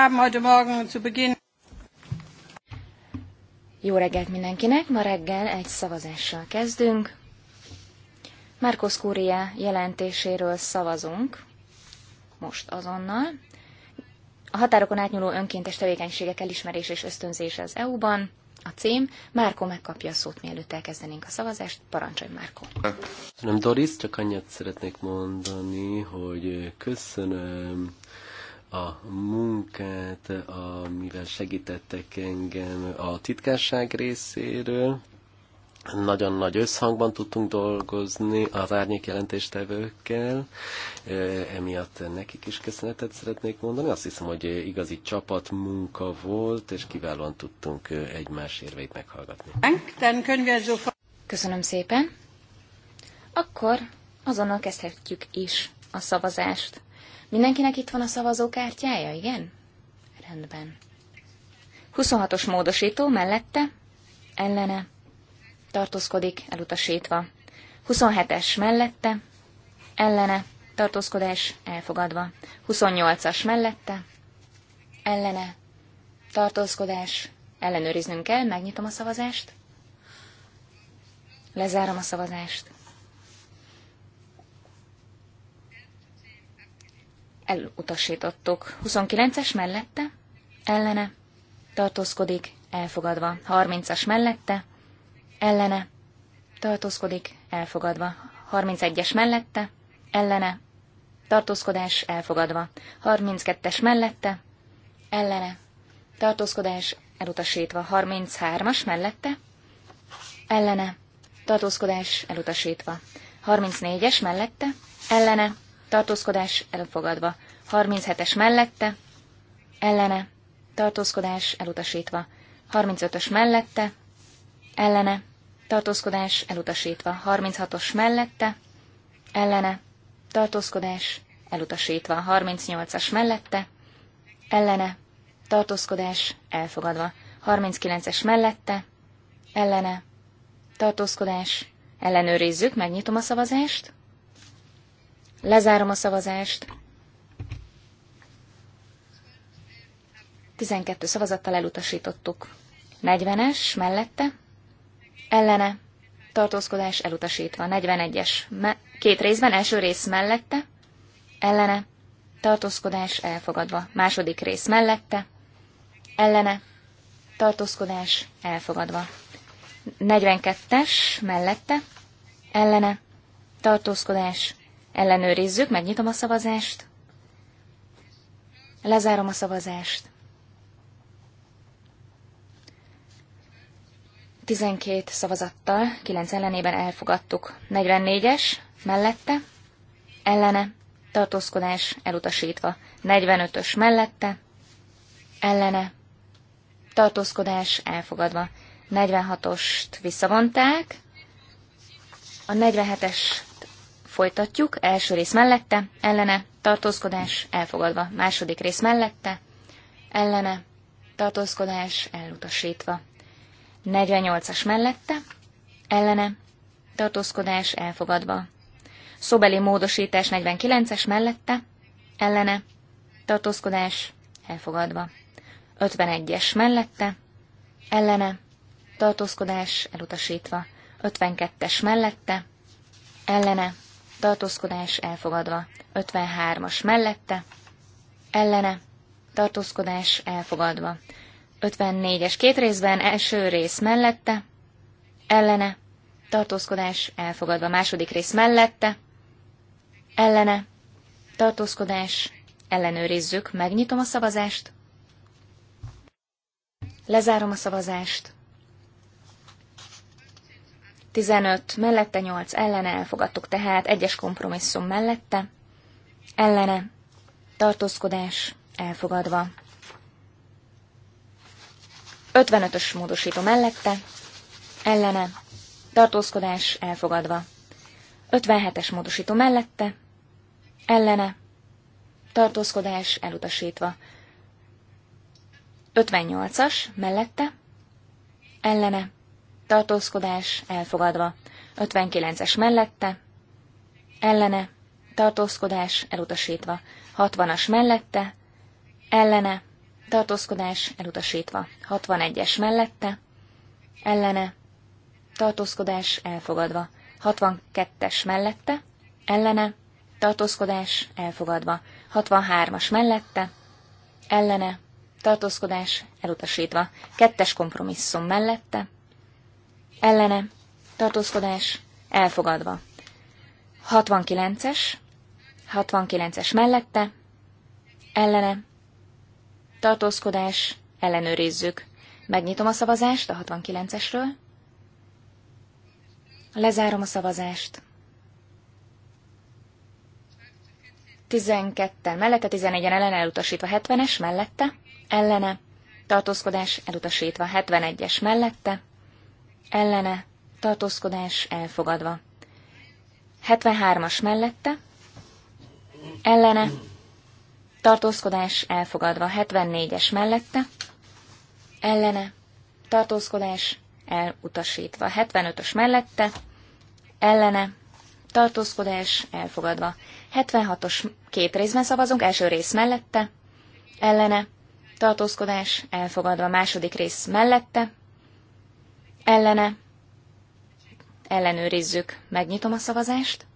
haben heute Morgen zu Beginn jó reggelt mindenkinek! Ma reggel egy szavazással kezdünk. Márkusz Kúria jelentéséről szavazunk, most azonnal. A határokon átnyúló önkéntes tevékenységek elismerése és ösztönzése az EU-ban. A cím, Márko megkapja a szót, mielőtt elkezdenénk a szavazást. Parancsolj, Márko! Nem Doris, csak annyit szeretnék mondani, hogy köszönöm a munkát, amivel segítettek engem a titkárság részéről. Nagyon nagy összhangban tudtunk dolgozni az árnyék jelentéstevőkkel, emiatt nekik is köszönetet szeretnék mondani. Azt hiszem, hogy igazi csapatmunka volt, és kiválóan tudtunk egymás érveit meghallgatni. Köszönöm szépen. Akkor azonnal kezdhetjük is a szavazást. Mindenkinek itt van a szavazókártyája, igen? Rendben. 26-os módosító mellette, ellene, tartózkodik, elutasítva. 27-es mellette, ellene, tartózkodás, elfogadva. 28-as mellette, ellene, tartózkodás, ellenőriznünk kell, megnyitom a szavazást. Lezárom a szavazást. elutasítottuk. 29-es mellette, ellene, tartózkodik, elfogadva. 30-as mellette, ellene, tartózkodik, elfogadva. 31-es mellette, ellene, tartózkodás, elfogadva. 32-es mellette, ellene, tartózkodás, elutasítva. 33-as mellette, ellene, tartózkodás, elutasítva. 34-es mellette, ellene, tartózkodás elfogadva. 37-es mellette, ellene, tartózkodás elutasítva. 35-ös mellette, ellene, tartózkodás elutasítva. 36-os mellette, ellene, tartózkodás elutasítva. 38-as mellette, ellene, tartózkodás elfogadva. 39-es mellette, ellene, tartózkodás, ellenőrizzük, megnyitom a szavazást. Lezárom a szavazást. 12 szavazattal elutasítottuk. 40-es mellette, ellene, tartózkodás elutasítva. 41-es két részben, első rész mellette, ellene, tartózkodás elfogadva. Második rész mellette, ellene, tartózkodás elfogadva. 42-es mellette, ellene, tartózkodás Ellenőrizzük, megnyitom a szavazást. Lezárom a szavazást. 12 szavazattal, 9 ellenében elfogadtuk. 44-es, mellette, ellene, tartózkodás elutasítva. 45-ös mellette, ellene, tartózkodás elfogadva. 46-ost visszavonták, a 47-es folytatjuk, első rész mellette, ellene, tartózkodás, elfogadva. Második rész mellette, ellene, tartózkodás, elutasítva. 48-as mellette, ellene, tartózkodás, elfogadva. Szobeli módosítás 49-es mellette, ellene, tartózkodás, elfogadva. 51-es mellette, ellene, tartózkodás, elutasítva. 52-es mellette, ellene, tartózkodás elfogadva. 53-as mellette, ellene, tartózkodás elfogadva. 54-es két részben, első rész mellette, ellene, tartózkodás elfogadva. Második rész mellette, ellene, tartózkodás, ellenőrizzük, megnyitom a szavazást, lezárom a szavazást, 15 mellette, 8 ellene elfogadtuk, tehát egyes kompromisszum mellette, ellene, tartózkodás elfogadva. 55-ös módosító mellette, ellene, tartózkodás elfogadva. 57-es módosító mellette, ellene, tartózkodás elutasítva. 58-as mellette, ellene, tartózkodás elfogadva. 59-es mellette, ellene, tartózkodás elutasítva. 60-as mellette, ellene, tartózkodás elutasítva. 61-es mellette, ellene, tartózkodás elfogadva. 62-es mellette, ellene, tartózkodás elfogadva. 63-as mellette, ellene, tartózkodás elutasítva. Kettes kompromisszum mellette, ellene, tartózkodás, elfogadva. 69-es, 69-es mellette, ellene, tartózkodás, ellenőrizzük. Megnyitom a szavazást a 69-esről. Lezárom a szavazást. 12-tel mellette, 14 en ellen elutasítva 70-es mellette, ellene, tartózkodás elutasítva 71-es mellette, ellene, tartózkodás elfogadva. 73-as mellette, ellene, tartózkodás elfogadva. 74-es mellette, ellene, tartózkodás elutasítva. 75-ös mellette, ellene, tartózkodás elfogadva. 76-os két részben szavazunk, első rész mellette, ellene, tartózkodás elfogadva, második rész mellette, Ellene. Ellenőrizzük. Megnyitom a szavazást.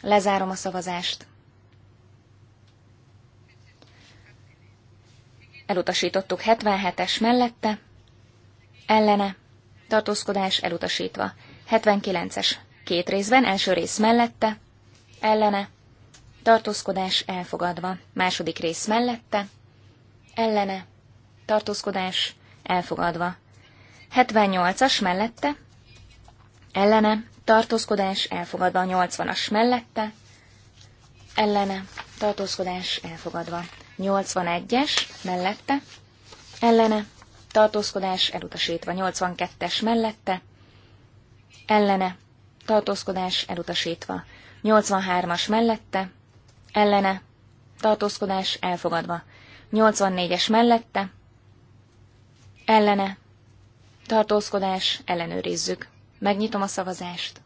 Lezárom a szavazást. Elutasítottuk 77-es mellette. Ellene. Tartózkodás elutasítva. 79-es. Két részben, első rész mellette. Ellene. Tartózkodás elfogadva. Második rész mellette. Ellene. Tartózkodás elfogadva. 78-as mellette, ellene, tartózkodás elfogadva. 80-as mellette, ellene, tartózkodás elfogadva. 81-es mellette, ellene, tartózkodás elutasítva. 82-es mellette, ellene, tartózkodás elutasítva. 83-as mellette, ellene, tartózkodás elfogadva. 84-es mellette, ellene, tartózkodás, ellenőrizzük. Megnyitom a szavazást.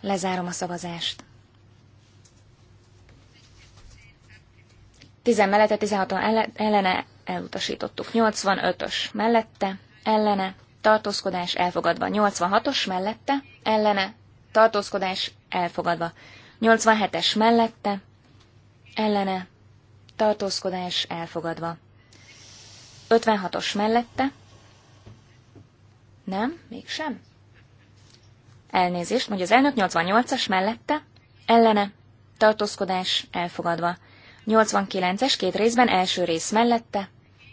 Lezárom a szavazást. 10 mellette, 16 ellene elutasítottuk. 85-ös mellette, ellene, tartózkodás elfogadva. 86-os mellette, ellene, tartózkodás elfogadva. 87-es mellette, ellene, tartózkodás elfogadva. 56-os mellette, nem, mégsem. Elnézést, mondja az elnök 88-as mellette, ellene, tartózkodás elfogadva. 89-es két részben első rész mellette,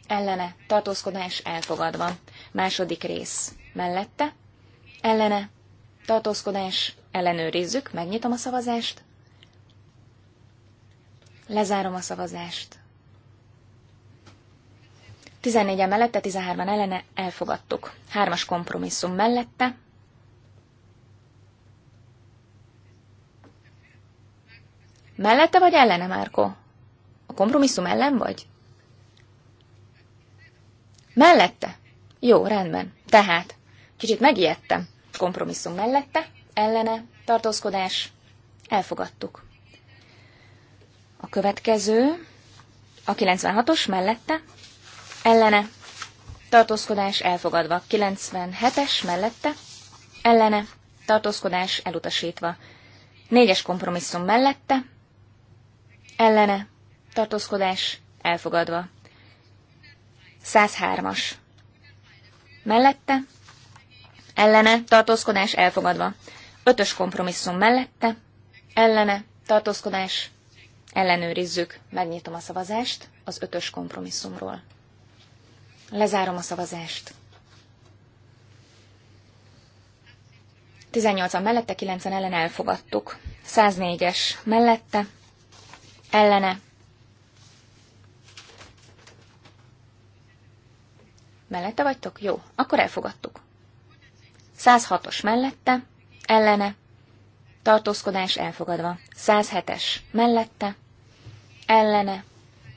ellene, tartózkodás elfogadva. Második rész mellette, ellene, tartózkodás, ellenőrizzük, megnyitom a szavazást, lezárom a szavazást. 14-en mellette, 13-an ellene elfogadtuk. Hármas kompromisszum mellette. Mellette vagy ellene, Márko? A kompromisszum ellen vagy? Mellette? Jó, rendben. Tehát, kicsit megijedtem. Kompromisszum mellette, ellene, tartózkodás, elfogadtuk. A következő, a 96-os mellette, ellene, tartózkodás elfogadva. 97-es mellette, ellene, tartózkodás elutasítva. 4-es kompromisszum mellette, ellene, tartózkodás elfogadva. 103-as mellette, ellene, tartózkodás elfogadva. 5-ös kompromisszum mellette, ellene, tartózkodás ellenőrizzük, megnyitom a szavazást az ötös kompromisszumról. Lezárom a szavazást. 18-an mellette, 9-en ellen elfogadtuk. 104-es mellette, ellene. Mellette vagytok? Jó, akkor elfogadtuk. 106-os mellette, ellene. Tartózkodás elfogadva. 107-es mellette, ellene.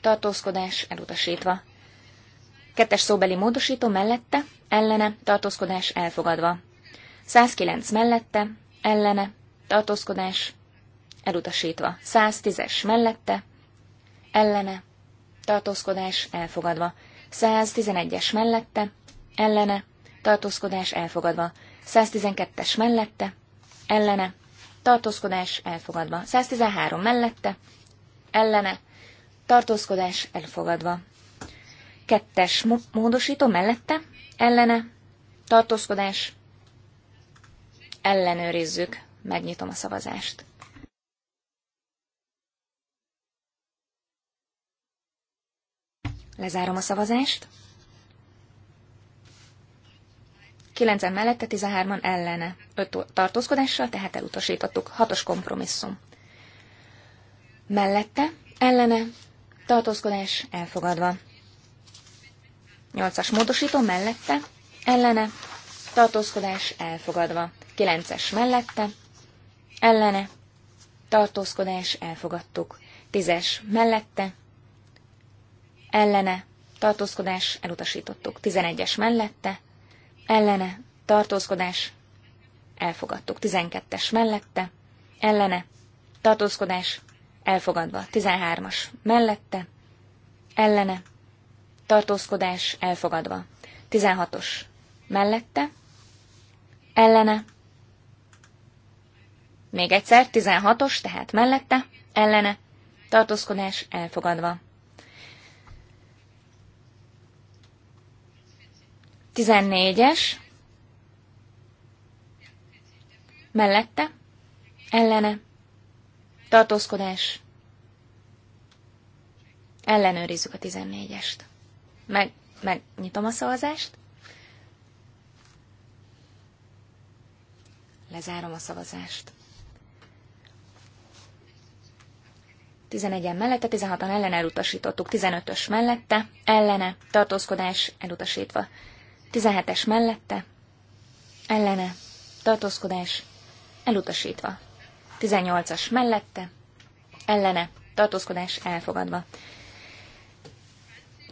Tartózkodás elutasítva. Kettes szóbeli módosító mellette, ellene, tartózkodás elfogadva. 109 mellette, ellene, tartózkodás elutasítva. 110-es mellette, ellene, tartózkodás elfogadva. 111-es mellette, ellene, tartózkodás elfogadva. 112-es mellette, ellene, tartózkodás elfogadva. 113 mellette, ellene, tartózkodás elfogadva. Kettes módosító mellette, ellene, tartózkodás, ellenőrizzük, megnyitom a szavazást. Lezárom a szavazást. 9 mellette, 13-an ellene. 5 tartózkodással, tehát elutasítottuk. 6-os kompromisszum. Mellette, ellene, tartózkodás elfogadva. 8-as módosító mellette, ellene, tartózkodás elfogadva. 9-es mellette, ellene, tartózkodás elfogadtuk. 10-es mellette, ellene, tartózkodás elutasítottuk. 11-es mellette, ellene, tartózkodás elfogadtuk. 12-es mellette, ellene, tartózkodás elfogadva. 13-as mellette, ellene, tartózkodás elfogadva. 16-os mellette, ellene, még egyszer 16-os, tehát mellette, ellene, tartózkodás elfogadva. 14-es, mellette, ellene, tartózkodás, ellenőrizzük a 14-est. Meg, nyitom a szavazást. Lezárom a szavazást. 11-en mellette, 16-an ellen elutasítottuk, 15-ös mellette, ellene, tartózkodás elutasítva. 17-es mellette, ellene, tartózkodás elutasítva. 18-as mellette, ellene, tartózkodás elfogadva.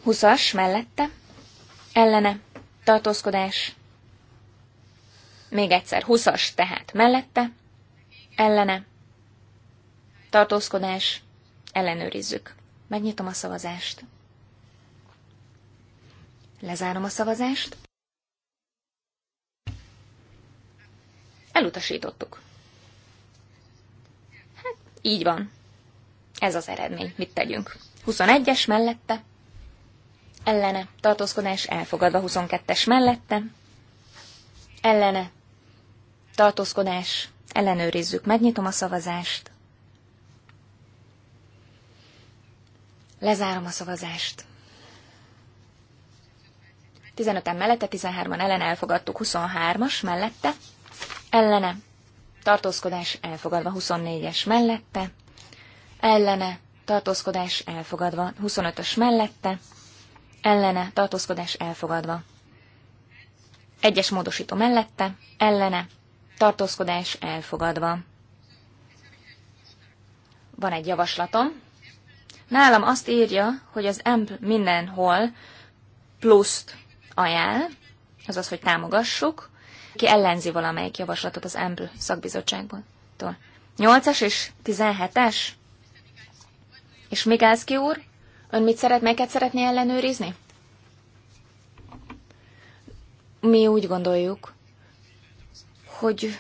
Huszas, mellette, ellene, tartózkodás. Még egyszer, Huszas, tehát mellette, ellene, tartózkodás, ellenőrizzük. Megnyitom a szavazást. Lezárom a szavazást. Elutasítottuk. Hát, így van. Ez az eredmény. Mit tegyünk? 21-es mellette, ellene, tartózkodás elfogadva 22-es mellette, ellene, tartózkodás, ellenőrizzük, megnyitom a szavazást, lezárom a szavazást. 15-en mellette, 13-an ellen elfogadtuk, 23-as mellette, ellene, tartózkodás elfogadva 24-es mellette, ellene, tartózkodás elfogadva 25-ös mellette, ellene, tartózkodás elfogadva. Egyes módosító mellette, ellene, tartózkodás elfogadva. Van egy javaslatom. Nálam azt írja, hogy az EMP mindenhol pluszt ajánl, azaz, hogy támogassuk, ki ellenzi valamelyik javaslatot az EMP szakbizottságból. 8-as és 17-es? És Migászki úr, Ön mit szeret, melyeket szeretné ellenőrizni? Mi úgy gondoljuk, hogy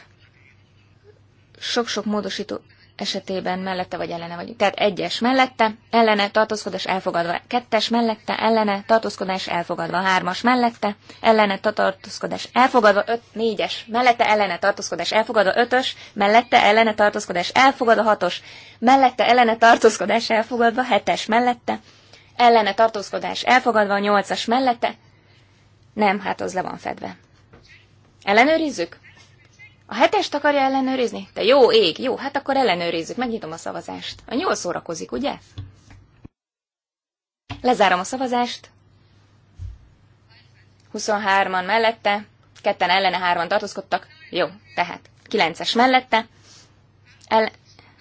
sok-sok módosító esetében mellette vagy ellene vagyunk. Tehát egyes mellette, ellene, tartózkodás elfogadva. Kettes mellette, ellene, tartózkodás elfogadva. Hármas mellette, ellene, tartózkodás elfogadva. Öt, négyes mellette, ellene, tartózkodás elfogadva. Ötös mellette, ellene, tartózkodás elfogadva. Hatos mellette, ellene, tartózkodás elfogadva. Hetes mellette, ellene tartózkodás elfogadva, a nyolcas mellette. Nem, hát az le van fedve. Ellenőrizzük? A hetest akarja ellenőrizni? Te jó ég, jó, hát akkor ellenőrizzük, megnyitom a szavazást. A nyolc szórakozik, ugye? Lezárom a szavazást. 23-an mellette, ketten ellene, hárman tartózkodtak. Jó, tehát 9-es mellette, el,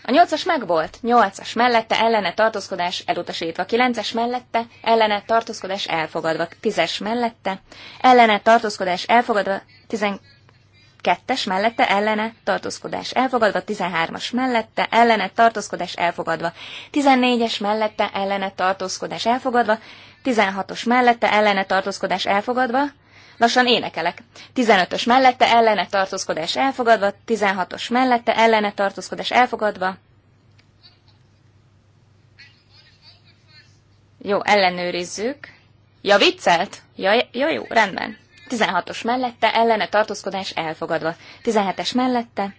a nyolcas megvolt, nyolcas mellette ellene tartózkodás elutasítva, kilences mellette ellene tartózkodás elfogadva, tízes mellette ellene tartózkodás elfogadva, tizen kettes mellette ellene tartózkodás elfogadva, 13-as mellette ellene tartózkodás elfogadva, 14-es mellette ellene tartózkodás elfogadva, 16-os mellette ellene tartózkodás elfogadva, lassan énekelek. 15-ös mellette ellene tartózkodás elfogadva, 16-os mellette ellene tartózkodás elfogadva. Jó, ellenőrizzük. Ja, viccelt? Ja, ja jó, rendben. 16-os mellette ellene tartózkodás elfogadva. 17-es mellette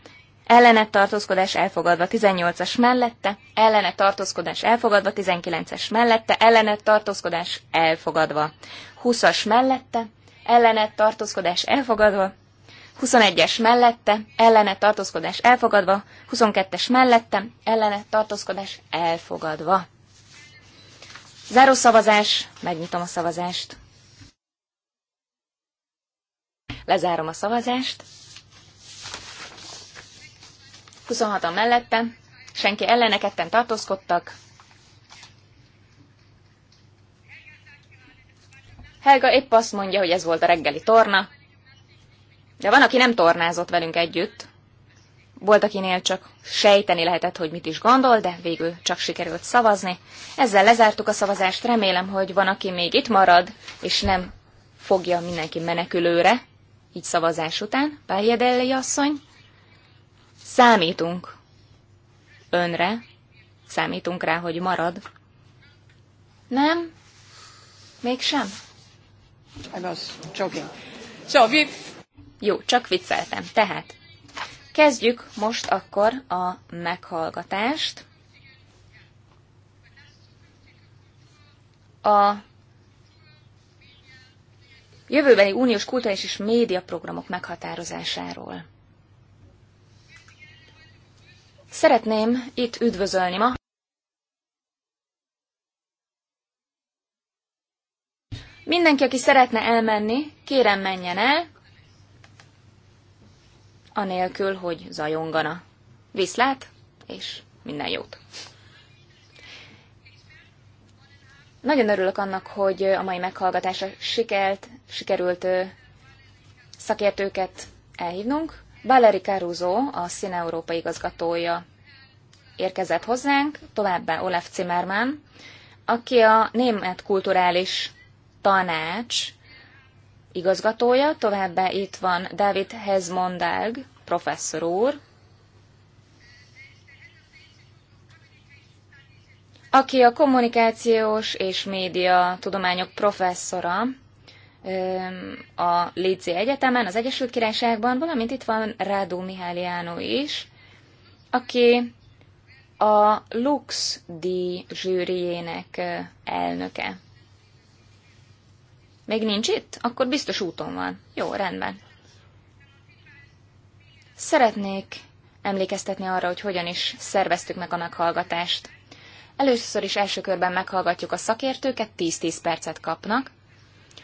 ellene tartózkodás elfogadva 18-as mellette, ellene tartózkodás elfogadva 19-es mellette, ellene tartózkodás elfogadva 20-as mellette, ellenet tartózkodás elfogadva, 21-es mellette, ellene tartózkodás elfogadva, 22-es mellette, ellene tartózkodás elfogadva. Záró szavazás, megnyitom a szavazást. Lezárom a szavazást. 26-an mellette, senki ellene, ketten tartózkodtak, Helga épp azt mondja, hogy ez volt a reggeli torna. De van, aki nem tornázott velünk együtt. Volt, akinél csak sejteni lehetett, hogy mit is gondol, de végül csak sikerült szavazni. Ezzel lezártuk a szavazást, remélem, hogy van, aki még itt marad, és nem fogja mindenki menekülőre, így szavazás után, Pályedelli asszony. Számítunk önre, számítunk rá, hogy marad. Nem? Mégsem? I was joking. So, we've... Jó, csak vicceltem. Tehát, kezdjük most akkor a meghallgatást. A jövőbeni uniós kulturális és médiaprogramok meghatározásáról. Szeretném itt üdvözölni ma Mindenki, aki szeretne elmenni, kérem menjen el, anélkül, hogy zajongana. Viszlát, és minden jót! Nagyon örülök annak, hogy a mai meghallgatásra sikert, sikerült szakértőket elhívnunk. Valeri Caruso, a színe Európa igazgatója érkezett hozzánk, továbbá Olaf Zimmermann, aki a Német Kulturális tanács igazgatója, továbbá itt van David Hezmondag, professzor úr, aki a kommunikációs és média tudományok professzora a Léci Egyetemen, az Egyesült Királyságban, valamint itt van Rádó Mihályánó is, aki a Lux díj zsűriének elnöke. Még nincs itt? Akkor biztos úton van. Jó, rendben. Szeretnék emlékeztetni arra, hogy hogyan is szerveztük meg a meghallgatást. Először is első körben meghallgatjuk a szakértőket, 10-10 percet kapnak,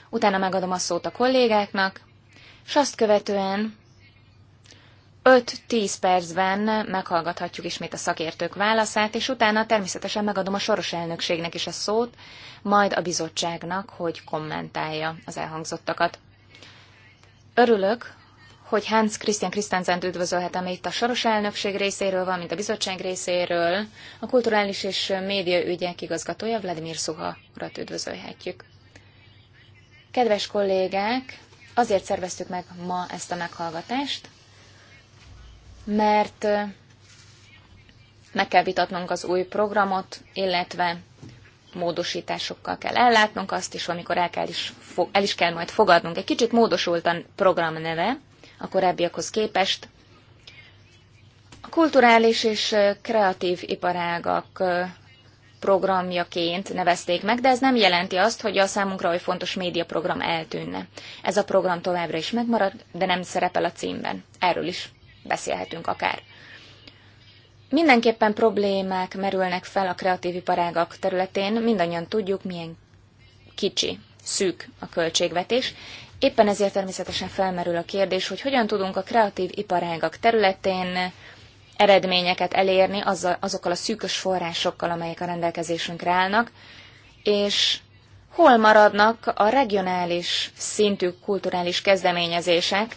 utána megadom a szót a kollégáknak, és azt követően 5-10 percben meghallgathatjuk ismét a szakértők válaszát, és utána természetesen megadom a soros elnökségnek is a szót, majd a bizottságnak, hogy kommentálja az elhangzottakat. Örülök, hogy Hans Christian Christensen üdvözölhetem itt a soros elnökség részéről, valamint a bizottság részéről, a kulturális és média ügyek igazgatója Vladimir Suha urat üdvözölhetjük. Kedves kollégák, azért szerveztük meg ma ezt a meghallgatást, mert meg kell vitatnunk az új programot, illetve módosításokkal kell ellátnunk azt is, amikor el, kell is, el is kell majd fogadnunk. Egy kicsit módosult a program neve a korábbiakhoz képest. A kulturális és kreatív iparágak programjaként nevezték meg, de ez nem jelenti azt, hogy a számunkra oly fontos médiaprogram eltűnne. Ez a program továbbra is megmarad, de nem szerepel a címben. Erről is beszélhetünk akár. Mindenképpen problémák merülnek fel a kreatív iparágak területén, mindannyian tudjuk, milyen kicsi, szűk a költségvetés. Éppen ezért természetesen felmerül a kérdés, hogy hogyan tudunk a kreatív iparágak területén eredményeket elérni azzal, azokkal a szűkös forrásokkal, amelyek a rendelkezésünkre állnak, és hol maradnak a regionális szintű kulturális kezdeményezések,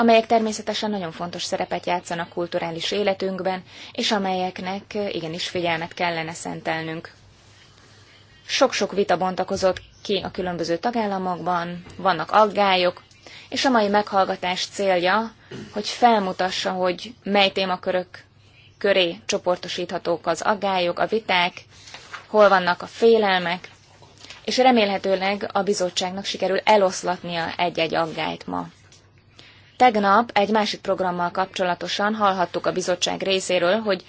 amelyek természetesen nagyon fontos szerepet játszanak kulturális életünkben, és amelyeknek igenis figyelmet kellene szentelnünk. Sok-sok vita bontakozott ki a különböző tagállamokban, vannak aggályok, és a mai meghallgatás célja, hogy felmutassa, hogy mely témakörök köré csoportosíthatók az aggályok, a viták, hol vannak a félelmek, és remélhetőleg a bizottságnak sikerül eloszlatnia egy-egy aggályt ma. Tegnap egy másik programmal kapcsolatosan hallhattuk a bizottság részéről, hogy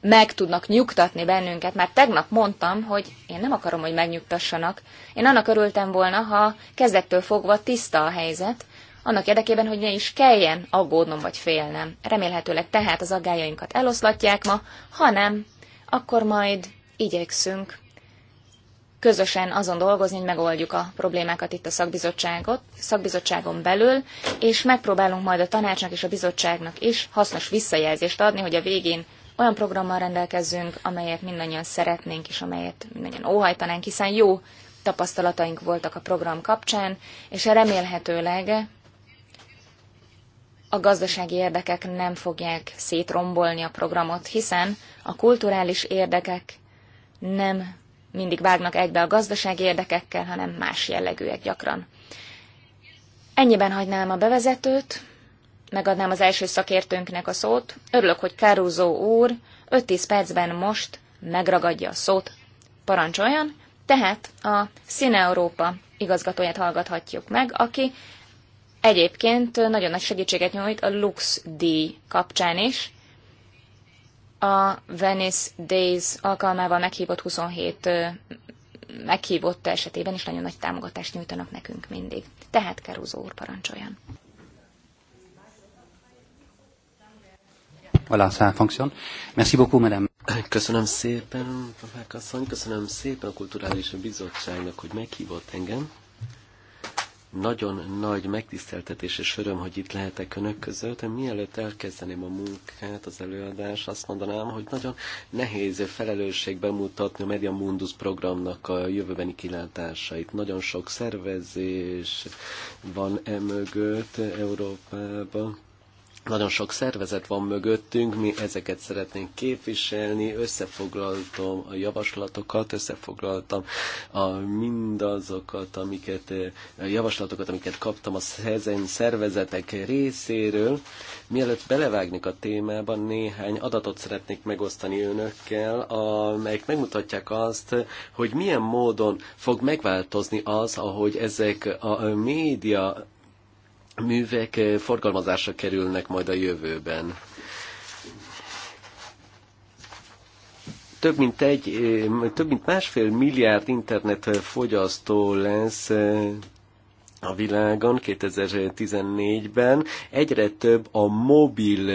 meg tudnak nyugtatni bennünket. mert tegnap mondtam, hogy én nem akarom, hogy megnyugtassanak. Én annak örültem volna, ha kezdettől fogva tiszta a helyzet, annak érdekében, hogy ne is kelljen aggódnom vagy félnem. Remélhetőleg tehát az aggájainkat eloszlatják ma, ha nem, akkor majd igyekszünk közösen azon dolgozni, hogy megoldjuk a problémákat itt a szakbizottságot, szakbizottságon belül, és megpróbálunk majd a tanácsnak és a bizottságnak is hasznos visszajelzést adni, hogy a végén olyan programmal rendelkezzünk, amelyet mindannyian szeretnénk, és amelyet mindannyian óhajtanánk, hiszen jó tapasztalataink voltak a program kapcsán, és remélhetőleg a gazdasági érdekek nem fogják szétrombolni a programot, hiszen a kulturális érdekek nem mindig vágnak egybe a gazdasági érdekekkel, hanem más jellegűek gyakran. Ennyiben hagynám a bevezetőt, megadnám az első szakértőnknek a szót. Örülök, hogy Kárúzó úr 5-10 percben most megragadja a szót. Parancsoljon, tehát a Színe Európa igazgatóját hallgathatjuk meg, aki egyébként nagyon nagy segítséget nyújt a Lux D kapcsán is, a Venice Days alkalmával meghívott 27 meghívott esetében is nagyon nagy támogatást nyújtanak nekünk mindig. Tehát Kerúzó úr parancsoljon. Voilà, ça fonctionne. Merci beaucoup, madame. Köszönöm szépen, Papák köszönöm szépen a Kulturális Bizottságnak, hogy meghívott engem. Nagyon nagy megtiszteltetés és öröm, hogy itt lehetek önök között. Mielőtt elkezdeném a munkát, az előadás, azt mondanám, hogy nagyon nehéz felelősség bemutatni a Media Mundus programnak a jövőbeni kilátásait. Nagyon sok szervezés van e mögött Európában nagyon sok szervezet van mögöttünk, mi ezeket szeretnénk képviselni, összefoglaltam a javaslatokat, összefoglaltam a mindazokat, amiket, a javaslatokat, amiket kaptam a szervezetek részéről. Mielőtt belevágnék a témában, néhány adatot szeretnék megosztani önökkel, amelyek megmutatják azt, hogy milyen módon fog megváltozni az, ahogy ezek a média művek eh, forgalmazásra kerülnek majd a jövőben. több mint, egy, eh, több mint másfél milliárd internet eh, fogyasztó lesz a világon 2014-ben egyre több a mobil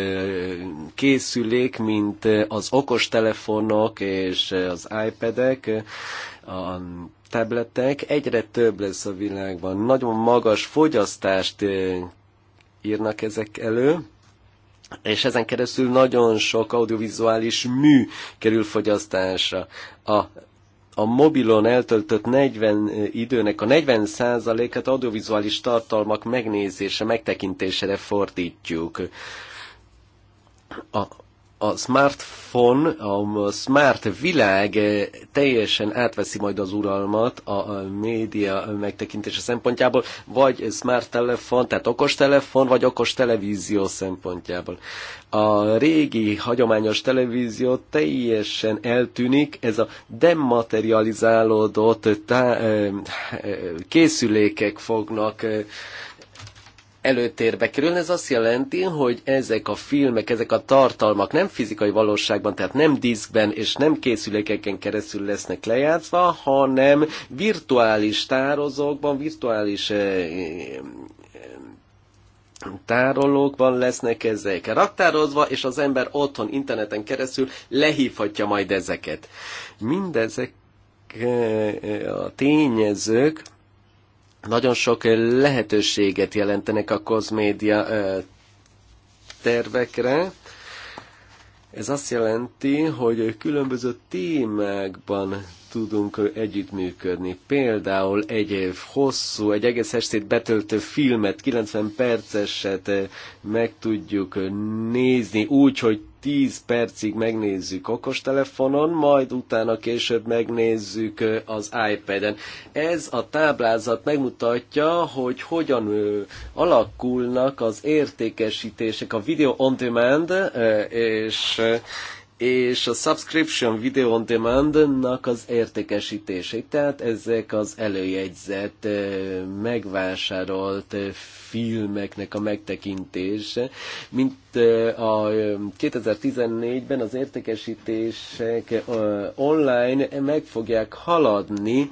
készülék, mint az okostelefonok és az iPad-ek, a tabletek, egyre több lesz a világban. Nagyon magas fogyasztást írnak ezek elő, és ezen keresztül nagyon sok audiovizuális mű kerül fogyasztásra. A a mobilon eltöltött 40 eh, időnek a 40 százalékát audiovizuális tartalmak megnézése, megtekintésére fordítjuk. A a smartphone, a smart világ teljesen átveszi majd az uralmat a média megtekintése szempontjából, vagy smart telefon, tehát okos telefon, vagy okos televízió szempontjából. A régi hagyományos televízió teljesen eltűnik, ez a dematerializálódott tá- eh, eh, készülékek fognak eh, előtérbe kerül. Ez azt jelenti, hogy ezek a filmek, ezek a tartalmak nem fizikai valóságban, tehát nem diszkben és nem készülékeken keresztül lesznek lejátszva, hanem virtuális tározókban, virtuális eh, eh, tárolókban lesznek ezek raktározva, és az ember otthon, interneten keresztül lehívhatja majd ezeket. Mindezek eh, a tényezők, nagyon sok lehetőséget jelentenek a kozmédia tervekre. Ez azt jelenti, hogy különböző témákban tudunk együttműködni. Például egy év hosszú, egy egész estét betöltő filmet, 90 perceset meg tudjuk nézni úgy, hogy 10 percig megnézzük okostelefonon, majd utána később megnézzük az iPad-en. Ez a táblázat megmutatja, hogy hogyan ö, alakulnak az értékesítések, a video on demand, ö, és ö, és a subscription video on demand-nak az értékesítését, tehát ezek az előjegyzett, megvásárolt filmeknek a megtekintése, mint a 2014-ben az értékesítések online meg fogják haladni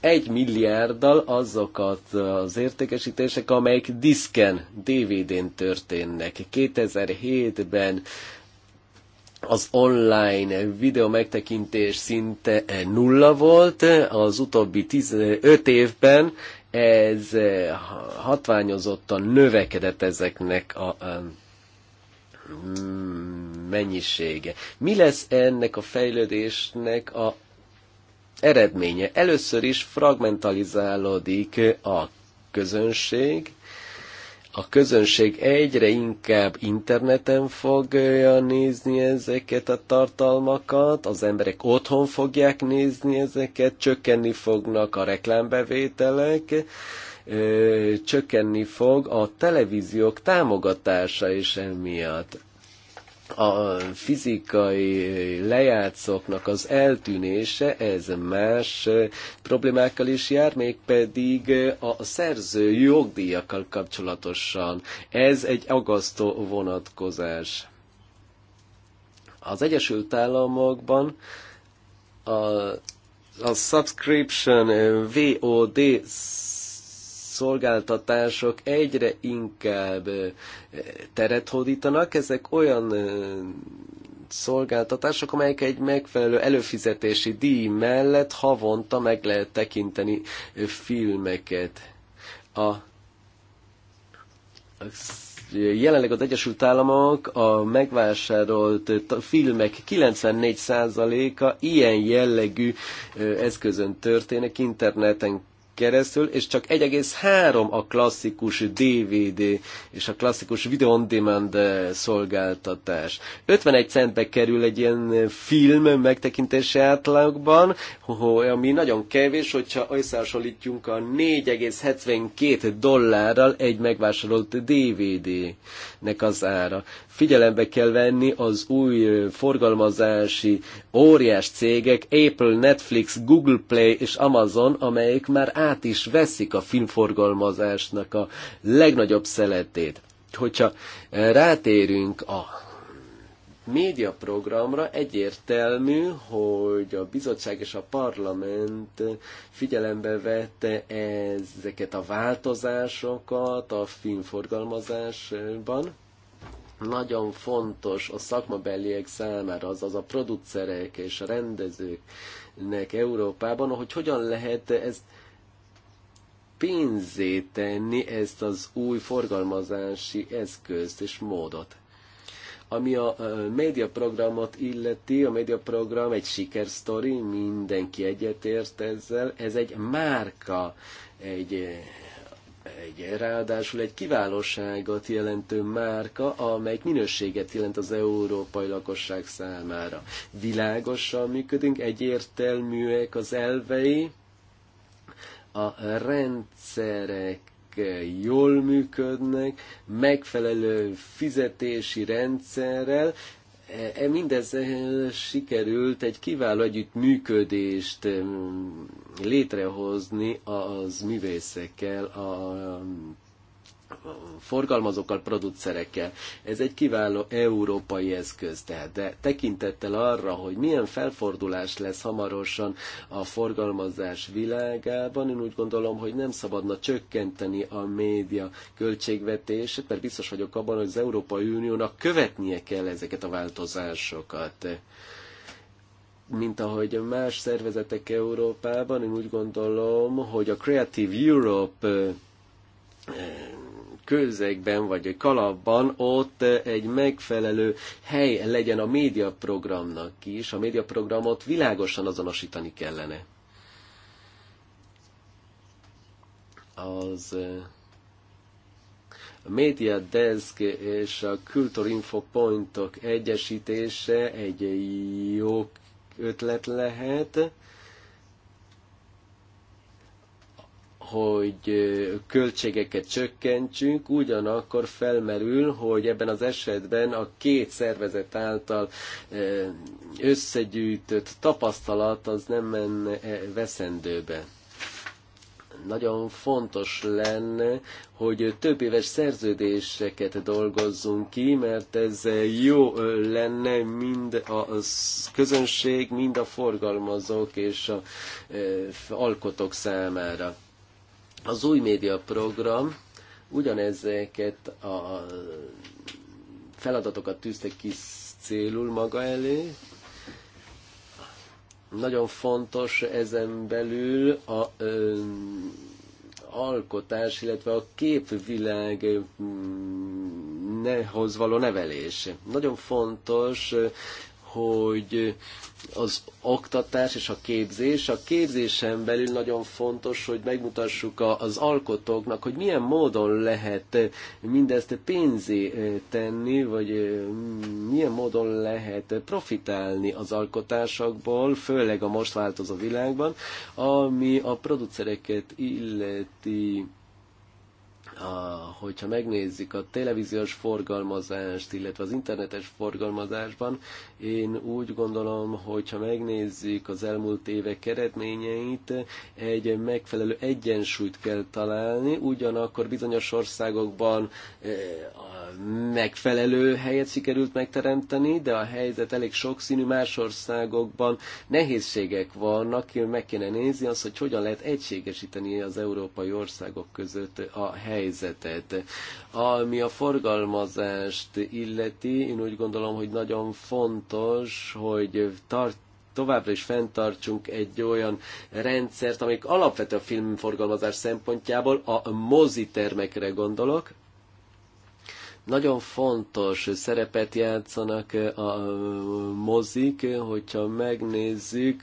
egy milliárddal azokat az értékesítések, amelyek diszken, DVD-n történnek. 2007-ben az online videó megtekintés szinte nulla volt, az utóbbi 15 évben ez hatványozottan növekedett ezeknek a mm, mennyisége. Mi lesz ennek a fejlődésnek a eredménye? Először is fragmentalizálódik a közönség, a közönség egyre inkább interneten fogja nézni ezeket a tartalmakat, az emberek otthon fogják nézni ezeket, csökkenni fognak a reklámbevételek, csökkenni fog a televíziók támogatása is emiatt a fizikai lejátszóknak az eltűnése, ez más problémákkal is jár, mégpedig a szerző jogdíjakkal kapcsolatosan. Ez egy agasztó vonatkozás. Az Egyesült Államokban a, a subscription eh, VOD szolgáltatások egyre inkább teret hódítanak. Ezek olyan szolgáltatások, amelyek egy megfelelő előfizetési díj mellett havonta meg lehet tekinteni filmeket. A jelenleg az Egyesült Államok a megvásárolt filmek 94%-a ilyen jellegű eszközön történik, interneten keresztül, és csak 1,3 a klasszikus DVD és a klasszikus video on demand eh, szolgáltatás. 51 centbe kerül egy ilyen film megtekintési átlagban, ami nagyon kevés, hogyha összehasonlítjunk a 4,72 dollárral egy megvásárolt DVD-nek az ára figyelembe kell venni az új forgalmazási óriás cégek, Apple, Netflix, Google Play és Amazon, amelyek már át is veszik a filmforgalmazásnak a legnagyobb szeletét. Hogyha rátérünk a médiaprogramra egyértelmű, hogy a bizottság és a parlament figyelembe vette ezeket a változásokat a filmforgalmazásban, nagyon fontos a szakmabeliek számára, azaz a producerek és a rendezőknek Európában, hogy hogyan lehet ezt pénzé tenni ezt az új forgalmazási eszközt és módot. Ami a médiaprogramot illeti, a médiaprogram egy sikersztori, mindenki egyetért ezzel, ez egy márka, egy egy ráadásul egy kiválóságot jelentő márka, amely minőséget jelent az európai lakosság számára. Világosan működünk, egyértelműek az elvei, a rendszerek jól működnek, megfelelő fizetési rendszerrel, E, mindez e, sikerült egy kiváló együttműködést e, létrehozni az művészekkel, a forgalmazókkal, producerekkel. Ez egy kiváló európai eszköz, tehát, de tekintettel arra, hogy milyen felfordulás lesz hamarosan a forgalmazás világában, én úgy gondolom, hogy nem szabadna csökkenteni a média költségvetését, mert biztos vagyok abban, hogy az Európai Uniónak követnie kell ezeket a változásokat mint ahogy más szervezetek Európában, én úgy gondolom, hogy a Creative Europe eh, közegben vagy egy kalapban ott eh, egy megfelelő hely legyen a médiaprogramnak is. A médiaprogramot világosan azonosítani kellene. Az eh, a Media Desk és a Culture Info Pointok egyesítése egy jó ötlet lehet hogy költségeket csökkentsünk, ugyanakkor felmerül, hogy ebben az esetben a két szervezet által összegyűjtött tapasztalat az nem menne veszendőbe nagyon fontos lenne, hogy több éves szerződéseket dolgozzunk ki, mert ez jó lenne mind a közönség, mind a forgalmazók és a alkotók számára. Az új média program ugyanezeket a feladatokat tűzte ki célul maga elé. Nagyon fontos ezen belül a ö, alkotás, illetve a képvilág nehoz való nevelés. Nagyon fontos hogy az oktatás és a képzés. A képzésen belül nagyon fontos, hogy megmutassuk az alkotóknak, hogy milyen módon lehet mindezt pénzé eh, tenni, vagy eh, milyen módon lehet profitálni az alkotásokból, főleg a most változó világban, ami a producereket illeti a, hogyha megnézzük a televíziós forgalmazást, illetve az internetes forgalmazásban, én úgy gondolom, hogyha megnézzük az elmúlt évek eredményeit, egy megfelelő egyensúlyt kell találni, ugyanakkor bizonyos országokban e, a megfelelő helyet sikerült megteremteni, de a helyzet elég sokszínű, más országokban nehézségek vannak, meg kéne nézni azt, hogy hogyan lehet egységesíteni az európai országok között a helyet helyzetet. Ami a forgalmazást illeti, én úgy gondolom, hogy nagyon fontos, hogy tart továbbra is fenntartsunk egy olyan rendszert, amik alapvető a filmforgalmazás szempontjából, a mozitermekre gondolok, nagyon fontos szerepet játszanak a mozik, hogyha megnézzük,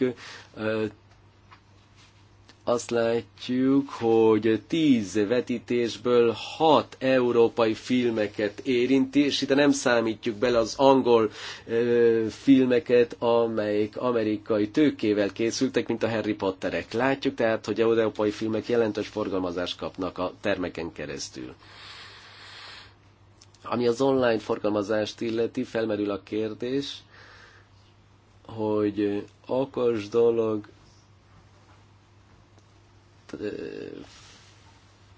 azt látjuk, hogy 10 vetítésből 6 európai filmeket érinti, és itt nem számítjuk bele az angol ö, filmeket, amelyek amerikai tőkével készültek, mint a Harry Potterek. Látjuk tehát, hogy európai filmek jelentős forgalmazást kapnak a termeken keresztül. Ami az online forgalmazást illeti, felmerül a kérdés, hogy okos dolog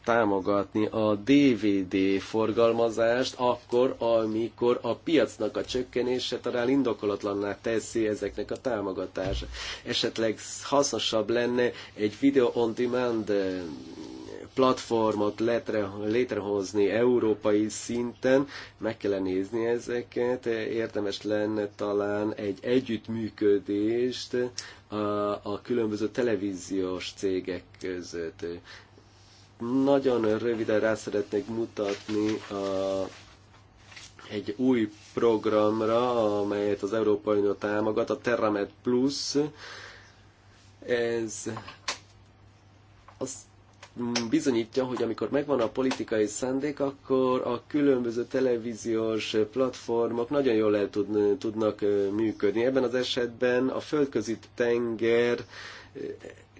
támogatni a DVD forgalmazást akkor, amikor a piacnak a csökkenése talán indokolatlanná teszi ezeknek a támogatása. Esetleg hasznosabb lenne egy video on demand platformot letre, létrehozni európai szinten, meg kell nézni ezeket, érdemes lenne talán egy együttműködést a, a különböző televíziós cégek között. Nagyon röviden rá szeretnék mutatni a egy új programra, amelyet az Európai Unió támogat, a Terramet Plus. Ez az bizonyítja, hogy amikor megvan a politikai szándék, akkor a különböző televíziós platformok nagyon jól el tud, tudnak működni. Ebben az esetben a földközi tenger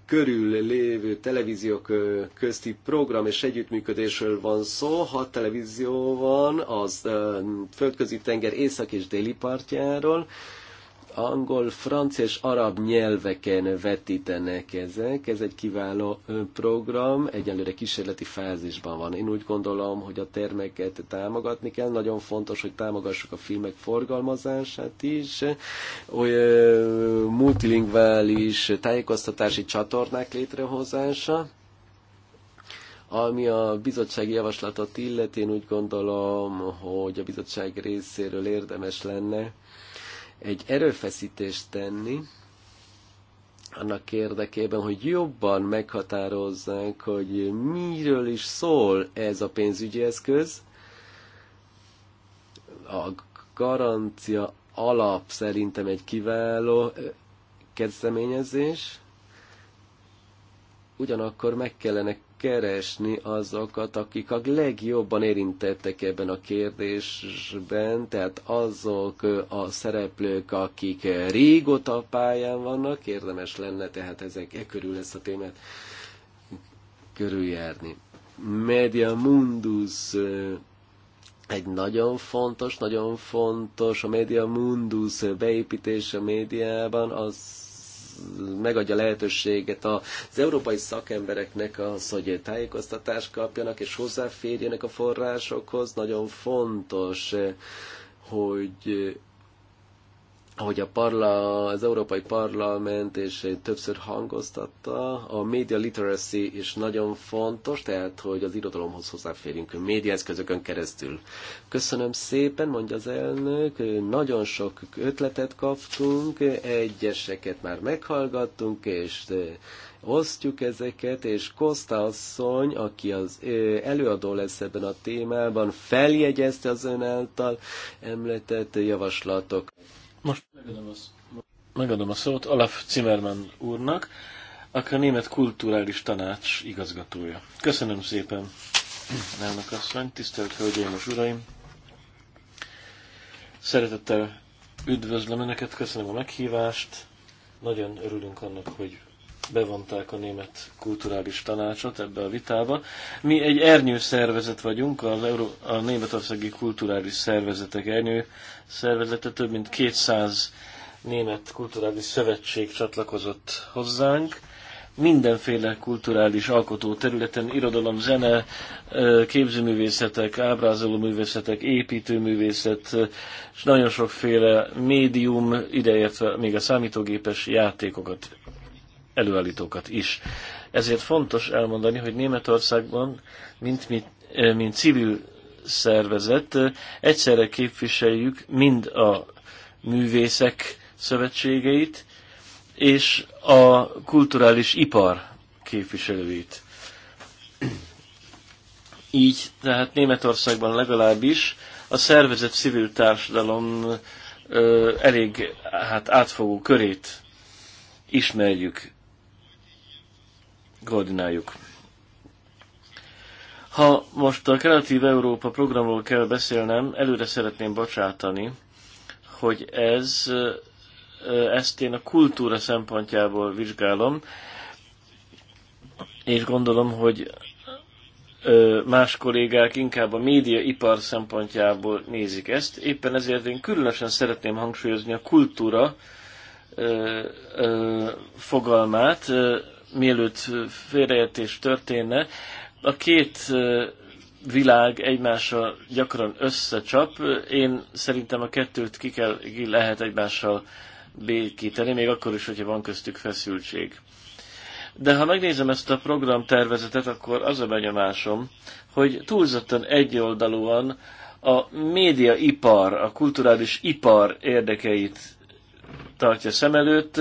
körül lévő televíziók közti program és együttműködésről van szó. Hat televízió van az földközi tenger észak és déli partjáról, angol, francia és arab nyelveken vetítenek ezek. Ez egy kiváló program, egyelőre kísérleti fázisban van. Én úgy gondolom, hogy a termeket támogatni kell. Nagyon fontos, hogy támogassuk a filmek forgalmazását is. Olyan multilingvális tájékoztatási csatornák létrehozása. Ami a bizottsági javaslatot illeti, én úgy gondolom, hogy a bizottság részéről érdemes lenne egy erőfeszítést tenni, annak érdekében, hogy jobban meghatározzák, hogy miről is szól ez a pénzügyi eszköz. A garancia alap szerintem egy kiváló kezdeményezés. Ugyanakkor meg kellene keresni azokat, akik a legjobban érintettek ebben a kérdésben, tehát azok a szereplők, akik régóta pályán vannak, érdemes lenne tehát ezek e körül ezt a témát körüljárni. Media Mundus egy nagyon fontos, nagyon fontos a Media Mundus beépítése a médiában, az megadja lehetőséget az európai szakembereknek az, hogy tájékoztatást kapjanak és hozzáférjenek a forrásokhoz. Nagyon fontos, hogy ahogy a parla, az Európai Parlament és többször hangoztatta, a media literacy is nagyon fontos, tehát hogy az irodalomhoz hozzáférjünk eszközökön keresztül. Köszönöm szépen, mondja az elnök, nagyon sok ötletet kaptunk, egyeseket már meghallgattunk, és osztjuk ezeket, és Kosta asszony, aki az előadó lesz ebben a témában, feljegyezte az ön által említett javaslatok. Most megadom a, megadom a szót Olaf Zimmermann úrnak, aki a Német Kulturális Tanács igazgatója. Köszönöm szépen, elnök asszony, tisztelt hölgyeim és uraim! Szeretettel üdvözlöm Önöket, köszönöm a meghívást. Nagyon örülünk annak, hogy bevonták a német kulturális tanácsot ebbe a vitába. Mi egy ernyő szervezet vagyunk, az Euró- a németországi kulturális szervezetek ernyő szervezete, több mint 200 német kulturális szövetség csatlakozott hozzánk. Mindenféle kulturális alkotó területen, irodalom, zene, képzőművészetek, ábrázoló művészetek, építőművészet, és nagyon sokféle médium, ideértve még a számítógépes játékokat előállítókat is. Ezért fontos elmondani, hogy Németországban, mint, mint, eh, mint civil szervezet, eh, egyszerre képviseljük mind a művészek szövetségeit, és a kulturális ipar képviselőit. Így, tehát Németországban legalábbis a szervezet civil társadalom ö, eh, elég hát átfogó körét ismerjük koordináljuk. Ha most a Kreatív Európa programról kell beszélnem, előre szeretném bocsátani, hogy ez, ezt én a kultúra szempontjából vizsgálom, és gondolom, hogy más kollégák inkább a médiaipar szempontjából nézik ezt. Éppen ezért én különösen szeretném hangsúlyozni a kultúra fogalmát mielőtt félreértés történne, a két világ egymással gyakran összecsap. Én szerintem a kettőt ki, kell, ki lehet egymással békíteni, még akkor is, hogyha van köztük feszültség. De ha megnézem ezt a programtervezetet, akkor az a benyomásom, hogy túlzottan egyoldalúan a médiaipar, a kulturális ipar érdekeit tartja szem előtt,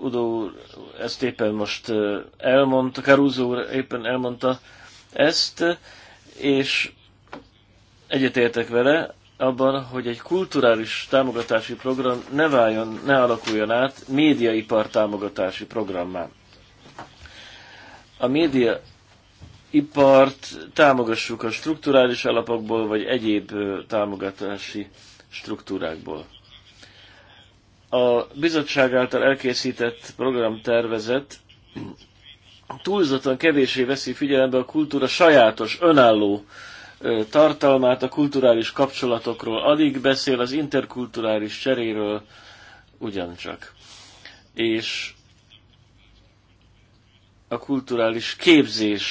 Udo úr ezt éppen most elmondta, Karúzó úr éppen elmondta ezt, és egyetértek vele abban, hogy egy kulturális támogatási program ne váljon, ne alakuljon át médiaipar támogatási programmá. A média ipart támogassuk a strukturális alapokból, vagy egyéb támogatási struktúrákból a bizottság által elkészített programtervezet túlzottan kevésé veszi figyelembe a kultúra sajátos, önálló tartalmát, a kulturális kapcsolatokról. Alig beszél az interkulturális cseréről ugyancsak. És a kulturális képzés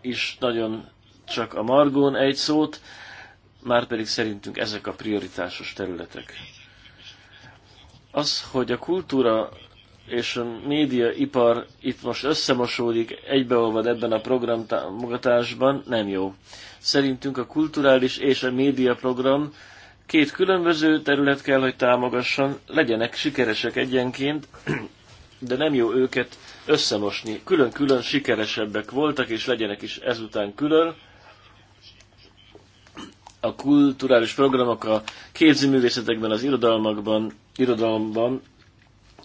is nagyon csak a margón egy szót, már pedig szerintünk ezek a prioritásos területek. Az, hogy a kultúra és a médiaipar itt most összemosódik, egybeolvad ebben a programtámogatásban, nem jó. Szerintünk a kulturális és a média program két különböző terület kell, hogy támogasson, legyenek sikeresek egyenként, de nem jó őket összemosni. Külön-külön sikeresebbek voltak, és legyenek is ezután külön. A kulturális programok a képzőművészetekben, az irodalmakban, irodalomban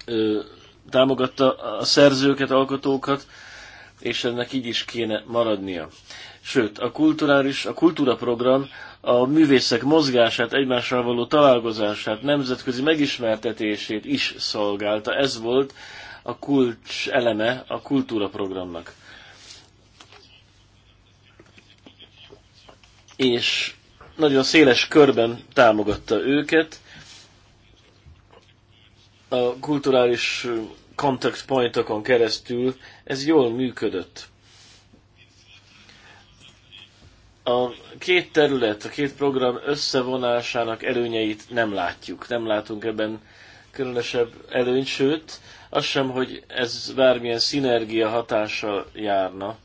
ö, támogatta a szerzőket, alkotókat, és ennek így is kéne maradnia. Sőt, a kulturális, a kultúra program a művészek mozgását, egymással való találkozását, nemzetközi megismertetését is szolgálta. Ez volt a kulcs eleme a kultúra programnak. És nagyon széles körben támogatta őket, a kulturális contact pointokon keresztül ez jól működött. A két terület, a két program összevonásának előnyeit nem látjuk. Nem látunk ebben különösebb előnyt, sőt, az sem, hogy ez bármilyen szinergia hatással járna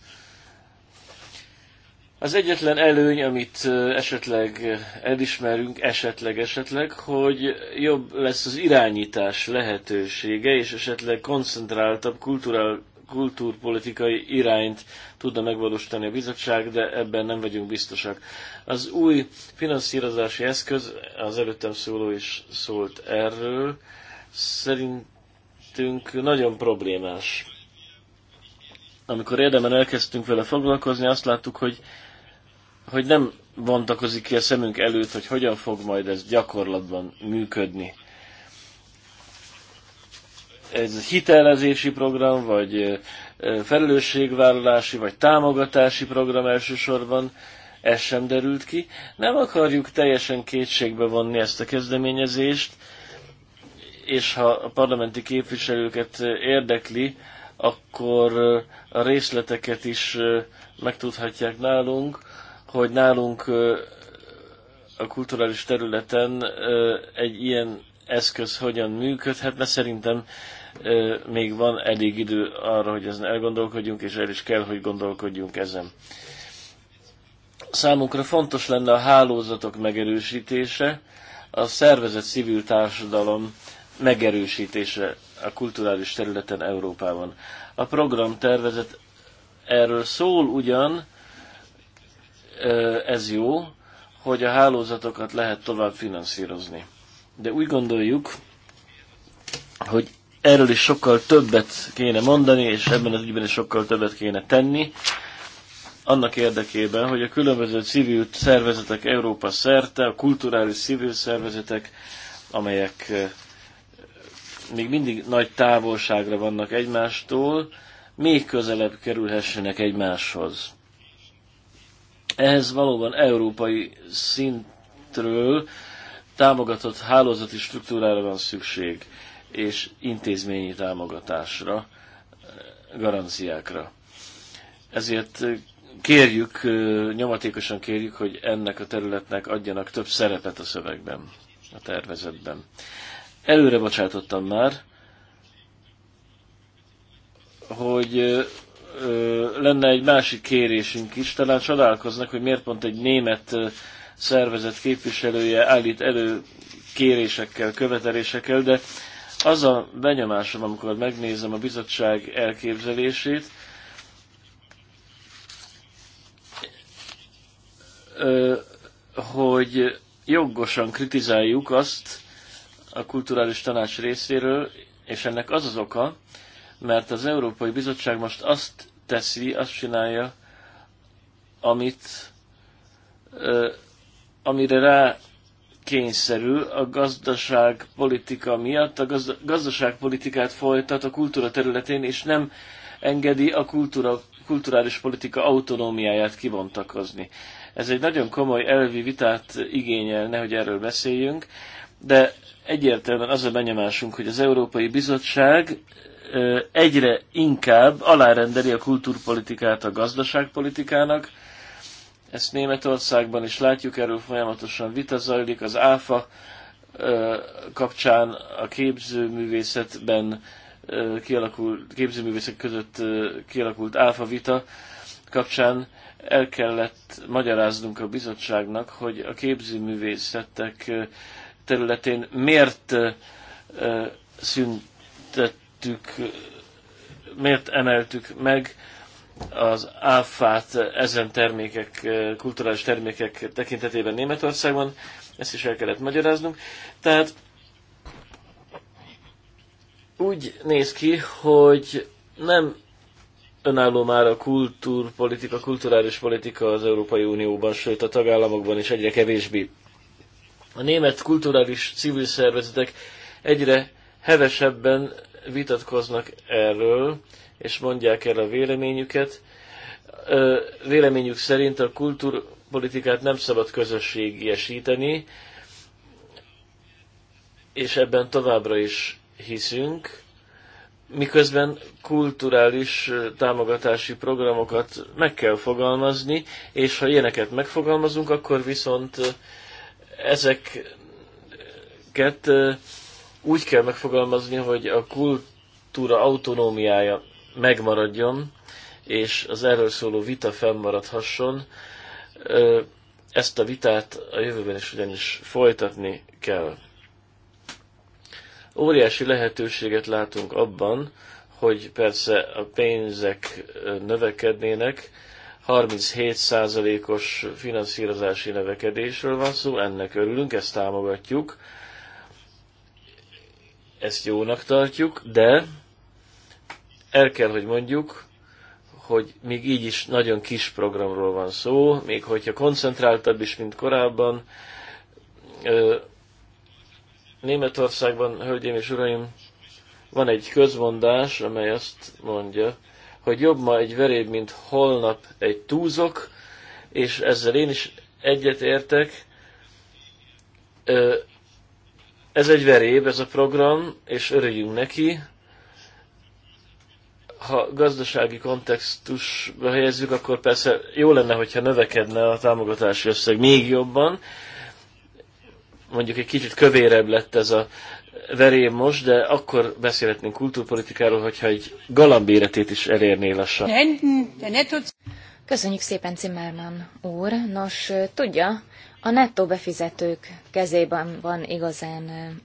az egyetlen előny, amit esetleg elismerünk, esetleg, esetleg, hogy jobb lesz az irányítás lehetősége, és esetleg koncentráltabb kulturál, kultúrpolitikai irányt tudna megvalósítani a bizottság, de ebben nem vagyunk biztosak. Az új finanszírozási eszköz, az előttem szóló is szólt erről, szerintünk nagyon problémás. Amikor érdemben elkezdtünk vele foglalkozni, azt láttuk, hogy hogy nem bontakozik ki a szemünk előtt, hogy hogyan fog majd ez gyakorlatban működni. Ez hitelezési program, vagy felelősségvállalási, vagy támogatási program elsősorban, ez sem derült ki. Nem akarjuk teljesen kétségbe vonni ezt a kezdeményezést, és ha a parlamenti képviselőket érdekli, akkor a részleteket is megtudhatják nálunk hogy nálunk a kulturális területen egy ilyen eszköz hogyan működhet, mert szerintem még van elég idő arra, hogy ezen elgondolkodjunk, és el is kell, hogy gondolkodjunk ezen. Számunkra fontos lenne a hálózatok megerősítése, a szervezet civil társadalom megerősítése a kulturális területen Európában. A program tervezet erről szól ugyan, ez jó, hogy a hálózatokat lehet tovább finanszírozni. De úgy gondoljuk, hogy erről is sokkal többet kéne mondani, és ebben az ügyben is sokkal többet kéne tenni, annak érdekében, hogy a különböző civil szervezetek Európa szerte, a kulturális civil szervezetek, amelyek még mindig nagy távolságra vannak egymástól, még közelebb kerülhessenek egymáshoz. Ehhez valóban európai szintről támogatott hálózati struktúrára van szükség, és intézményi támogatásra, garanciákra. Ezért kérjük, nyomatékosan kérjük, hogy ennek a területnek adjanak több szerepet a szövegben, a tervezetben. Előre bocsátottam már, hogy ö, lenne egy másik kérésünk is. Talán csodálkoznak, hogy miért pont egy német szervezet képviselője állít elő kérésekkel, követelésekkel, de az a benyomásom, amikor megnézem a bizottság elképzelését, hogy jogosan kritizáljuk azt a kulturális tanács részéről, és ennek az az oka, mert az Európai Bizottság most azt teszi, azt csinálja, amit, ö, amire rá kényszerül a gazdaságpolitika miatt, a gazda, gazdaságpolitikát folytat a kultúra területén, és nem engedi a kultúra, kulturális politika autonómiáját kibontakozni. Ez egy nagyon komoly elvi vitát igényelne, hogy erről beszéljünk, de egyértelműen az a benyomásunk, hogy az Európai Bizottság egyre inkább alárendeli a kultúrpolitikát a gazdaságpolitikának. Ezt Németországban is látjuk, erről folyamatosan vita zajlik. Az ÁFA kapcsán a képzőművészetben kialakult, képzőművészek között kialakult áfa vita kapcsán el kellett magyaráznunk a bizottságnak, hogy a képzőművészetek területén miért szüntett emeltük, miért emeltük meg az áfát ezen termékek, kulturális termékek tekintetében Németországban, ezt is el kellett magyaráznunk. Tehát úgy néz ki, hogy nem önálló már a kultúrpolitika, kulturális politika az Európai Unióban, sőt a tagállamokban is egyre kevésbé. A német kulturális civil szervezetek egyre hevesebben vitatkoznak erről, és mondják el a véleményüket. Véleményük szerint a kultúrpolitikát nem szabad közösségiesíteni, és ebben továbbra is hiszünk, miközben kulturális támogatási programokat meg kell fogalmazni, és ha ilyeneket megfogalmazunk, akkor viszont ezeket úgy kell megfogalmazni, hogy a kultúra autonómiája megmaradjon, és az erről szóló vita fennmaradhasson. Ezt a vitát a jövőben is ugyanis folytatni kell. Óriási lehetőséget látunk abban, hogy persze a pénzek növekednének, 37%-os finanszírozási növekedésről van szó, ennek örülünk, ezt támogatjuk, ezt jónak tartjuk, de el kell, hogy mondjuk, hogy még így is nagyon kis programról van szó, még hogyha koncentráltabb is, mint korábban. Németországban, hölgyeim és uraim, van egy közmondás, amely azt mondja, hogy jobb ma egy veréb, mint holnap egy túzok, és ezzel én is egyetértek. Ez egy veréb, ez a program, és örüljünk neki. Ha gazdasági kontextusba helyezzük, akkor persze jó lenne, hogyha növekedne a támogatási összeg még jobban. Mondjuk egy kicsit kövérebb lett ez a verém most, de akkor beszélhetnénk kultúrpolitikáról, hogyha egy galamb is elérné lassan. Köszönjük szépen, Cimmerman úr. Nos, tudja, a nettó befizetők kezében van igazán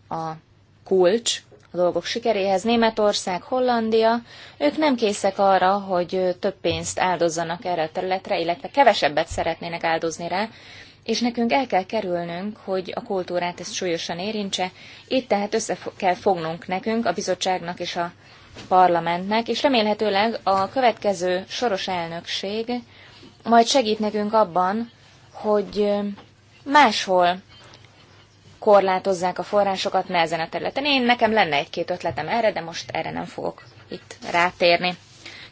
a kulcs a dolgok sikeréhez. Németország, Hollandia, ők nem készek arra, hogy több pénzt áldozzanak erre a területre, illetve kevesebbet szeretnének áldozni rá, és nekünk el kell kerülnünk, hogy a kultúrát ezt súlyosan érintse. Itt tehát össze kell fognunk nekünk, a bizottságnak és a parlamentnek, és remélhetőleg a következő soros elnökség majd segít nekünk abban, hogy máshol korlátozzák a forrásokat, ne ezen a területen. Én nekem lenne egy-két ötletem erre, de most erre nem fogok itt rátérni.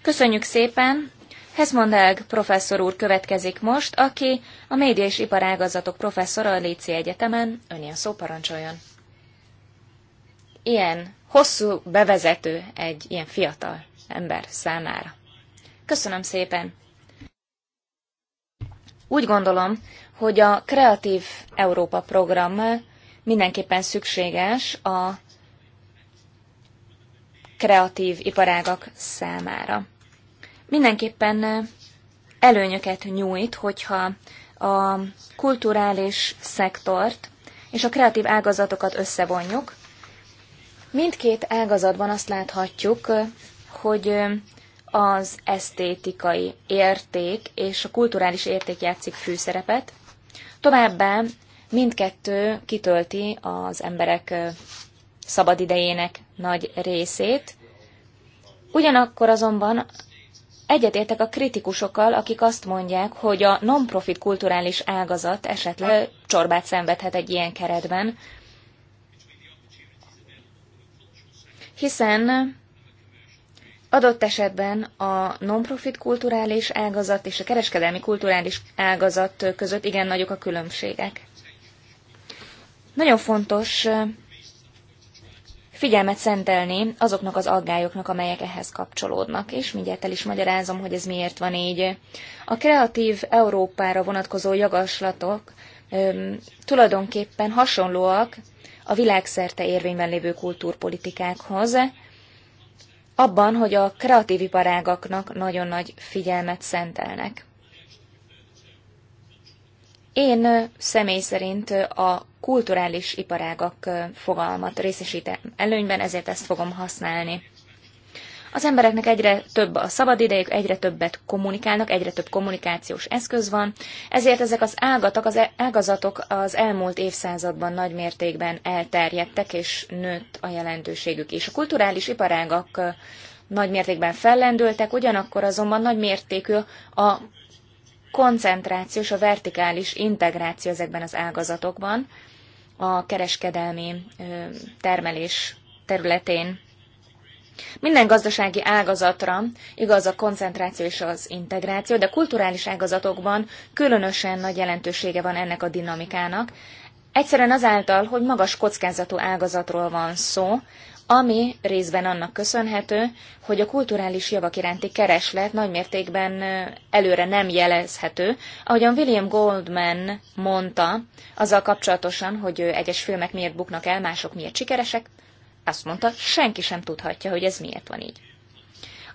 Köszönjük szépen! Hesmondelg professzor úr következik most, aki a média és iparágazatok professzora a Léci Egyetemen. Önél szó parancsoljon. Ilyen hosszú bevezető egy ilyen fiatal ember számára. Köszönöm szépen! Úgy gondolom, hogy a Kreatív Európa program mindenképpen szükséges a kreatív iparágak számára. Mindenképpen előnyöket nyújt, hogyha a kulturális szektort és a kreatív ágazatokat összevonjuk. Mindkét ágazatban azt láthatjuk, hogy az esztétikai érték és a kulturális érték játszik főszerepet. Továbbá mindkettő kitölti az emberek szabadidejének nagy részét. Ugyanakkor azonban egyetértek a kritikusokkal, akik azt mondják, hogy a non-profit kulturális ágazat esetleg csorbát szenvedhet egy ilyen keretben, hiszen Adott esetben a non-profit kulturális ágazat és a kereskedelmi kulturális ágazat között igen nagyok a különbségek. Nagyon fontos figyelmet szentelni azoknak az aggályoknak, amelyek ehhez kapcsolódnak, és mindjárt el is magyarázom, hogy ez miért van így. A kreatív Európára vonatkozó javaslatok tulajdonképpen hasonlóak a világszerte érvényben lévő kultúrpolitikákhoz, abban, hogy a kreatív iparágaknak nagyon nagy figyelmet szentelnek. Én személy szerint a kulturális iparágak fogalmat részesítem előnyben, ezért ezt fogom használni. Az embereknek egyre több a szabadidejük, egyre többet kommunikálnak, egyre több kommunikációs eszköz van, ezért ezek az, ágatok, az e- ágazatok az elmúlt évszázadban nagy mértékben elterjedtek, és nőtt a jelentőségük is. A kulturális iparágak nagy mértékben fellendültek, ugyanakkor azonban nagy mértékű a koncentrációs a vertikális integráció ezekben az ágazatokban, a kereskedelmi termelés területén. Minden gazdasági ágazatra igaz a koncentráció és az integráció, de kulturális ágazatokban különösen nagy jelentősége van ennek a dinamikának. Egyszerűen azáltal, hogy magas kockázatú ágazatról van szó, ami részben annak köszönhető, hogy a kulturális javak iránti kereslet nagymértékben előre nem jelezhető. Ahogyan William Goldman mondta, azzal kapcsolatosan, hogy egyes filmek miért buknak el, mások miért sikeresek, azt mondta, senki sem tudhatja, hogy ez miért van így.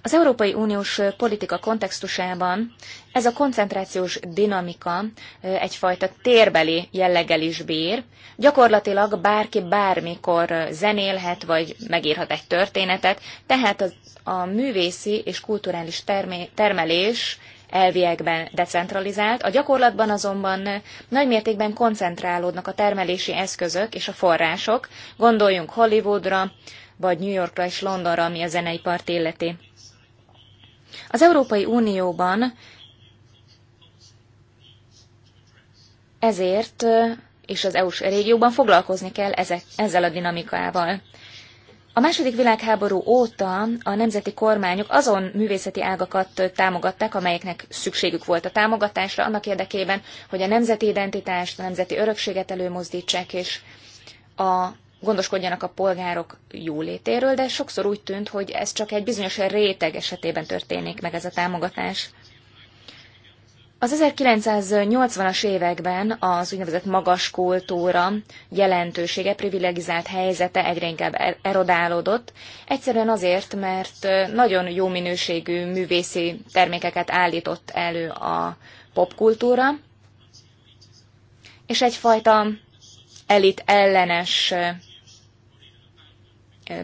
Az Európai Uniós politika kontextusában ez a koncentrációs dinamika egyfajta térbeli jelleggel is bír. Gyakorlatilag bárki bármikor zenélhet, vagy megírhat egy történetet, tehát a, a művészi és kulturális termé, termelés elviekben decentralizált, a gyakorlatban azonban nagymértékben koncentrálódnak a termelési eszközök és a források, gondoljunk Hollywoodra, vagy New Yorkra és Londonra, ami a zeneipart illeti. Az Európai Unióban ezért és az EU-s régióban foglalkozni kell ezek, ezzel a dinamikával. A második világháború óta a nemzeti kormányok azon művészeti ágakat támogatták, amelyeknek szükségük volt a támogatásra, annak érdekében, hogy a nemzeti identitást, a nemzeti örökséget előmozdítsák, és a gondoskodjanak a polgárok jólétéről, de sokszor úgy tűnt, hogy ez csak egy bizonyos réteg esetében történik meg ez a támogatás. Az 1980-as években az úgynevezett magas kultúra jelentősége, privilegizált helyzete egyre inkább er- erodálódott, egyszerűen azért, mert nagyon jó minőségű művészi termékeket állított elő a popkultúra, és egyfajta elit ellenes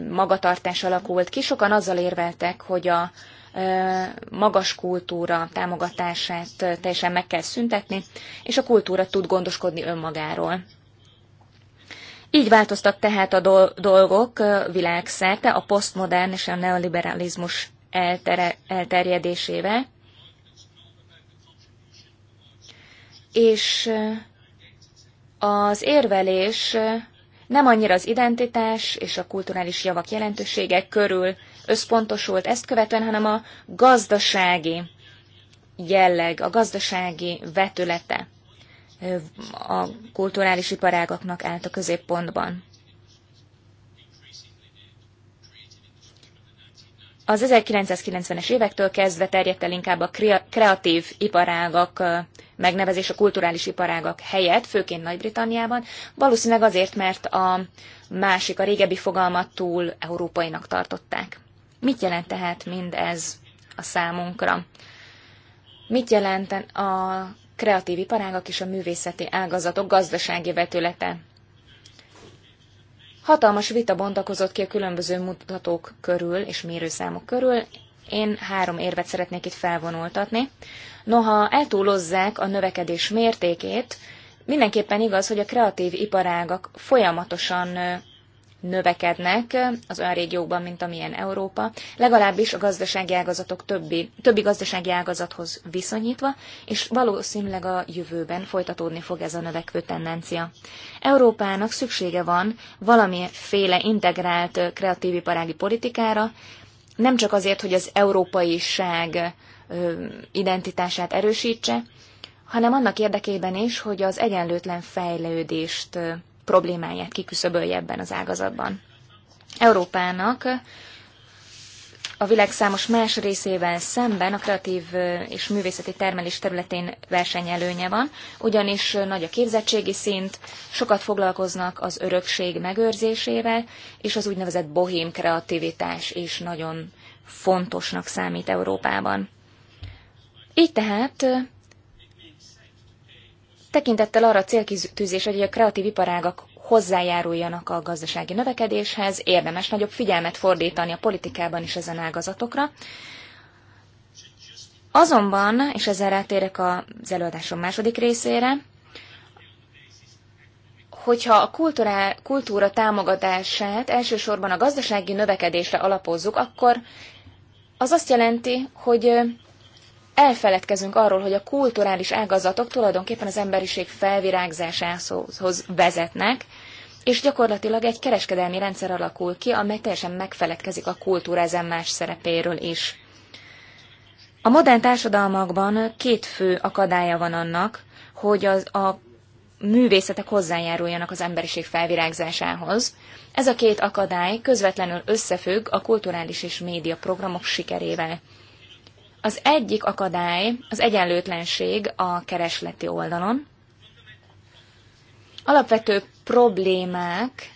magatartás alakult ki. Sokan azzal érveltek, hogy a magas kultúra támogatását teljesen meg kell szüntetni, és a kultúra tud gondoskodni önmagáról. Így változtak tehát a dolgok világszerte a posztmodern és a neoliberalizmus elterjedésével, és az érvelés nem annyira az identitás és a kulturális javak jelentősége körül összpontosult ezt követően, hanem a gazdasági jelleg, a gazdasági vetülete a kulturális iparágaknak állt a középpontban. Az 1990-es évektől kezdve terjedt el inkább a kreatív iparágak megnevezés a kulturális iparágak helyett, főként Nagy-Britanniában, valószínűleg azért, mert a másik, a régebbi fogalmat túl európainak tartották. Mit jelent tehát mindez a számunkra? Mit jelent a kreatív iparágak és a művészeti ágazatok gazdasági vetülete? Hatalmas vita bontakozott ki a különböző mutatók körül és mérőszámok körül. Én három érvet szeretnék itt felvonultatni. Noha eltúlozzák a növekedés mértékét, mindenképpen igaz, hogy a kreatív iparágak folyamatosan növekednek az olyan régiókban, mint amilyen Európa, legalábbis a gazdasági ágazatok többi, többi gazdasági ágazathoz viszonyítva, és valószínűleg a jövőben folytatódni fog ez a növekvő tendencia. Európának szüksége van valamiféle integrált kreatív iparági politikára, nem csak azért, hogy az európaiság identitását erősítse, hanem annak érdekében is, hogy az egyenlőtlen fejlődést problémáját kiküszöbölje ebben az ágazatban. Európának a világ számos más részével szemben a kreatív és művészeti termelés területén versenyelőnye van, ugyanis nagy a képzettségi szint, sokat foglalkoznak az örökség megőrzésével, és az úgynevezett bohém kreativitás is nagyon fontosnak számít Európában. Így tehát tekintettel arra a célkitűzés, hogy a kreatív iparágak hozzájáruljanak a gazdasági növekedéshez, érdemes nagyobb figyelmet fordítani a politikában is ezen ágazatokra. Azonban, és ezzel rátérek az előadásom második részére, hogyha a kultúra, kultúra támogatását elsősorban a gazdasági növekedésre alapozzuk, akkor az azt jelenti, hogy elfeledkezünk arról, hogy a kulturális ágazatok tulajdonképpen az emberiség felvirágzásához vezetnek, és gyakorlatilag egy kereskedelmi rendszer alakul ki, amely teljesen megfeledkezik a kultúra ezen más szerepéről is. A modern társadalmakban két fő akadálya van annak, hogy az, a művészetek hozzájáruljanak az emberiség felvirágzásához. Ez a két akadály közvetlenül összefügg a kulturális és média programok sikerével. Az egyik akadály az egyenlőtlenség a keresleti oldalon. Alapvető problémák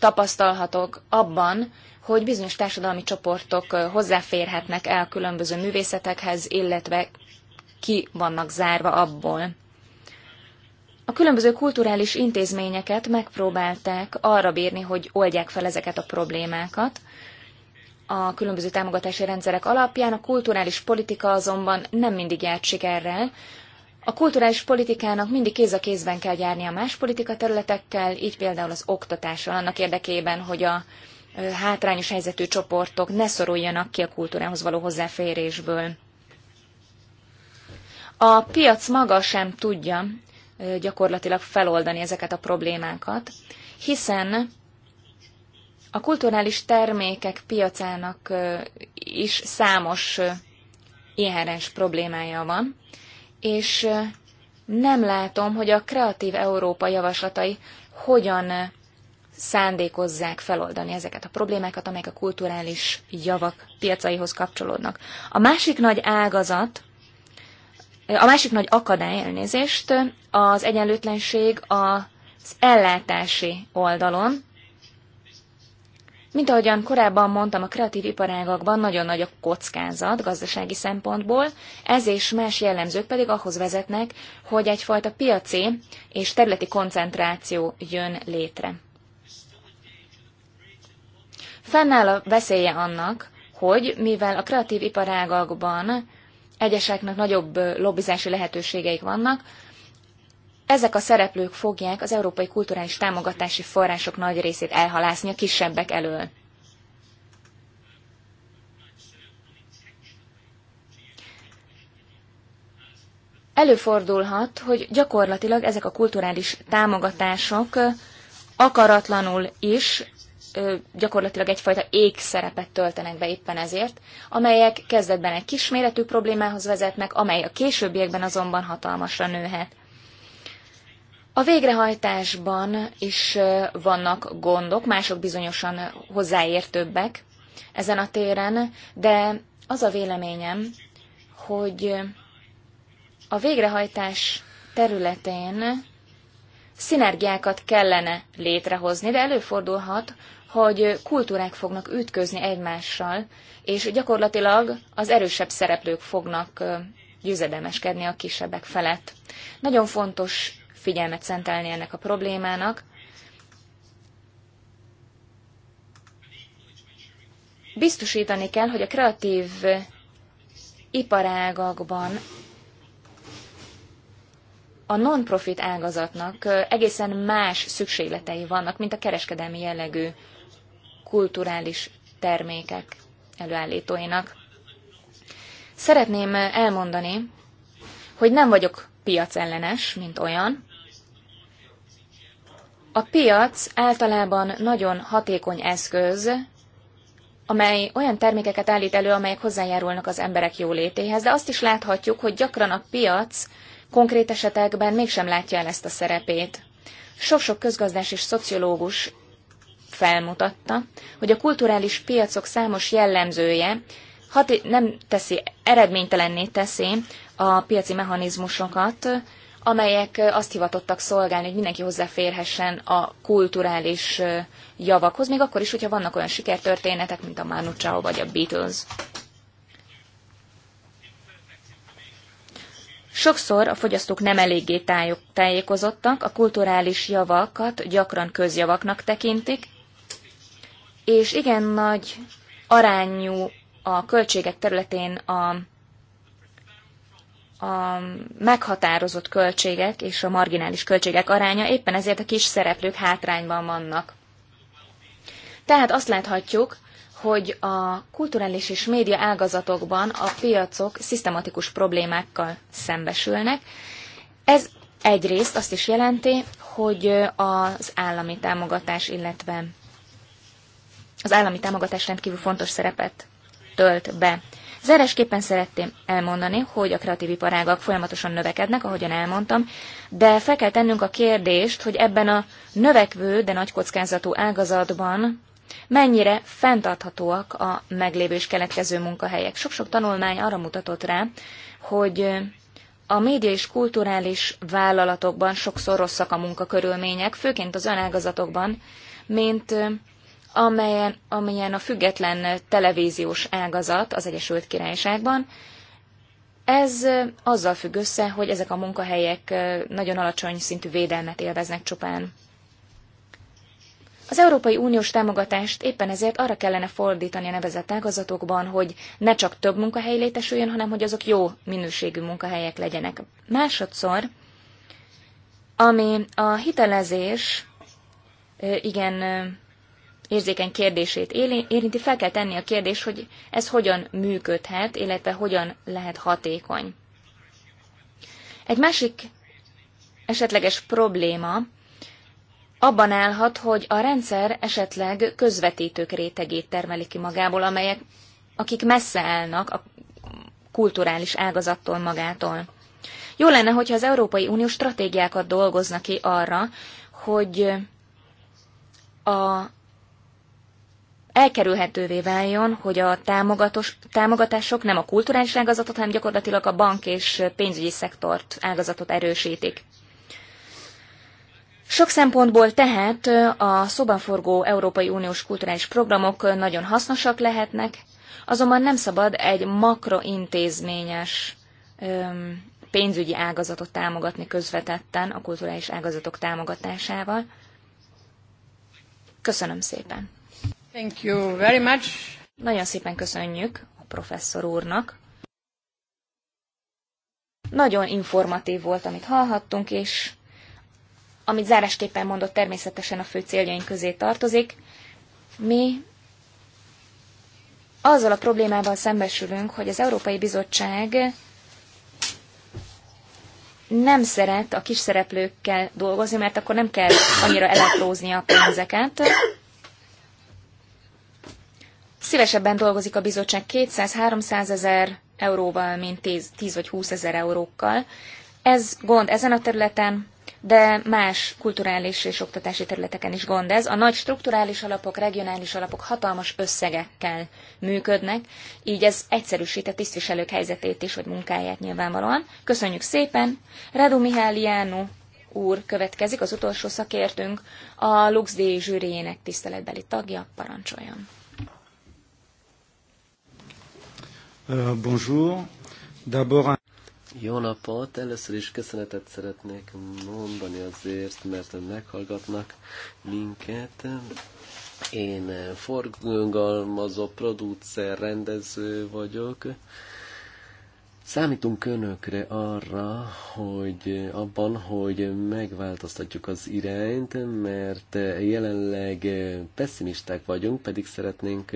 tapasztalhatók abban, hogy bizonyos társadalmi csoportok hozzáférhetnek el különböző művészetekhez, illetve ki vannak zárva abból. A különböző kulturális intézményeket megpróbálták arra bírni, hogy oldják fel ezeket a problémákat, a különböző támogatási rendszerek alapján, a kulturális politika azonban nem mindig járt sikerrel. A kulturális politikának mindig kéz a kézben kell járnia más politika területekkel, így például az oktatással, annak érdekében, hogy a hátrányos helyzetű csoportok ne szoruljanak ki a kultúrához való hozzáférésből. A piac maga sem tudja gyakorlatilag feloldani ezeket a problémákat, hiszen a kulturális termékek piacának is számos inherens problémája van, és nem látom, hogy a Kreatív Európa javaslatai hogyan szándékozzák feloldani ezeket a problémákat, amelyek a kulturális javak piacaihoz kapcsolódnak. A másik nagy ágazat, a másik nagy akadály elnézést az egyenlőtlenség az ellátási oldalon, mint ahogyan korábban mondtam, a kreatív iparágakban nagyon nagy a kockázat gazdasági szempontból, ez és más jellemzők pedig ahhoz vezetnek, hogy egyfajta piaci és területi koncentráció jön létre. Fennáll a veszélye annak, hogy mivel a kreatív iparágakban egyeseknek nagyobb lobbizási lehetőségeik vannak, ezek a szereplők fogják az európai kulturális támogatási források nagy részét elhalászni a kisebbek elől. Előfordulhat, hogy gyakorlatilag ezek a kulturális támogatások akaratlanul is gyakorlatilag egyfajta ékszerepet töltenek be éppen ezért, amelyek kezdetben egy kisméretű problémához vezetnek, amely a későbbiekben azonban hatalmasra nőhet. A végrehajtásban is vannak gondok, mások bizonyosan hozzáértőbbek ezen a téren, de az a véleményem, hogy a végrehajtás területén szinergiákat kellene létrehozni, de előfordulhat, hogy kultúrák fognak ütközni egymással, és gyakorlatilag az erősebb szereplők fognak győzedelmeskedni a kisebbek felett. Nagyon fontos figyelmet szentelni ennek a problémának. Biztosítani kell, hogy a kreatív iparágakban a non-profit ágazatnak egészen más szükségletei vannak, mint a kereskedelmi jellegű kulturális termékek előállítóinak. Szeretném elmondani, hogy nem vagyok piacellenes, mint olyan, a piac általában nagyon hatékony eszköz, amely olyan termékeket állít elő, amelyek hozzájárulnak az emberek jólétéhez, de azt is láthatjuk, hogy gyakran a piac konkrét esetekben mégsem látja el ezt a szerepét. Sok-sok közgazdás és szociológus felmutatta, hogy a kulturális piacok számos jellemzője hat nem teszi, eredménytelenné teszi a piaci mechanizmusokat, amelyek azt hivatottak szolgálni, hogy mindenki hozzáférhessen a kulturális javakhoz, még akkor is, hogyha vannak olyan sikertörténetek, mint a Manu Chao vagy a Beatles. Sokszor a fogyasztók nem eléggé tájékozottak, a kulturális javakat gyakran közjavaknak tekintik, és igen nagy arányú a költségek területén a a meghatározott költségek és a marginális költségek aránya, éppen ezért a kis szereplők hátrányban vannak. Tehát azt láthatjuk, hogy a kulturális és média ágazatokban a piacok szisztematikus problémákkal szembesülnek. Ez egyrészt azt is jelenti, hogy az állami támogatás, illetve az állami támogatás rendkívül fontos szerepet tölt be. Zárásképpen szeretném elmondani, hogy a kreatív iparágak folyamatosan növekednek, ahogyan elmondtam, de fel kell tennünk a kérdést, hogy ebben a növekvő, de nagy kockázatú ágazatban mennyire fenntarthatóak a meglévő és keletkező munkahelyek. Sok-sok tanulmány arra mutatott rá, hogy a média és kulturális vállalatokban sokszor rosszak a munkakörülmények, főként az önágazatokban, mint amelyen, amelyen a független televíziós ágazat az Egyesült Királyságban. Ez azzal függ össze, hogy ezek a munkahelyek nagyon alacsony szintű védelmet élveznek csupán. Az Európai Uniós támogatást éppen ezért arra kellene fordítani a nevezett ágazatokban, hogy ne csak több munkahely létesüljön, hanem hogy azok jó minőségű munkahelyek legyenek. Másodszor, ami a hitelezés igen érzékeny kérdését érinti, fel kell tenni a kérdés, hogy ez hogyan működhet, illetve hogyan lehet hatékony. Egy másik esetleges probléma abban állhat, hogy a rendszer esetleg közvetítők rétegét termeli ki magából, amelyek, akik messze állnak a kulturális ágazattól magától. Jó lenne, hogyha az Európai Unió stratégiákat dolgozna ki arra, hogy a elkerülhetővé váljon, hogy a támogatos, támogatások nem a kulturális ágazatot, hanem gyakorlatilag a bank és pénzügyi szektort ágazatot erősítik. Sok szempontból tehát a szobaforgó Európai Uniós kulturális programok nagyon hasznosak lehetnek, azonban nem szabad egy makrointézményes öm, pénzügyi ágazatot támogatni közvetetten a kulturális ágazatok támogatásával. Köszönöm szépen! Thank you very much. Nagyon szépen köszönjük a professzor úrnak. Nagyon informatív volt, amit hallhattunk, és amit zárásképpen mondott, természetesen a fő céljaink közé tartozik. Mi azzal a problémával szembesülünk, hogy az Európai Bizottság nem szeret a kis szereplőkkel dolgozni, mert akkor nem kell annyira elaprózni a pénzeket, Szívesebben dolgozik a bizottság 200-300 ezer euróval, mint 10, 10 vagy 20 ezer eurókkal. Ez gond ezen a területen, de más kulturális és oktatási területeken is gond ez. A nagy strukturális alapok, regionális alapok hatalmas összegekkel működnek, így ez egyszerűsít a tisztviselők helyzetét is, vagy munkáját nyilvánvalóan. Köszönjük szépen! Radu Miháliánu úr következik, az utolsó szakértünk, a LuxDíj zsűriének tiszteletbeli tagja, parancsoljon! Euh, bonjour. D'abord... Jó napot! Először is köszönetet szeretnék mondani azért, mert meghallgatnak minket. Én forgalmazó, producer, rendező vagyok. Számítunk önökre arra, hogy abban, hogy megváltoztatjuk az irányt, mert jelenleg pessimisták vagyunk, pedig szeretnénk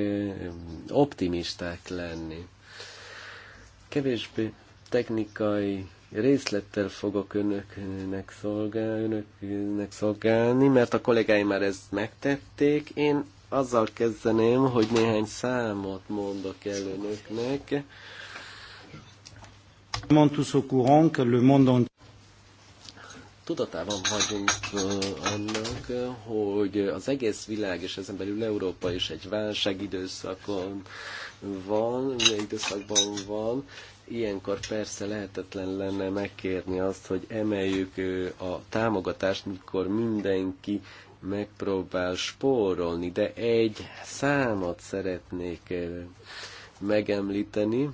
optimisták lenni kevésbé technikai részlettel fogok önöknek, szolgál, önöknek szolgálni, mert a kollégáim már ezt megtették. Én azzal kezdeném, hogy néhány számot mondok el önöknek. Tudatában vagyunk annak, hogy az egész világ és ezen belül Európa is egy válságidőszakon van, milyen időszakban van, ilyenkor persze lehetetlen lenne megkérni azt, hogy emeljük a támogatást, mikor mindenki megpróbál spórolni, de egy számot szeretnék megemlíteni.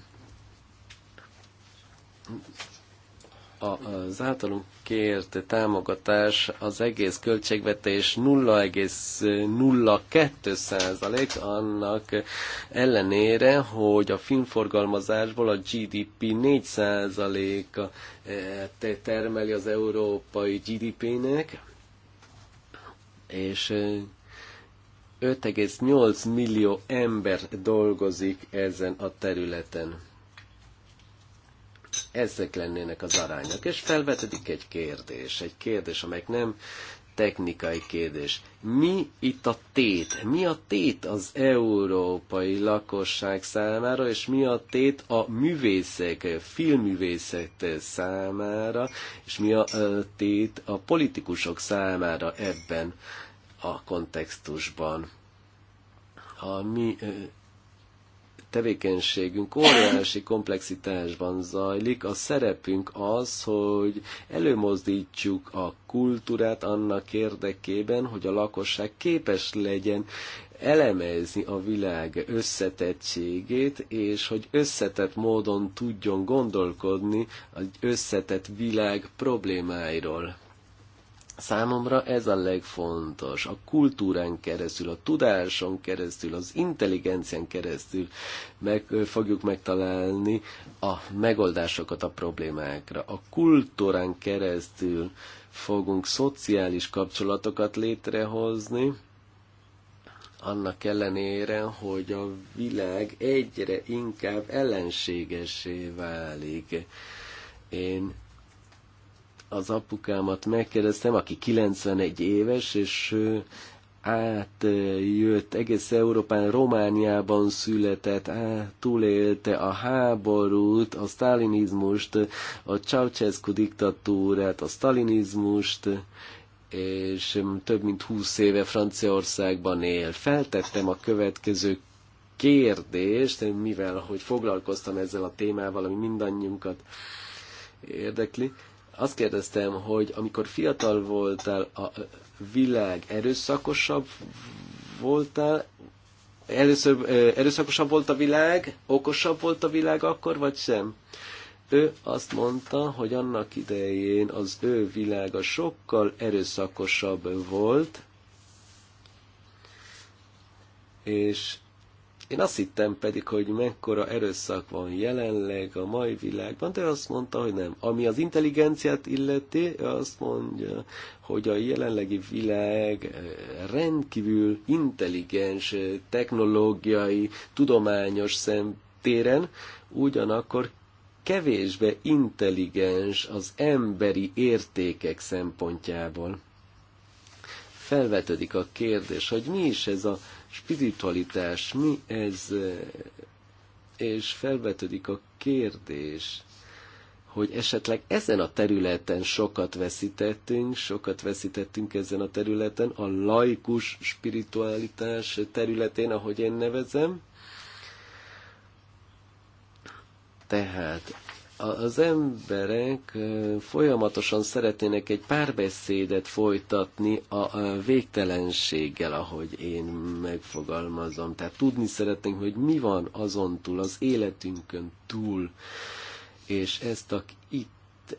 Az általunk kért támogatás az egész költségvetés 0,02% annak ellenére, hogy a filmforgalmazásból a GDP 4%-a eh, termeli az európai GDP-nek, és 5,8 eh, millió ember dolgozik ezen a területen. Ezek lennének az arányok. És felvetedik egy kérdés, egy kérdés, amely nem technikai kérdés. Mi itt a tét? Mi a tét az európai lakosság számára, és mi a tét a művészek, a filmművészek számára, és mi a tét a politikusok számára ebben a kontextusban? A mi tevékenységünk óriási komplexitásban zajlik. A szerepünk az, hogy előmozdítsuk a kultúrát annak érdekében, hogy a lakosság képes legyen elemezni a világ összetettségét, és hogy összetett módon tudjon gondolkodni az összetett világ problémáiról. Számomra ez a legfontos. A kultúrán keresztül, a tudáson keresztül, az intelligencián keresztül meg, fogjuk megtalálni a megoldásokat a problémákra. A kultúrán keresztül fogunk szociális kapcsolatokat létrehozni, annak ellenére, hogy a világ egyre inkább ellenségesé válik. Én az apukámat megkérdeztem, aki 91 éves, és átjött egész Európán, Romániában született, túlélte a háborút, a sztalinizmust, a Ceausescu diktatúrát, a sztalinizmust, és több mint 20 éve Franciaországban él. Feltettem a következő kérdést, mivel hogy foglalkoztam ezzel a témával, ami mindannyiunkat érdekli, azt kérdeztem, hogy amikor fiatal voltál, a világ erőszakosabb voltál, először erőszakosabb volt a világ, okosabb volt a világ akkor, vagy sem? Ő azt mondta, hogy annak idején az ő világa sokkal erőszakosabb volt, és én azt hittem pedig, hogy mekkora erőszak van jelenleg a mai világban, de azt mondta, hogy nem. Ami az intelligenciát illeti, azt mondja, hogy a jelenlegi világ eh, rendkívül intelligens, eh, technológiai, tudományos szemtéren, ugyanakkor kevésbé intelligens az emberi értékek szempontjából. Felvetődik a kérdés, hogy mi is ez a spiritualitás, mi ez, és felvetődik a kérdés, hogy esetleg ezen a területen sokat veszítettünk, sokat veszítettünk ezen a területen, a laikus spiritualitás területén, ahogy én nevezem. Tehát az emberek folyamatosan szeretnének egy párbeszédet folytatni a végtelenséggel, ahogy én megfogalmazom. Tehát tudni szeretnénk, hogy mi van azon túl, az életünkön túl, és ezt a itt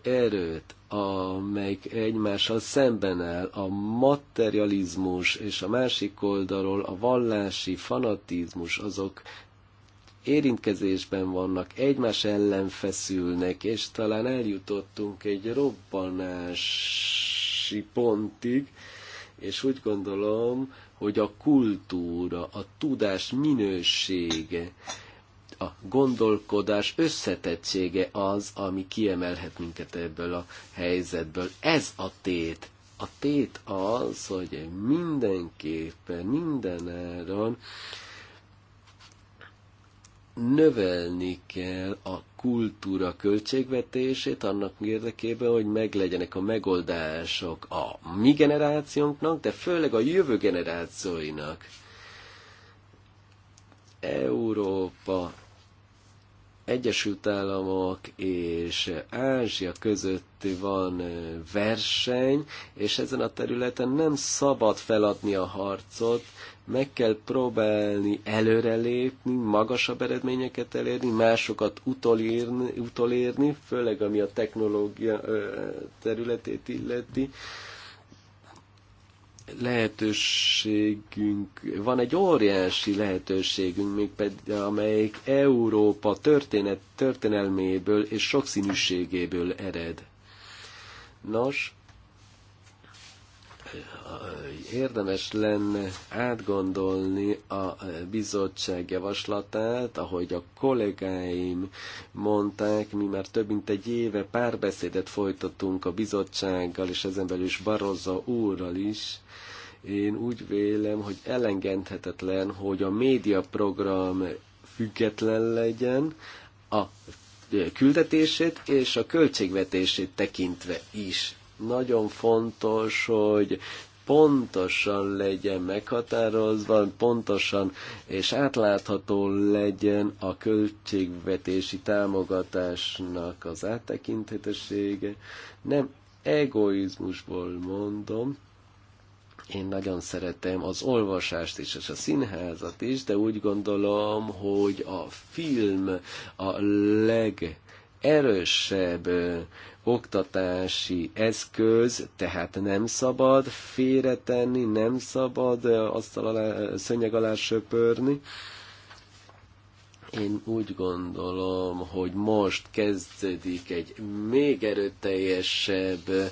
erőt, amelyik egymással szemben áll, a materializmus és a másik oldalról a vallási fanatizmus, azok érintkezésben vannak, egymás ellen feszülnek, és talán eljutottunk egy robbanási pontig, és úgy gondolom, hogy a kultúra, a tudás minősége, a gondolkodás összetettsége az, ami kiemelhet minket ebből a helyzetből. Ez a tét. A tét az, hogy mindenképpen, mindenáron növelni kell a kultúra költségvetését annak érdekében, hogy meglegyenek a megoldások a mi generációnknak, de főleg a jövő generációinak. Európa, Egyesült Államok és Ázsia között van verseny, és ezen a területen nem szabad feladni a harcot, meg kell próbálni előrelépni, magasabb eredményeket elérni, másokat utolérni, utolérni főleg ami a technológia területét illeti. Lehetőségünk, van egy óriási lehetőségünk, még pedig, amelyik Európa történet, történelméből és sokszínűségéből ered. Nos, érdemes lenne átgondolni a bizottság javaslatát, ahogy a kollégáim mondták, mi már több mint egy éve párbeszédet folytatunk a bizottsággal, és ezen belül is Barozza úrral is, én úgy vélem, hogy elengedhetetlen, hogy a médiaprogram független legyen a küldetését és a költségvetését tekintve is. Nagyon fontos, hogy pontosan legyen meghatározva, pontosan és átlátható legyen a költségvetési támogatásnak az áttekinthetősége. Nem egoizmusból mondom, én nagyon szeretem az olvasást is, és a színházat is, de úgy gondolom, hogy a film a legerősebb oktatási eszköz, tehát nem szabad félretenni, nem szabad azt a szönyeg alá söpörni. Én úgy gondolom, hogy most kezdődik egy még erőteljesebb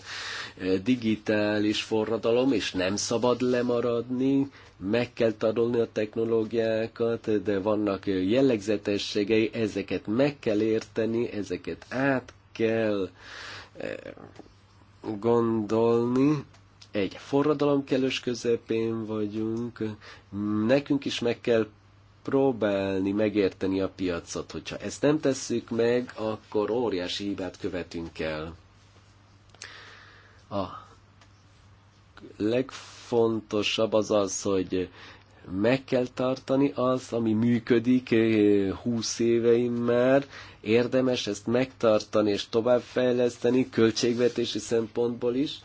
digitális forradalom, és nem szabad lemaradni, meg kell tanulni a technológiákat, de vannak jellegzetességei, ezeket meg kell érteni, ezeket át kell eh, gondolni, egy forradalom kellős közepén vagyunk, nekünk is meg kell próbálni megérteni a piacot. Hogyha ezt nem tesszük meg, akkor óriási hibát követünk el. A legfontosabb az az, hogy meg kell tartani az, ami működik eh, húsz éveim már, érdemes ezt megtartani és továbbfejleszteni költségvetési szempontból is.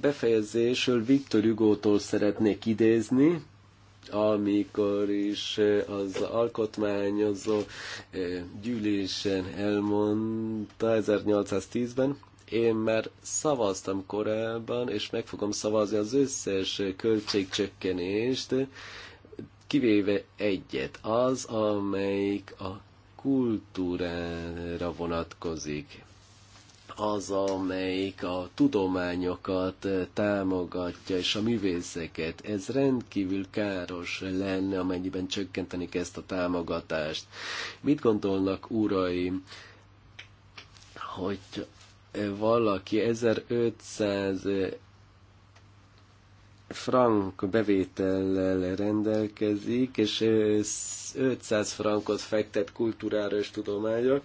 Befejezésről Viktor hugo Hugo-tól szeretnék idézni, amikor is eh, az alkotmányozó eh, gyűlésen elmondta 1810-ben, én már szavaztam korábban, és meg fogom szavazni az összes költségcsökkenést, kivéve egyet, az, amelyik a kultúrára vonatkozik az, amelyik a tudományokat támogatja, és a művészeket. Ez rendkívül káros lenne, amennyiben csökkentenik ezt a támogatást. Mit gondolnak, uraim, hogy valaki 1500 frank bevétellel rendelkezik, és 500 frankot fektet kultúrára és tudományra,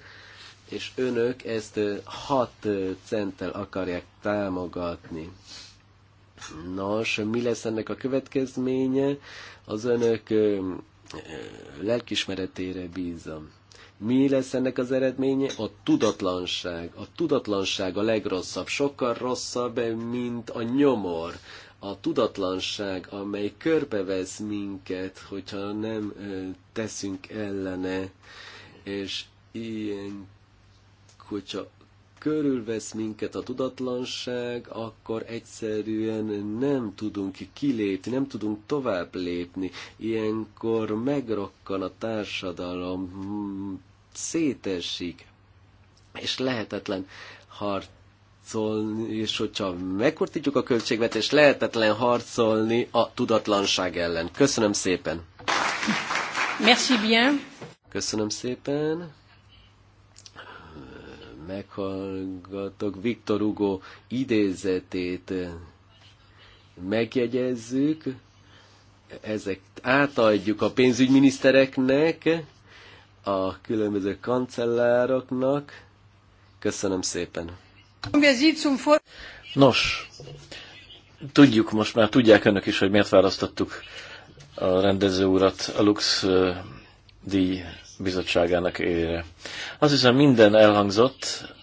és önök ezt 6 centtel akarják támogatni. Nos, mi lesz ennek a következménye? Az önök lelkismeretére bízom. Mi lesz ennek az eredménye? A tudatlanság. A tudatlanság a legrosszabb, sokkal rosszabb, mint a nyomor. A tudatlanság, amely körbevesz minket, hogyha nem teszünk ellene, és ilyen, hogyha körülvesz minket a tudatlanság, akkor egyszerűen nem tudunk kilépni, nem tudunk tovább lépni. Ilyenkor megrokkan a társadalom, szétesik, és lehetetlen harcolni, és hogyha megkortítjuk a költségvetést, lehetetlen harcolni a tudatlanság ellen. Köszönöm szépen! Merci bien! Köszönöm szépen! Meghallgatok Viktor Hugo idézetét megjegyezzük, ezek átadjuk a pénzügyminisztereknek, a különböző kancellároknak. Köszönöm szépen. Nos, tudjuk most már, tudják önök is, hogy miért választottuk a rendező urat a Lux díj bizottságának élére. Azt hiszem minden elhangzott,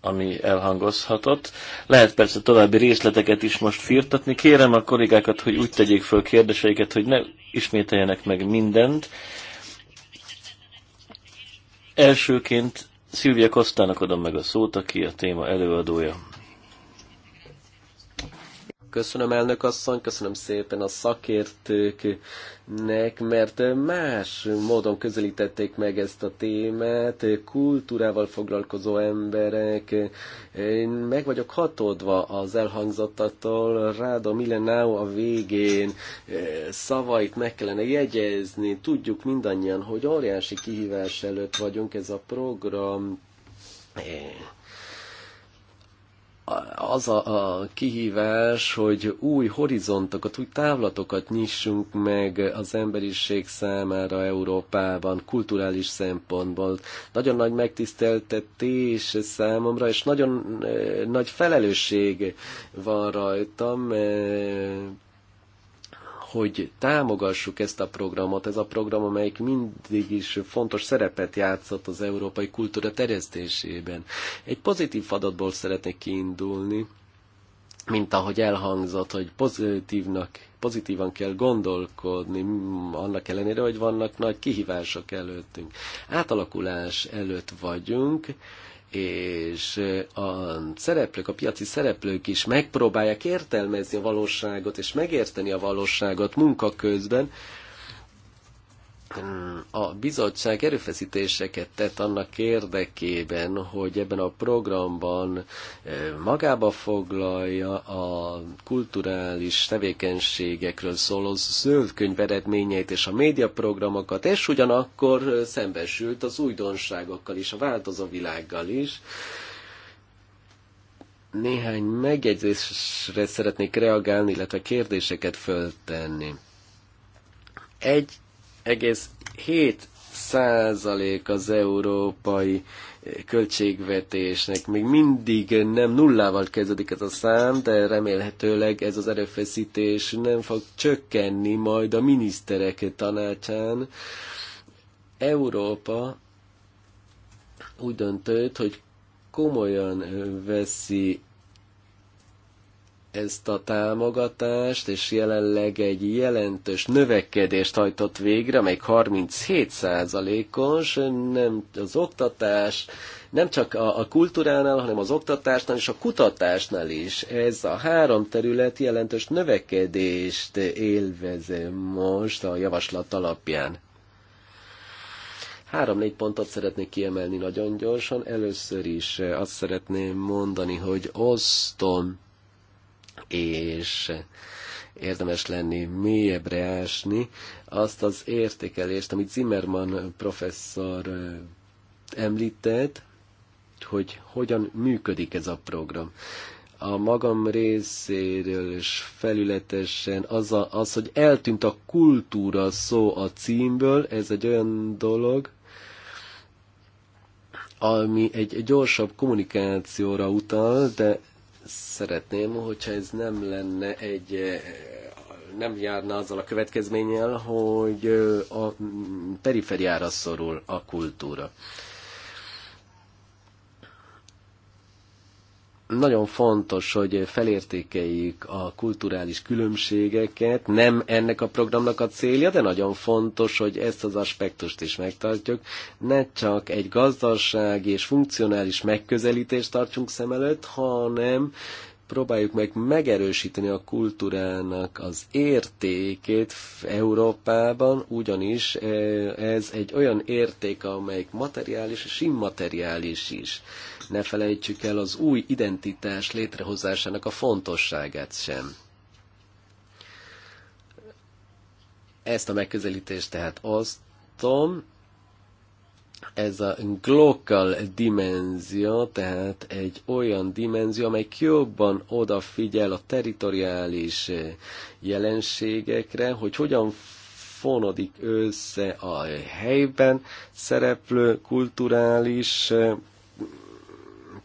ami elhangozhatott. Lehet persze további részleteket is most firtatni. Kérem a kollégákat, hogy úgy tegyék föl kérdéseiket, hogy ne ismételjenek meg mindent, Elsőként Szilvia Kosztának adom meg a szót, aki a téma előadója. Köszönöm elnök asszony, köszönöm szépen a szakértőknek, mert más módon közelítették meg ezt a témát, kultúrával foglalkozó emberek. Én meg vagyok hatódva az elhangzottattól, Ráda Milenau a végén eh, szavait meg kellene jegyezni. Tudjuk mindannyian, hogy óriási kihívás előtt vagyunk, ez a program eh, az a, a kihívás, hogy új horizontokat, új távlatokat nyissunk meg az emberiség számára Európában, kulturális szempontból. Nagyon nagy megtiszteltetés számomra, és nagyon eh, nagy felelősség van rajtam, mert eh, hogy támogassuk ezt a programot, ez a program, amelyik mindig is fontos szerepet játszott az európai kultúra terjesztésében. Egy pozitív adatból szeretnék kiindulni, mint ahogy elhangzott, hogy pozitívnak pozitívan kell gondolkodni, annak ellenére, hogy vannak nagy kihívások előttünk. Átalakulás előtt vagyunk, és eh, a szereplők, a piaci szereplők is megpróbálják értelmezni a valóságot, és megérteni a valóságot munka közben, a bizottság erőfeszítéseket tett annak érdekében, hogy ebben a programban eh, magába foglalja a kulturális tevékenységekről szóló zöldkönyv eredményeit és a médiaprogramokat, és ugyanakkor eh, szembesült az újdonságokkal is, a változó világgal is néhány megjegyzésre szeretnék reagálni, illetve kérdéseket föltenni. Egy 1,7 százalék az európai költségvetésnek. Még mindig nem nullával kezdődik ez a szám, de remélhetőleg ez az erőfeszítés nem fog csökkenni majd a miniszterek tanácsán. Európa úgy döntött, hogy komolyan veszi ezt a támogatást, és jelenleg egy jelentős növekedést hajtott végre, amely 37%-os, nem az oktatás, nem csak a, a kultúránál, hanem az oktatásnál és a kutatásnál is. Ez a három terület jelentős növekedést élvez most a javaslat alapján. Három-négy pontot szeretnék kiemelni nagyon gyorsan. Először is azt szeretném mondani, hogy osztom és érdemes lenni mélyebbre ásni azt az értékelést, amit Zimmermann professzor említett, hogy hogyan működik ez a program. A magam részéről és felületesen az, a, az, hogy eltűnt a kultúra szó a címből, ez egy olyan dolog, ami egy gyorsabb kommunikációra utal, de Szeretném, hogyha ez nem lenne egy eh, nem járna azzal a következménnyel, hogy eh, a perifériára szorul a kultúra. nagyon fontos, hogy felértékeljük a kulturális különbségeket, nem ennek a programnak a célja, de nagyon fontos, hogy ezt az aspektust is megtartjuk. Ne csak egy gazdasági és funkcionális megközelítést tartsunk szem előtt, hanem próbáljuk meg megerősíteni a kultúrának az értékét Európában, ugyanis eh, ez egy olyan érték, amelyik materiális és immateriális is ne felejtsük el az új identitás létrehozásának a fontosságát sem. Ezt a megközelítést tehát osztom, ez a global dimenzió, tehát egy olyan dimenzió, amely jobban odafigyel a teritoriális jelenségekre, hogy hogyan fonodik össze a helyben szereplő kulturális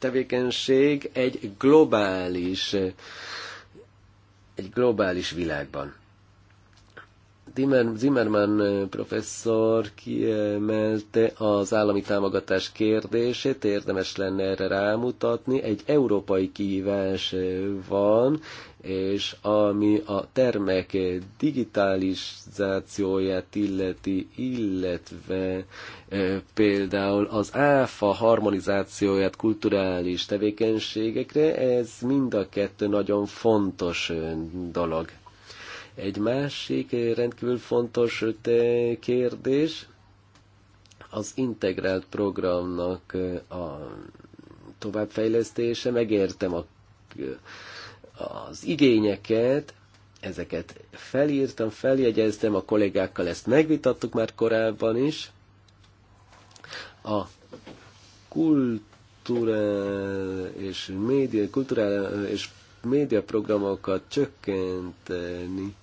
tevékenység egy globális, egy globális világban. Zimmermann professzor kiemelte az állami támogatás kérdését, érdemes lenne erre rámutatni. Egy európai kihívás van, és ami a termek digitalizációját illeti, illetve például az áfa harmonizációját kulturális tevékenységekre, ez mind a kettő nagyon fontos dolog. Egy másik eh, rendkívül fontos eh, kérdés az integrált programnak eh, a továbbfejlesztése. Megértem a, az igényeket, ezeket felírtam, feljegyeztem, a kollégákkal ezt megvitattuk már korábban is. A kultúra és média, kultúra és médiaprogramokat csökkenteni.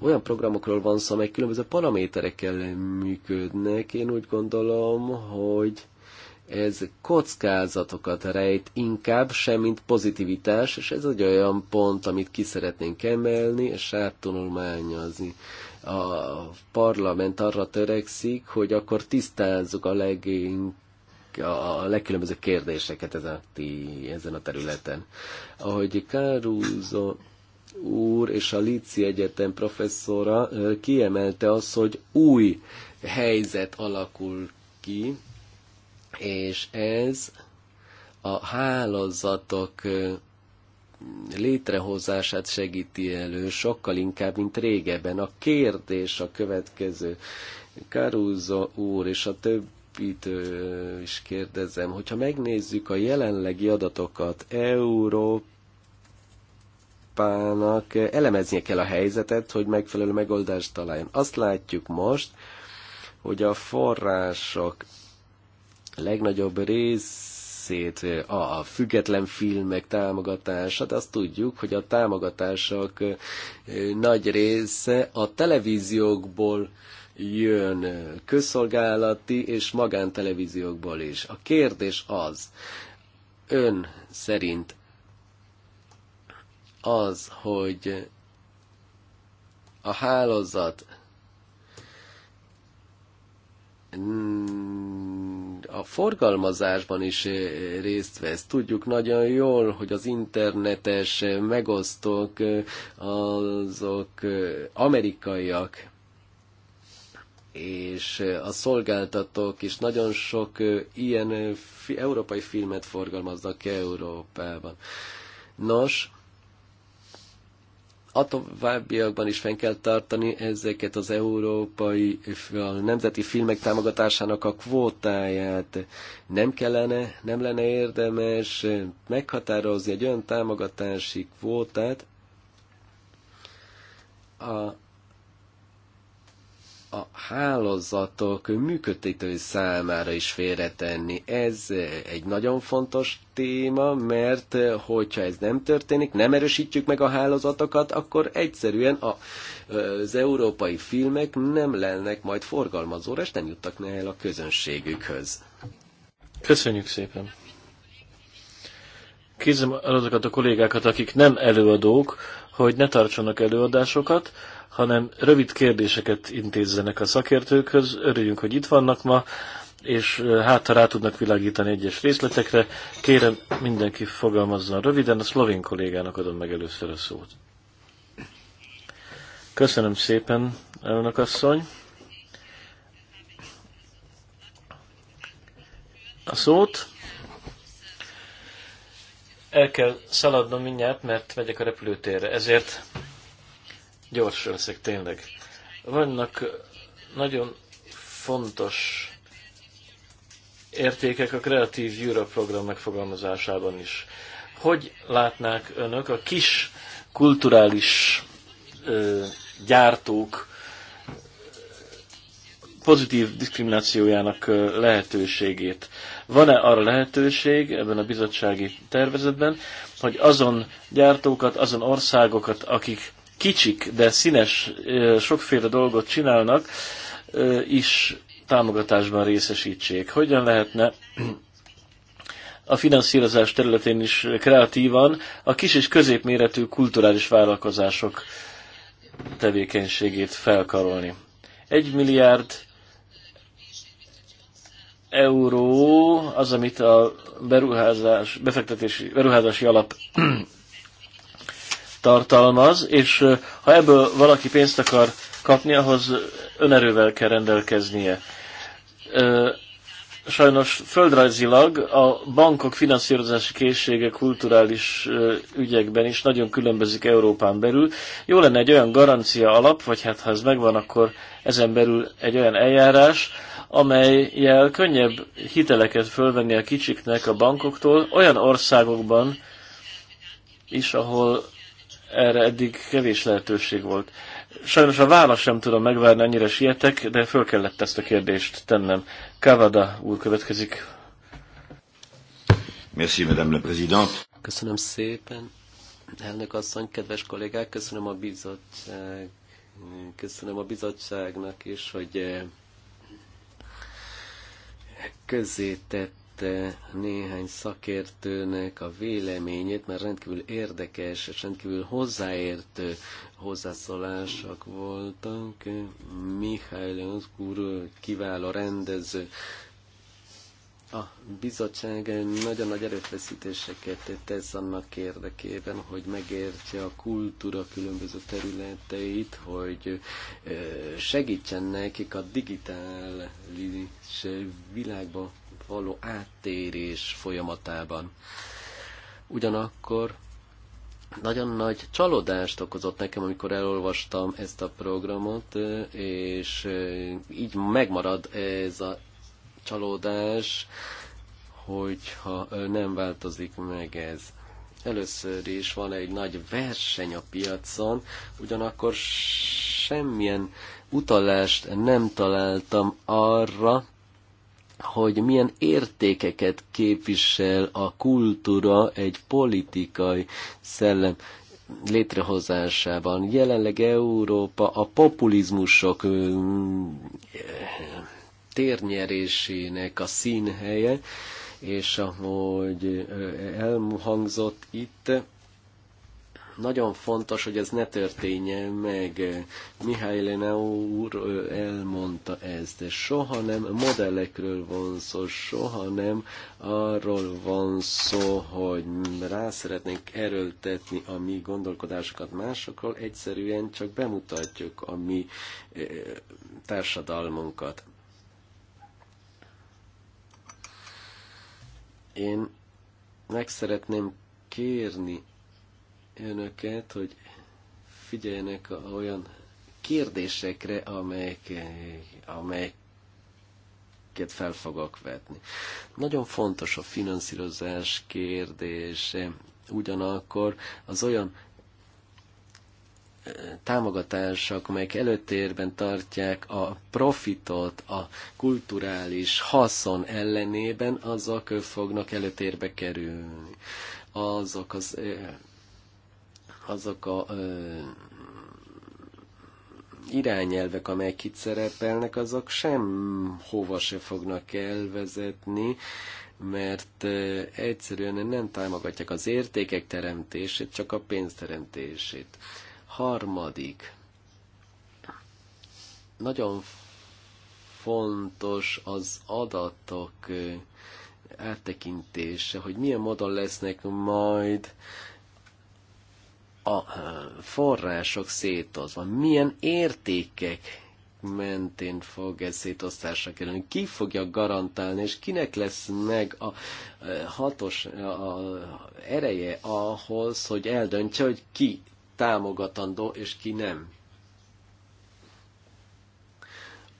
Olyan programokról van szó, amely különböző paraméterekkel működnek. Én úgy gondolom, hogy ez kockázatokat rejt inkább, semmint pozitivitás, és ez egy olyan pont, amit ki szeretnénk emelni és áttanulmányozni. A parlament arra törekszik, hogy akkor tisztázzuk a legink a legkülönbözőbb kérdéseket ezen a, ti, ezen a területen. Ahogy Kárúzó úr és a Lici Egyetem professzora kiemelte azt, hogy új helyzet alakul ki, és ez a hálózatok létrehozását segíti elő sokkal inkább, mint régebben. A kérdés a következő. Karuzo úr és a több kiépítő is kérdezem, hogyha megnézzük a jelenlegi adatokat, Európának elemeznie kell a helyzetet, hogy megfelelő megoldást találjon. Azt látjuk most, hogy a források legnagyobb részét a független filmek támogatása, de azt tudjuk, hogy a támogatások nagy része a televíziókból jön közszolgálati és magántelevíziókból is. A kérdés az, ön szerint az, hogy a hálózat a forgalmazásban is részt vesz. Tudjuk nagyon jól, hogy az internetes megosztók azok amerikaiak, és a szolgáltatók is nagyon sok ilyen európai filmet forgalmaznak Európában. Nos, a továbbiakban is fenn kell tartani ezeket az európai, a nemzeti filmek támogatásának a kvótáját. Nem kellene, nem lenne érdemes meghatározni egy olyan támogatási kvótát, a a hálózatok működtetői számára is félretenni. Ez egy nagyon fontos téma, mert hogyha ez nem történik, nem erősítjük meg a hálózatokat, akkor egyszerűen a, az európai filmek nem lennek majd forgalmazóra, és nem juttak ne el a közönségükhöz. Köszönjük szépen! Kézem azokat a kollégákat, akik nem előadók, hogy ne tartsanak előadásokat, hanem rövid kérdéseket intézzenek a szakértőkhöz. Örüljünk, hogy itt vannak ma, és hát ha rá tudnak világítani egyes részletekre, kérem mindenki fogalmazzon röviden, a szlovén kollégának adom meg először a szót. Köszönöm szépen, elnök asszony. A szót. El kell szaladnom mindjárt, mert megyek a repülőtérre. Ezért Gyors leszek tényleg. Vannak nagyon fontos értékek a Creative Europe program megfogalmazásában is. Hogy látnák önök a kis kulturális ö, gyártók pozitív diszkriminációjának lehetőségét. Van-e arra lehetőség ebben a bizottsági tervezetben, hogy azon gyártókat, azon országokat, akik kicsik, de színes, sokféle dolgot csinálnak, is támogatásban részesítsék. Hogyan lehetne a finanszírozás területén is kreatívan a kis és középméretű kulturális vállalkozások tevékenységét felkarolni. Egy milliárd euró az, amit a beruházás, befektetési, beruházási alap tartalmaz, és ha ebből valaki pénzt akar kapni, ahhoz önerővel kell rendelkeznie. Sajnos földrajzilag a bankok finanszírozási készsége kulturális ügyekben is nagyon különbözik Európán belül. Jó lenne egy olyan garancia alap, vagy hát ha ez megvan, akkor ezen belül egy olyan eljárás, amelyel könnyebb hiteleket fölvenni a kicsiknek a bankoktól olyan országokban is, ahol erre eddig kevés lehetőség volt. Sajnos a választ sem tudom megvárni, annyira sietek, de föl kellett ezt a kérdést tennem. Kavada úr következik. Merci, madame la présidente. Köszönöm szépen. Elnök asszony, kedves kollégák, köszönöm a bizottság, köszönöm a bizottságnak is, hogy eh, közzétett kérte eh, néhány szakértőnek a véleményét, mert rendkívül érdekes és rendkívül hozzáértő hozzászólások voltak. Mihály úr kiváló rendező. A bizottság nagyon nagy erőfeszítéseket tesz annak érdekében, hogy megértse a kultúra különböző területeit, hogy eh, segítsen nekik a digitális világba való áttérés folyamatában. Ugyanakkor nagyon nagy csalódást okozott nekem, amikor elolvastam ezt a programot, és eh, így megmarad ez a csalódás, hogyha eh, nem változik meg ez. Először is van egy nagy verseny a piacon, ugyanakkor semmilyen utalást nem találtam arra, hogy milyen értékeket képvisel a kultúra egy politikai szellem létrehozásában. Jelenleg Európa a populizmusok térnyerésének a színhelye, és ahogy elhangzott itt, nagyon fontos, hogy ez ne történjen meg. Mihály Lenau úr elmondta ezt, de soha nem modellekről van szó, soha nem arról van szó, hogy rá szeretnénk erőltetni a mi gondolkodásokat másokról, egyszerűen csak bemutatjuk a mi társadalmunkat. Én meg szeretném kérni önöket, hogy figyeljenek a olyan kérdésekre, amelyek, amelyeket fel fogok vetni. Nagyon fontos a finanszírozás kérdése, ugyanakkor az olyan eh, támogatások, amelyek előtérben tartják a profitot a kulturális haszon ellenében, azok fognak előtérbe kerülni. Azok az eh, azok a ö, irányelvek, amelyek itt szerepelnek, azok sem hova se fognak elvezetni, mert egyszerűen nem támogatják az értékek teremtését, csak a pénzteremtését. Harmadik. Nagyon fontos az adatok áttekintése, hogy milyen módon lesznek majd a források szétozva? Milyen értékek mentén fog ez szétosztásra kerülni? Ki fogja garantálni, és kinek lesz meg a e, hatos a ereje ahhoz, hogy eldöntse, hogy ki támogatandó, és ki nem?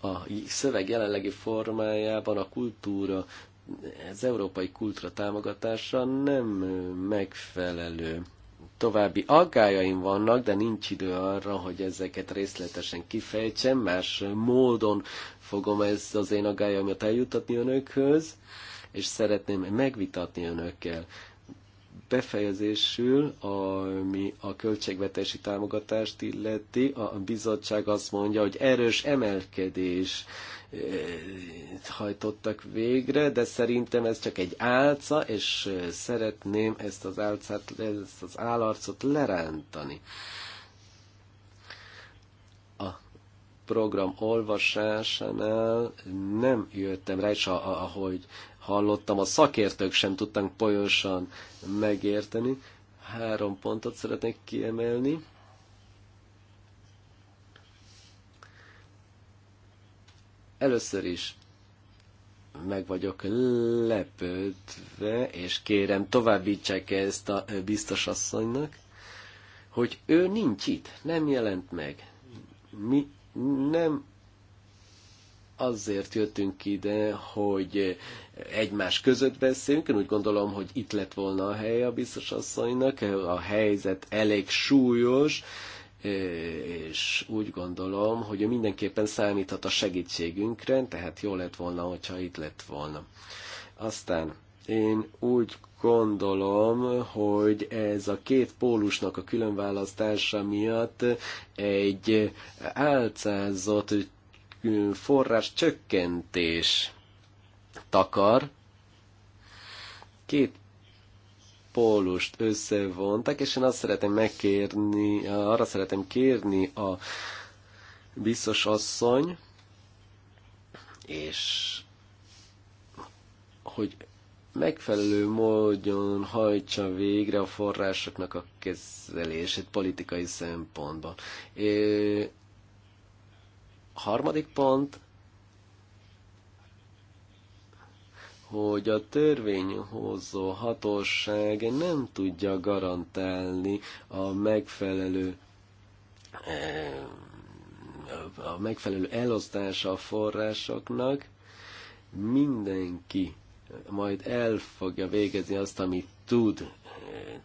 A szöveg jelenlegi formájában a kultúra, az európai kultúra támogatása nem megfelelő További aggájaim vannak, de nincs idő arra, hogy ezeket részletesen kifejtsem, más módon fogom ezt az én aggájaimat eljutatni önökhöz, és szeretném megvitatni önökkel. Befejezésül, ami a költségvetési támogatást illeti, a bizottság azt mondja, hogy erős emelkedés Eh, hajtottak végre, de szerintem ez csak egy álca, és eh, szeretném ezt az álcát, ezt az állarcot lerántani. A program olvasásánál nem jöttem rá, és ahogy hallottam, a szakértők sem tudtak pontosan megérteni. Három pontot szeretnék kiemelni Először is meg vagyok lepődve, és kérem továbbítsák ezt a biztos asszonynak, hogy ő nincs itt, nem jelent meg. Mi nem azért jöttünk ide, hogy egymás között beszéljünk. Én úgy gondolom, hogy itt lett volna a hely a biztos asszonynak. A helyzet elég súlyos, és úgy gondolom, hogy ő mindenképpen számíthat a segítségünkre, tehát jó lett volna, hogyha itt lett volna. Aztán én úgy gondolom, hogy ez a két pólusnak a különválasztása miatt egy álcázott forrás csökkentés takar. Két pólust összevontak, és én azt szeretem megkérni, arra szeretem kérni a biztos asszony, és hogy megfelelő módon hajtsa végre a forrásoknak a kezelését politikai szempontban. harmadik pont, hogy a törvényhozó hatóság nem tudja garantálni a megfelelő eh, a megfelelő elosztása a forrásoknak, mindenki majd el fogja végezni azt, amit tud eh,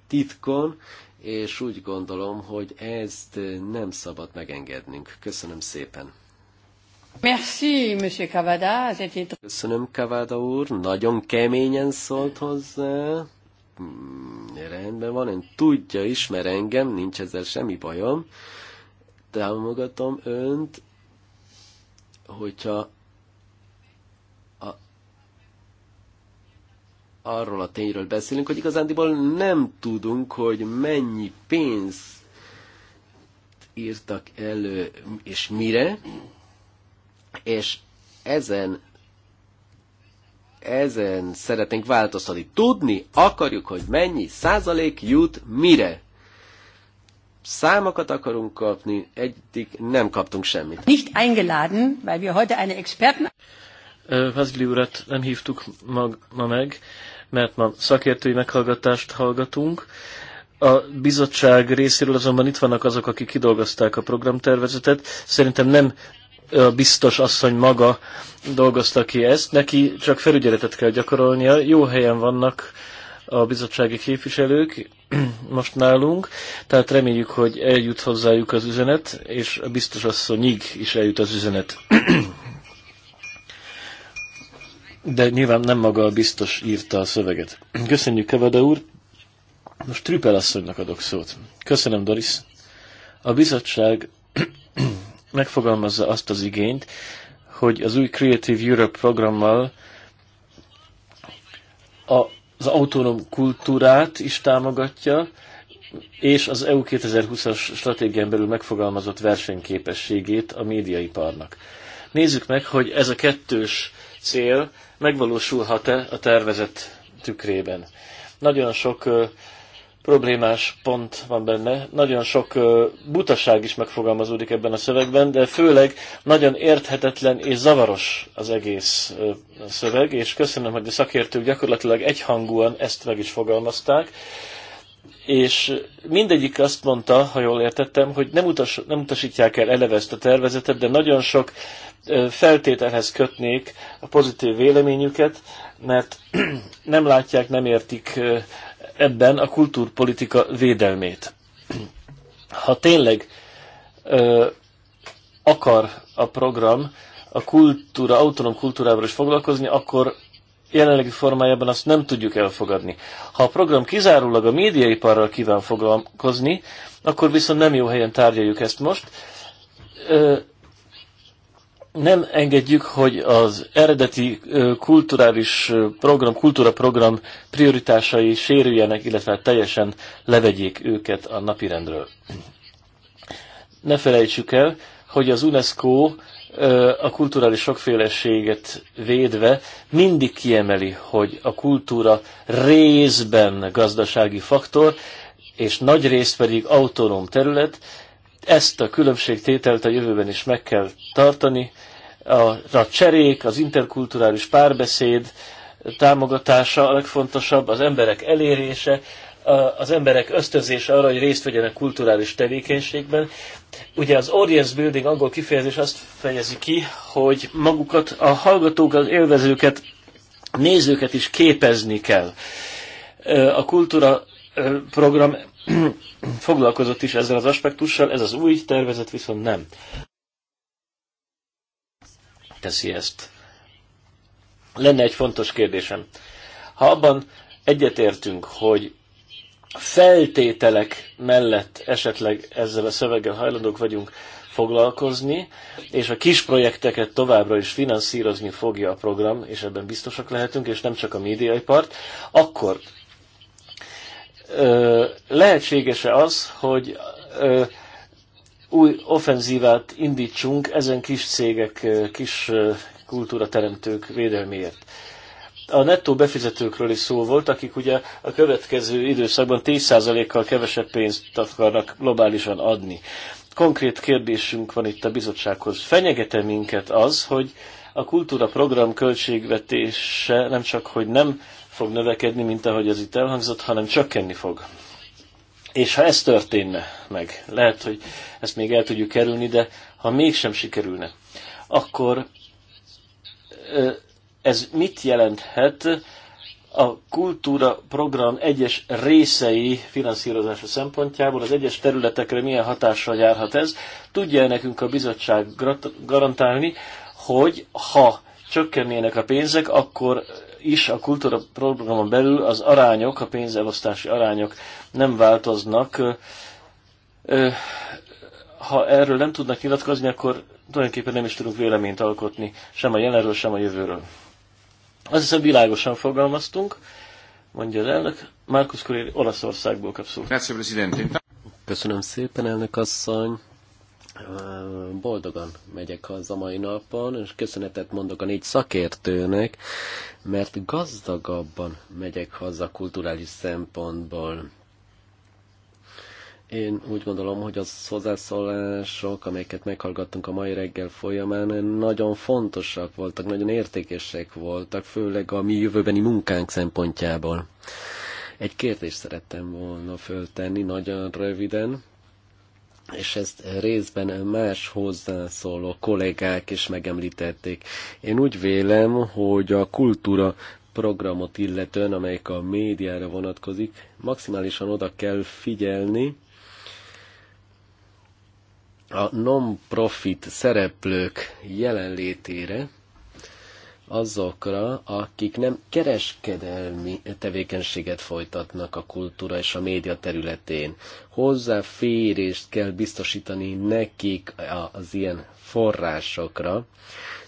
titkon, és úgy gondolom, hogy ezt nem szabad megengednünk. Köszönöm szépen! Köszönöm, Kavada úr. Nagyon keményen szólt hozzá. Mm, rendben van, ön tudja, ismer engem, nincs ezzel semmi bajom. Támogatom önt, hogyha arról a tényről beszélünk, hogy igazándiból nem tudunk, hogy mennyi pénz írtak elő, és mire, és ezen ezen szeretnénk változtatni. Tudni akarjuk, hogy mennyi százalék jut mire. Számokat akarunk kapni, egyik nem kaptunk semmit. Nicht eingeladen, weil wir heute eine Experten... Vazgli urat nem hívtuk mag, ma meg, mert ma szakértői meghallgatást hallgatunk. A bizottság részéről azonban itt vannak azok, akik kidolgozták a programtervezetet. Szerintem nem a biztos asszony maga dolgozta ki ezt, neki csak felügyeletet kell gyakorolnia, jó helyen vannak a bizottsági képviselők most nálunk, tehát reméljük, hogy eljut hozzájuk az üzenet, és a biztos asszonyig is eljut az üzenet. De nyilván nem maga a biztos írta a szöveget. Köszönjük, Kevada úr. Most Trüppel asszonynak adok szót. Köszönöm, Doris. A bizottság megfogalmazza azt az igényt, hogy az új Creative Europe programmal az autonóm kultúrát is támogatja, és az EU 2020-as stratégián belül megfogalmazott versenyképességét a médiaiparnak. Nézzük meg, hogy ez a kettős cél megvalósulhat-e a tervezet tükrében. Nagyon sok problémás pont van benne. Nagyon sok butaság is megfogalmazódik ebben a szövegben, de főleg nagyon érthetetlen és zavaros az egész szöveg, és köszönöm, hogy a szakértők gyakorlatilag egyhangúan ezt meg is fogalmazták, és mindegyik azt mondta, ha jól értettem, hogy nem, utas, nem utasítják el eleve ezt a tervezetet, de nagyon sok feltételhez kötnék a pozitív véleményüket, mert nem látják, nem értik ebben a kultúrpolitika védelmét. Ha tényleg ö, akar a program a kultúra, autonóm kultúrával is foglalkozni, akkor jelenlegi formájában azt nem tudjuk elfogadni. Ha a program kizárólag a médiaiparral kíván foglalkozni, akkor viszont nem jó helyen tárgyaljuk ezt most. Ö, nem engedjük, hogy az eredeti kulturális program, kultúraprogram prioritásai sérüljenek, illetve teljesen levegyék őket a napirendről. Ne felejtsük el, hogy az UNESCO a kulturális sokféleséget védve mindig kiemeli, hogy a kultúra részben gazdasági faktor, és nagy részt pedig autonóm terület, ezt a különbségtételt a jövőben is meg kell tartani. A, a cserék, az interkulturális párbeszéd támogatása a legfontosabb, az emberek elérése, az emberek ösztözése arra, hogy részt vegyenek kulturális tevékenységben. Ugye az audience building angol kifejezés azt fejezi ki, hogy magukat, a hallgatók, az élvezőket, nézőket is képezni kell. A kultúra program foglalkozott is ezzel az aspektussal, ez az új tervezet viszont nem teszi ezt. Lenne egy fontos kérdésem. Ha abban egyetértünk, hogy feltételek mellett esetleg ezzel a szöveggel hajlandók vagyunk foglalkozni, és a kis projekteket továbbra is finanszírozni fogja a program, és ebben biztosak lehetünk, és nem csak a médiaipart, akkor lehetséges-e az, hogy ö, új offenzívát indítsunk ezen kis cégek, kis kultúrateremtők védelméért. A nettó befizetőkről is szó volt, akik ugye a következő időszakban 10%-kal kevesebb pénzt akarnak globálisan adni. Konkrét kérdésünk van itt a bizottsághoz. Fenyegete minket az, hogy a kultúra program költségvetése nem csak, hogy nem fog növekedni, mint ahogy ez itt elhangzott, hanem csökkenni fog. És ha ez történne meg, lehet, hogy ezt még el tudjuk kerülni, de ha mégsem sikerülne, akkor ez mit jelenthet a kultúra program egyes részei finanszírozása szempontjából, az egyes területekre milyen hatással járhat ez? Tudja -e nekünk a bizottság garantálni, hogy ha csökkennének a pénzek, akkor is a kultúra programon belül az arányok, a pénzelosztási arányok nem változnak. Ha erről nem tudnak nyilatkozni, akkor tulajdonképpen nem is tudunk véleményt alkotni, sem a jelenről, sem a jövőről. Azt hiszem világosan fogalmaztunk, mondja az elnök. Markus Kuréli Olaszországból kap szót. Köszönöm szépen, elnök asszony boldogan megyek haza mai napon, és köszönetet mondok a négy szakértőnek, mert gazdagabban megyek haza kulturális szempontból. Én úgy gondolom, hogy az hozzászólások, amelyeket meghallgattunk a mai reggel folyamán, nagyon fontosak voltak, nagyon értékesek voltak, főleg a mi jövőbeni munkánk szempontjából. Egy kérdést szerettem volna föltenni, nagyon röviden és ezt részben más hozzászóló kollégák is megemlítették. Én úgy vélem, hogy a kultúra programot illetően, amelyik a médiára vonatkozik, maximálisan oda kell figyelni a non-profit szereplők jelenlétére, azokra, akik nem kereskedelmi tevékenységet folytatnak a kultúra és a média területén. Hozzáférést kell biztosítani nekik az ilyen forrásokra.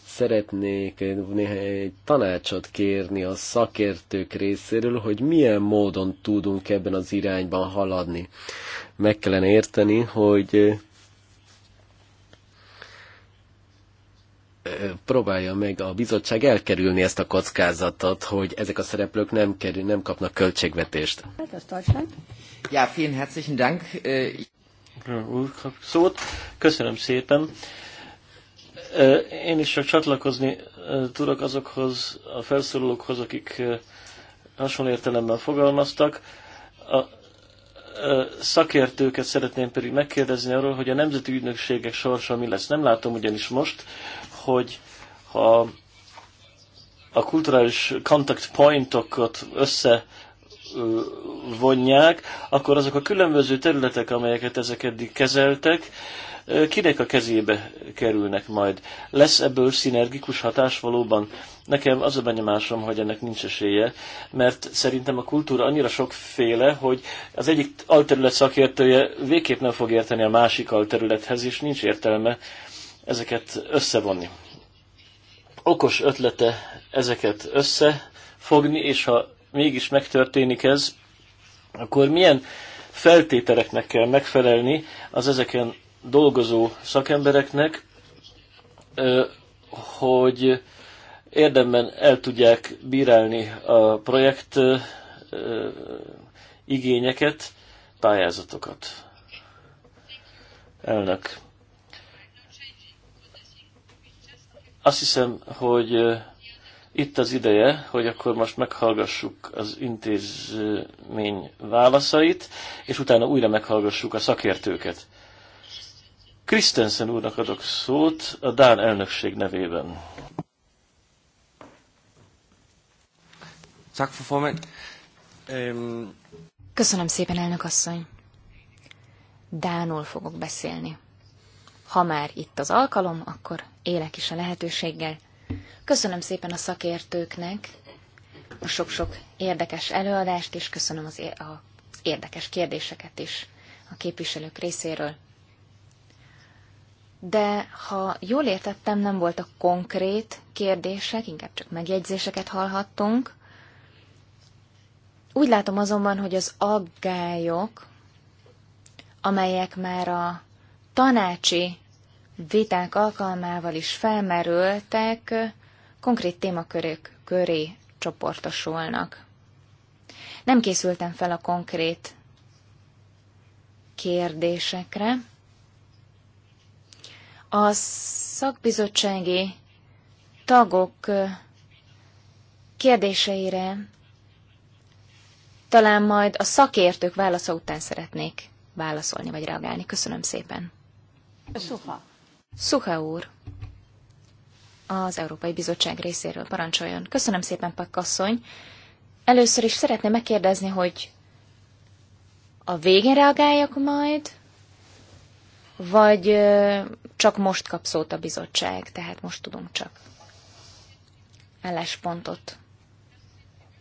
Szeretnék egy tanácsot kérni a szakértők részéről, hogy milyen módon tudunk ebben az irányban haladni. Meg kellene érteni, hogy próbálja meg a bizottság elkerülni ezt a kockázatot, hogy ezek a szereplők nem, kerül, nem kapnak költségvetést. Ja, vielen herzlichen Dank. szót. Köszönöm szépen. Én is csak csatlakozni tudok azokhoz a felszólalókhoz, akik hasonló értelemmel fogalmaztak. A szakértőket szeretném pedig megkérdezni arról, hogy a nemzeti ügynökségek sorsa mi lesz. Nem látom ugyanis most, hogy ha a kulturális contact pointokat összevonják, akkor azok a különböző területek, amelyeket ezek eddig kezeltek, kinek a kezébe kerülnek majd? Lesz ebből szinergikus hatás valóban? Nekem az a benyomásom, hogy ennek nincs esélye, mert szerintem a kultúra annyira sokféle, hogy az egyik alterület szakértője végképp nem fog érteni a másik alterülethez, és nincs értelme ezeket összevonni. Okos ötlete ezeket összefogni, és ha mégis megtörténik ez, akkor milyen feltételeknek kell megfelelni az ezeken dolgozó szakembereknek, hogy érdemben el tudják bírálni a projekt igényeket, pályázatokat. Elnök. Azt hiszem, hogy itt az ideje, hogy akkor most meghallgassuk az intézmény válaszait, és utána újra meghallgassuk a szakértőket. Krisztensen úrnak adok szót a Dán elnökség nevében. Köszönöm szépen, elnök asszony. Dánul fogok beszélni ha már itt az alkalom, akkor élek is a lehetőséggel. Köszönöm szépen a szakértőknek a sok-sok érdekes előadást, és köszönöm az, az érdekes kérdéseket is a képviselők részéről. De ha jól értettem, nem voltak konkrét kérdések, inkább csak megjegyzéseket hallhattunk. Úgy látom azonban, hogy az aggályok, amelyek már a tanácsi viták alkalmával is felmerültek, konkrét témakörök köré csoportosulnak. Nem készültem fel a konkrét kérdésekre. A szakbizottsági tagok kérdéseire talán majd a szakértők válasza után szeretnék válaszolni vagy reagálni. Köszönöm szépen. Köszönöm. Szuha úr, az Európai Bizottság részéről parancsoljon. Köszönöm szépen, pakkasszony. Először is szeretném megkérdezni, hogy a végén reagáljak majd, vagy csak most kap szót a bizottság, tehát most tudunk csak álláspontot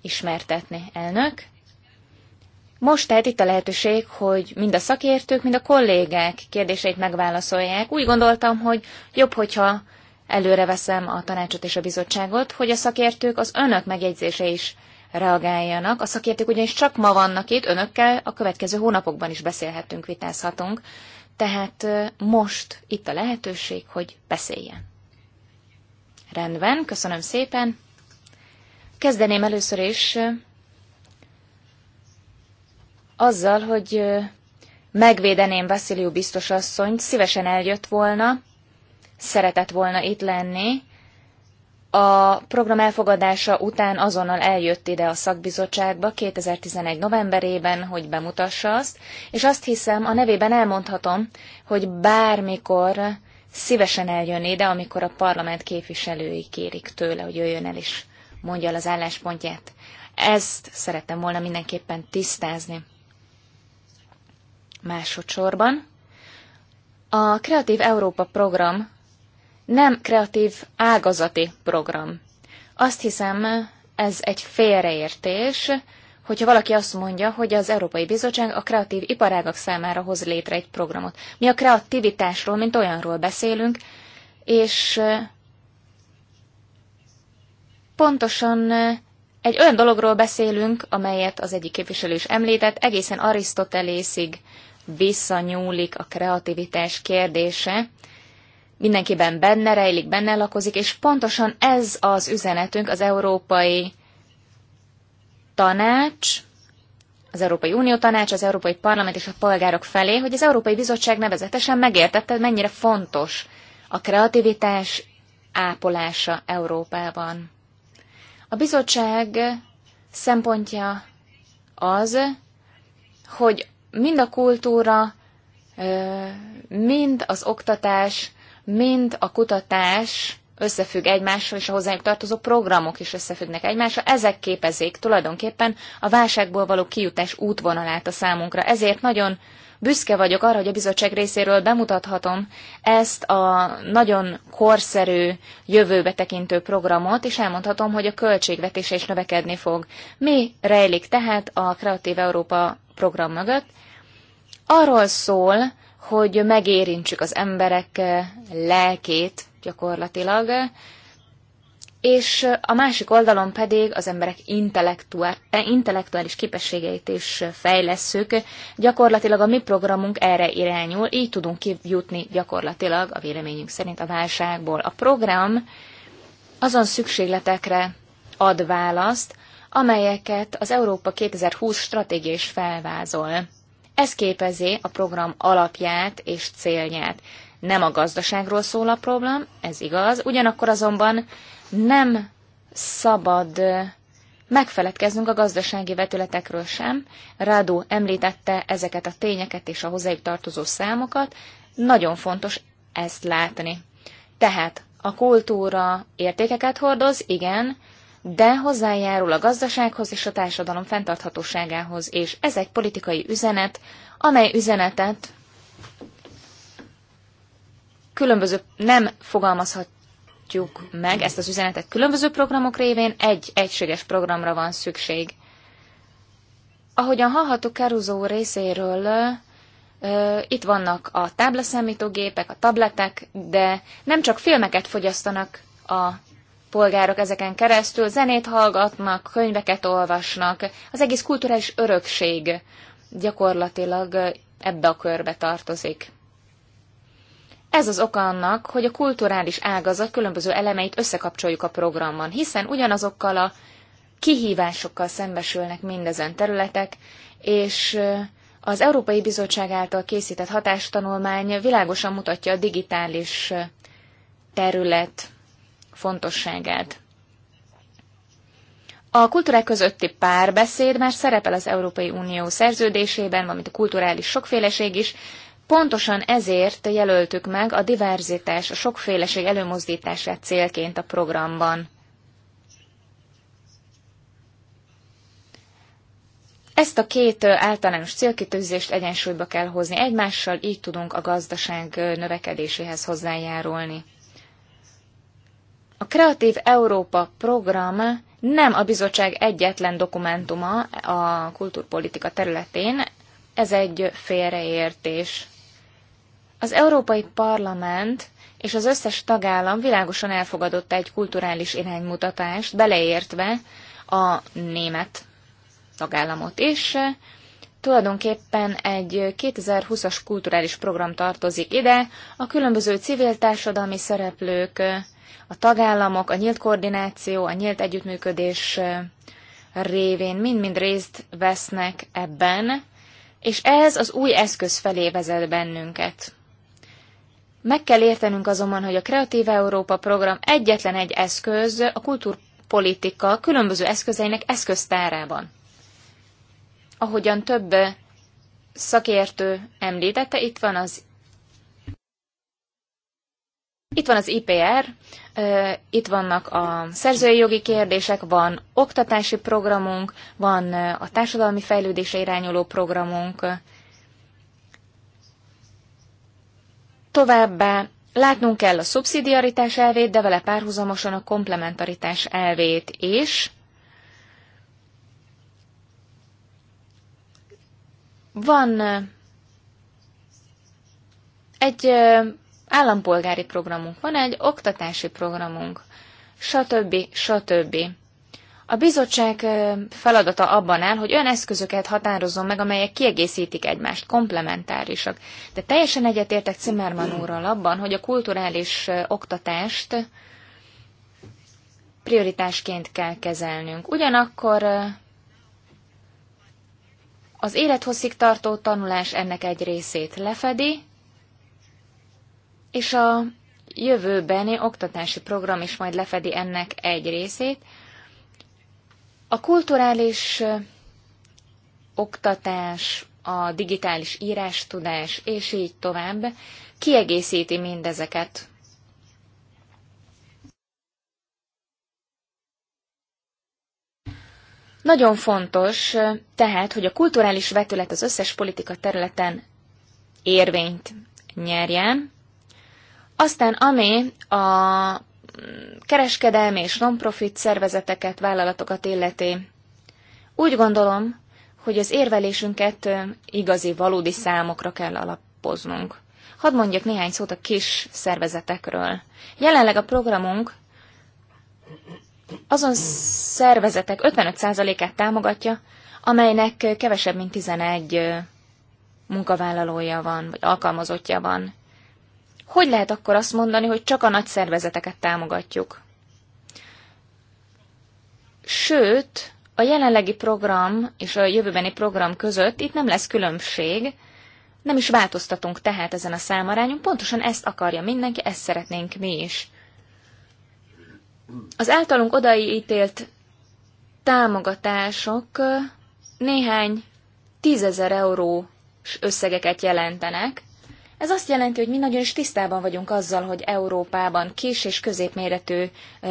ismertetni. Elnök, most tehát itt a lehetőség, hogy mind a szakértők, mind a kollégák kérdéseit megválaszolják. Úgy gondoltam, hogy jobb, hogyha előre veszem a tanácsot és a bizottságot, hogy a szakértők az önök megjegyzése is reagáljanak. A szakértők ugyanis csak ma vannak itt, önökkel a következő hónapokban is beszélhetünk, vitázhatunk. Tehát most itt a lehetőség, hogy beszéljen. Rendben, köszönöm szépen. Kezdeném először is azzal, hogy megvédeném Vasziliu biztos asszonyt, szívesen eljött volna, szeretett volna itt lenni. A program elfogadása után azonnal eljött ide a szakbizottságba 2011. novemberében, hogy bemutassa azt, és azt hiszem, a nevében elmondhatom, hogy bármikor szívesen eljön ide, amikor a parlament képviselői kérik tőle, hogy jöjjön el és mondja el az álláspontját. Ezt szerettem volna mindenképpen tisztázni. Másodszorban a Kreatív Európa program nem kreatív ágazati program. Azt hiszem, ez egy félreértés, hogyha valaki azt mondja, hogy az Európai Bizottság a kreatív iparágak számára hoz létre egy programot. Mi a kreativitásról, mint olyanról beszélünk, és pontosan egy olyan dologról beszélünk, amelyet az egyik képviselő is említett, egészen Arisztotelészig visszanyúlik a kreativitás kérdése, mindenkiben benne rejlik, benne lakozik, és pontosan ez az üzenetünk az Európai Tanács, az Európai Unió Tanács, az Európai Parlament és a polgárok felé, hogy az Európai Bizottság nevezetesen megértette, mennyire fontos a kreativitás ápolása Európában. A bizottság szempontja az, hogy mind a kultúra, mind az oktatás, mind a kutatás összefügg egymással, és a hozzájuk tartozó programok is összefüggnek egymással. Ezek képezik tulajdonképpen a válságból való kijutás útvonalát a számunkra. Ezért nagyon büszke vagyok arra, hogy a bizottság részéről bemutathatom ezt a nagyon korszerű, jövőbe tekintő programot, és elmondhatom, hogy a költségvetése is növekedni fog. Mi rejlik tehát a Kreatív Európa program mögött, arról szól, hogy megérintsük az emberek eh, lelkét gyakorlatilag, és a másik oldalon pedig az emberek eh, intellektuális képességeit is fejlesszük. Gyakorlatilag a mi programunk erre irányul, így tudunk kijutni gyakorlatilag a véleményünk szerint a válságból. A program azon szükségletekre ad választ, amelyeket az Európa 2020 stratégia is felvázol. Ez képezi a program alapját és célját. Nem a gazdaságról szól a program, ez igaz, ugyanakkor azonban nem szabad megfeledkeznünk a gazdasági vetületekről sem. Rádó említette ezeket a tényeket és a hozzájuk tartozó számokat, nagyon fontos ezt látni. Tehát a kultúra értékeket hordoz, igen, de hozzájárul a gazdasághoz és a társadalom fenntarthatóságához, és ez egy politikai üzenet, amely üzenetet különböző nem fogalmazhatjuk meg ezt az üzenetet különböző programok révén, egy egységes programra van szükség. Ahogyan hallhattuk Caruso részéről, itt vannak a táblaszámítógépek, a tabletek, de nem csak filmeket fogyasztanak a polgárok ezeken keresztül zenét hallgatnak, könyveket olvasnak. Az egész kulturális örökség gyakorlatilag ebbe a körbe tartozik. Ez az oka annak, hogy a kulturális ágazat különböző elemeit összekapcsoljuk a programban, hiszen ugyanazokkal a kihívásokkal szembesülnek mindezen területek, és az Európai Bizottság által készített hatástanulmány világosan mutatja a digitális terület fontosságát. A kultúrák közötti párbeszéd már szerepel az Európai Unió szerződésében, valamint a kulturális sokféleség is. Pontosan ezért jelöltük meg a diverzitás, a sokféleség előmozdítását célként a programban. Ezt a két általános célkitűzést egyensúlyba kell hozni egymással, így tudunk a gazdaság növekedéséhez hozzájárulni. A Kreatív Európa program nem a bizottság egyetlen dokumentuma a kulturpolitika területén, ez egy félreértés. Az Európai Parlament és az összes tagállam világosan elfogadott egy kulturális iránymutatást, beleértve a német tagállamot is. Tulajdonképpen egy 2020-as kulturális program tartozik ide, a különböző civil társadalmi szereplők, a tagállamok, a nyílt koordináció, a nyílt együttműködés révén mind-mind részt vesznek ebben, és ez az új eszköz felé vezet bennünket. Meg kell értenünk azonban, hogy a Kreatív Európa program egyetlen egy eszköz a kultúrpolitika különböző eszközeinek eszköztárában. Ahogyan több szakértő említette, itt van az itt van az IPR, itt vannak a szerzői jogi kérdések, van oktatási programunk, van a társadalmi fejlődésre irányuló programunk. Továbbá látnunk kell a szubszidiaritás elvét, de vele párhuzamosan a komplementaritás elvét is. Van egy állampolgári programunk van egy, oktatási programunk, stb. stb. A bizottság feladata abban áll, hogy olyan eszközöket határozzon meg, amelyek kiegészítik egymást, komplementárisak. De teljesen egyetértek Zimmermann úrral abban, hogy a kulturális oktatást prioritásként kell kezelnünk. Ugyanakkor az élethosszig tartó tanulás ennek egy részét lefedi, és a jövőbeni oktatási program is majd lefedi ennek egy részét. A kulturális oktatás, a digitális írás tudás és így tovább kiegészíti mindezeket. Nagyon fontos tehát, hogy a kulturális vetület az összes politika területen érvényt nyerjen, aztán ami a kereskedelmi és non-profit szervezeteket, vállalatokat illeti. Úgy gondolom, hogy az érvelésünket igazi, valódi számokra kell alapoznunk. Hadd mondjak néhány szót a kis szervezetekről. Jelenleg a programunk azon szervezetek 55%-át támogatja, amelynek kevesebb, mint 11 munkavállalója van, vagy alkalmazottja van hogy lehet akkor azt mondani, hogy csak a nagy szervezeteket támogatjuk? Sőt, a jelenlegi program és a jövőbeni program között itt nem lesz különbség, nem is változtatunk tehát ezen a számarányon, pontosan ezt akarja mindenki, ezt szeretnénk mi is. Az általunk odaítélt támogatások eh, néhány tízezer eurós összegeket jelentenek, ez azt jelenti, hogy mi nagyon is tisztában vagyunk azzal, hogy Európában kis és középméretű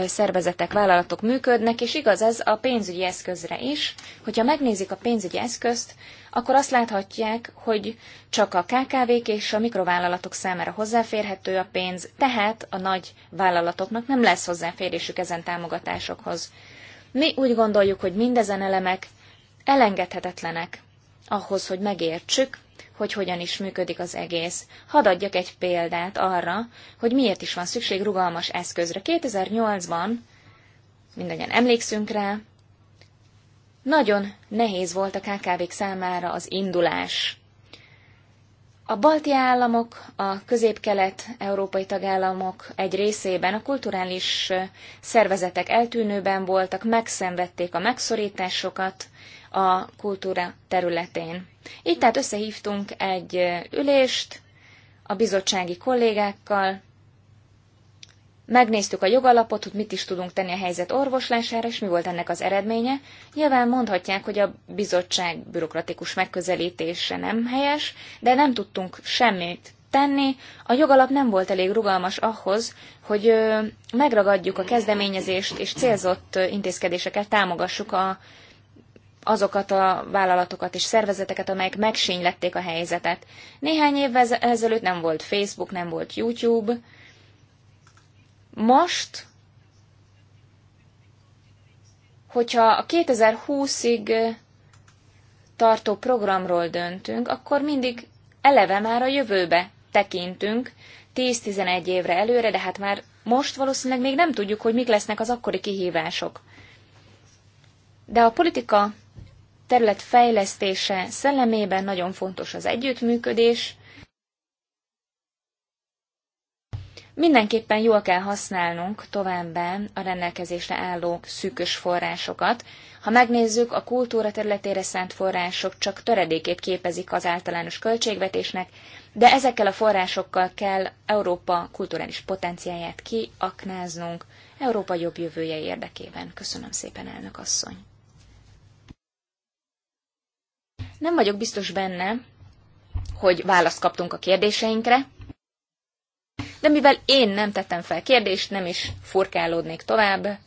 szervezetek, vállalatok működnek, és igaz ez a pénzügyi eszközre is. Hogyha megnézik a pénzügyi eszközt, akkor azt láthatják, hogy csak a KKV-k és a mikrovállalatok számára hozzáférhető a pénz, tehát a nagy vállalatoknak nem lesz hozzáférésük ezen támogatásokhoz. Mi úgy gondoljuk, hogy mindezen elemek elengedhetetlenek ahhoz, hogy megértsük, hogy hogyan is működik az egész. Hadd adjak egy példát arra, hogy miért is van szükség rugalmas eszközre. 2008-ban, mindannyian emlékszünk rá, nagyon nehéz volt a KKV-k számára az indulás. A balti államok, a közép-kelet-európai tagállamok egy részében a kulturális szervezetek eltűnőben voltak, megszenvedték a megszorításokat, a kultúra területén. Így tehát összehívtunk egy ülést a bizottsági kollégákkal, megnéztük a jogalapot, hogy mit is tudunk tenni a helyzet orvoslására, és mi volt ennek az eredménye. Nyilván mondhatják, hogy a bizottság bürokratikus megközelítése nem helyes, de nem tudtunk semmit tenni. A jogalap nem volt elég rugalmas ahhoz, hogy megragadjuk a kezdeményezést és célzott intézkedéseket támogassuk a azokat a vállalatokat és szervezeteket, amelyek megsínylették a helyzetet. Néhány évvel ezelőtt nem volt Facebook, nem volt YouTube. Most, hogyha a 2020-ig tartó programról döntünk, akkor mindig eleve már a jövőbe tekintünk, 10-11 évre előre, de hát már most valószínűleg még nem tudjuk, hogy mik lesznek az akkori kihívások. De a politika terület fejlesztése szellemében nagyon fontos az együttműködés. Mindenképpen jól kell használnunk továbbá a rendelkezésre álló szűkös forrásokat. Ha megnézzük, a kultúra területére szánt források csak töredékét képezik az általános költségvetésnek, de ezekkel a forrásokkal kell Európa kulturális potenciáját kiaknáznunk Európa jobb jövője érdekében. Köszönöm szépen, elnök asszony! Nem vagyok biztos benne, hogy választ kaptunk a kérdéseinkre, de mivel én nem tettem fel kérdést, nem is furkálódnék tovább,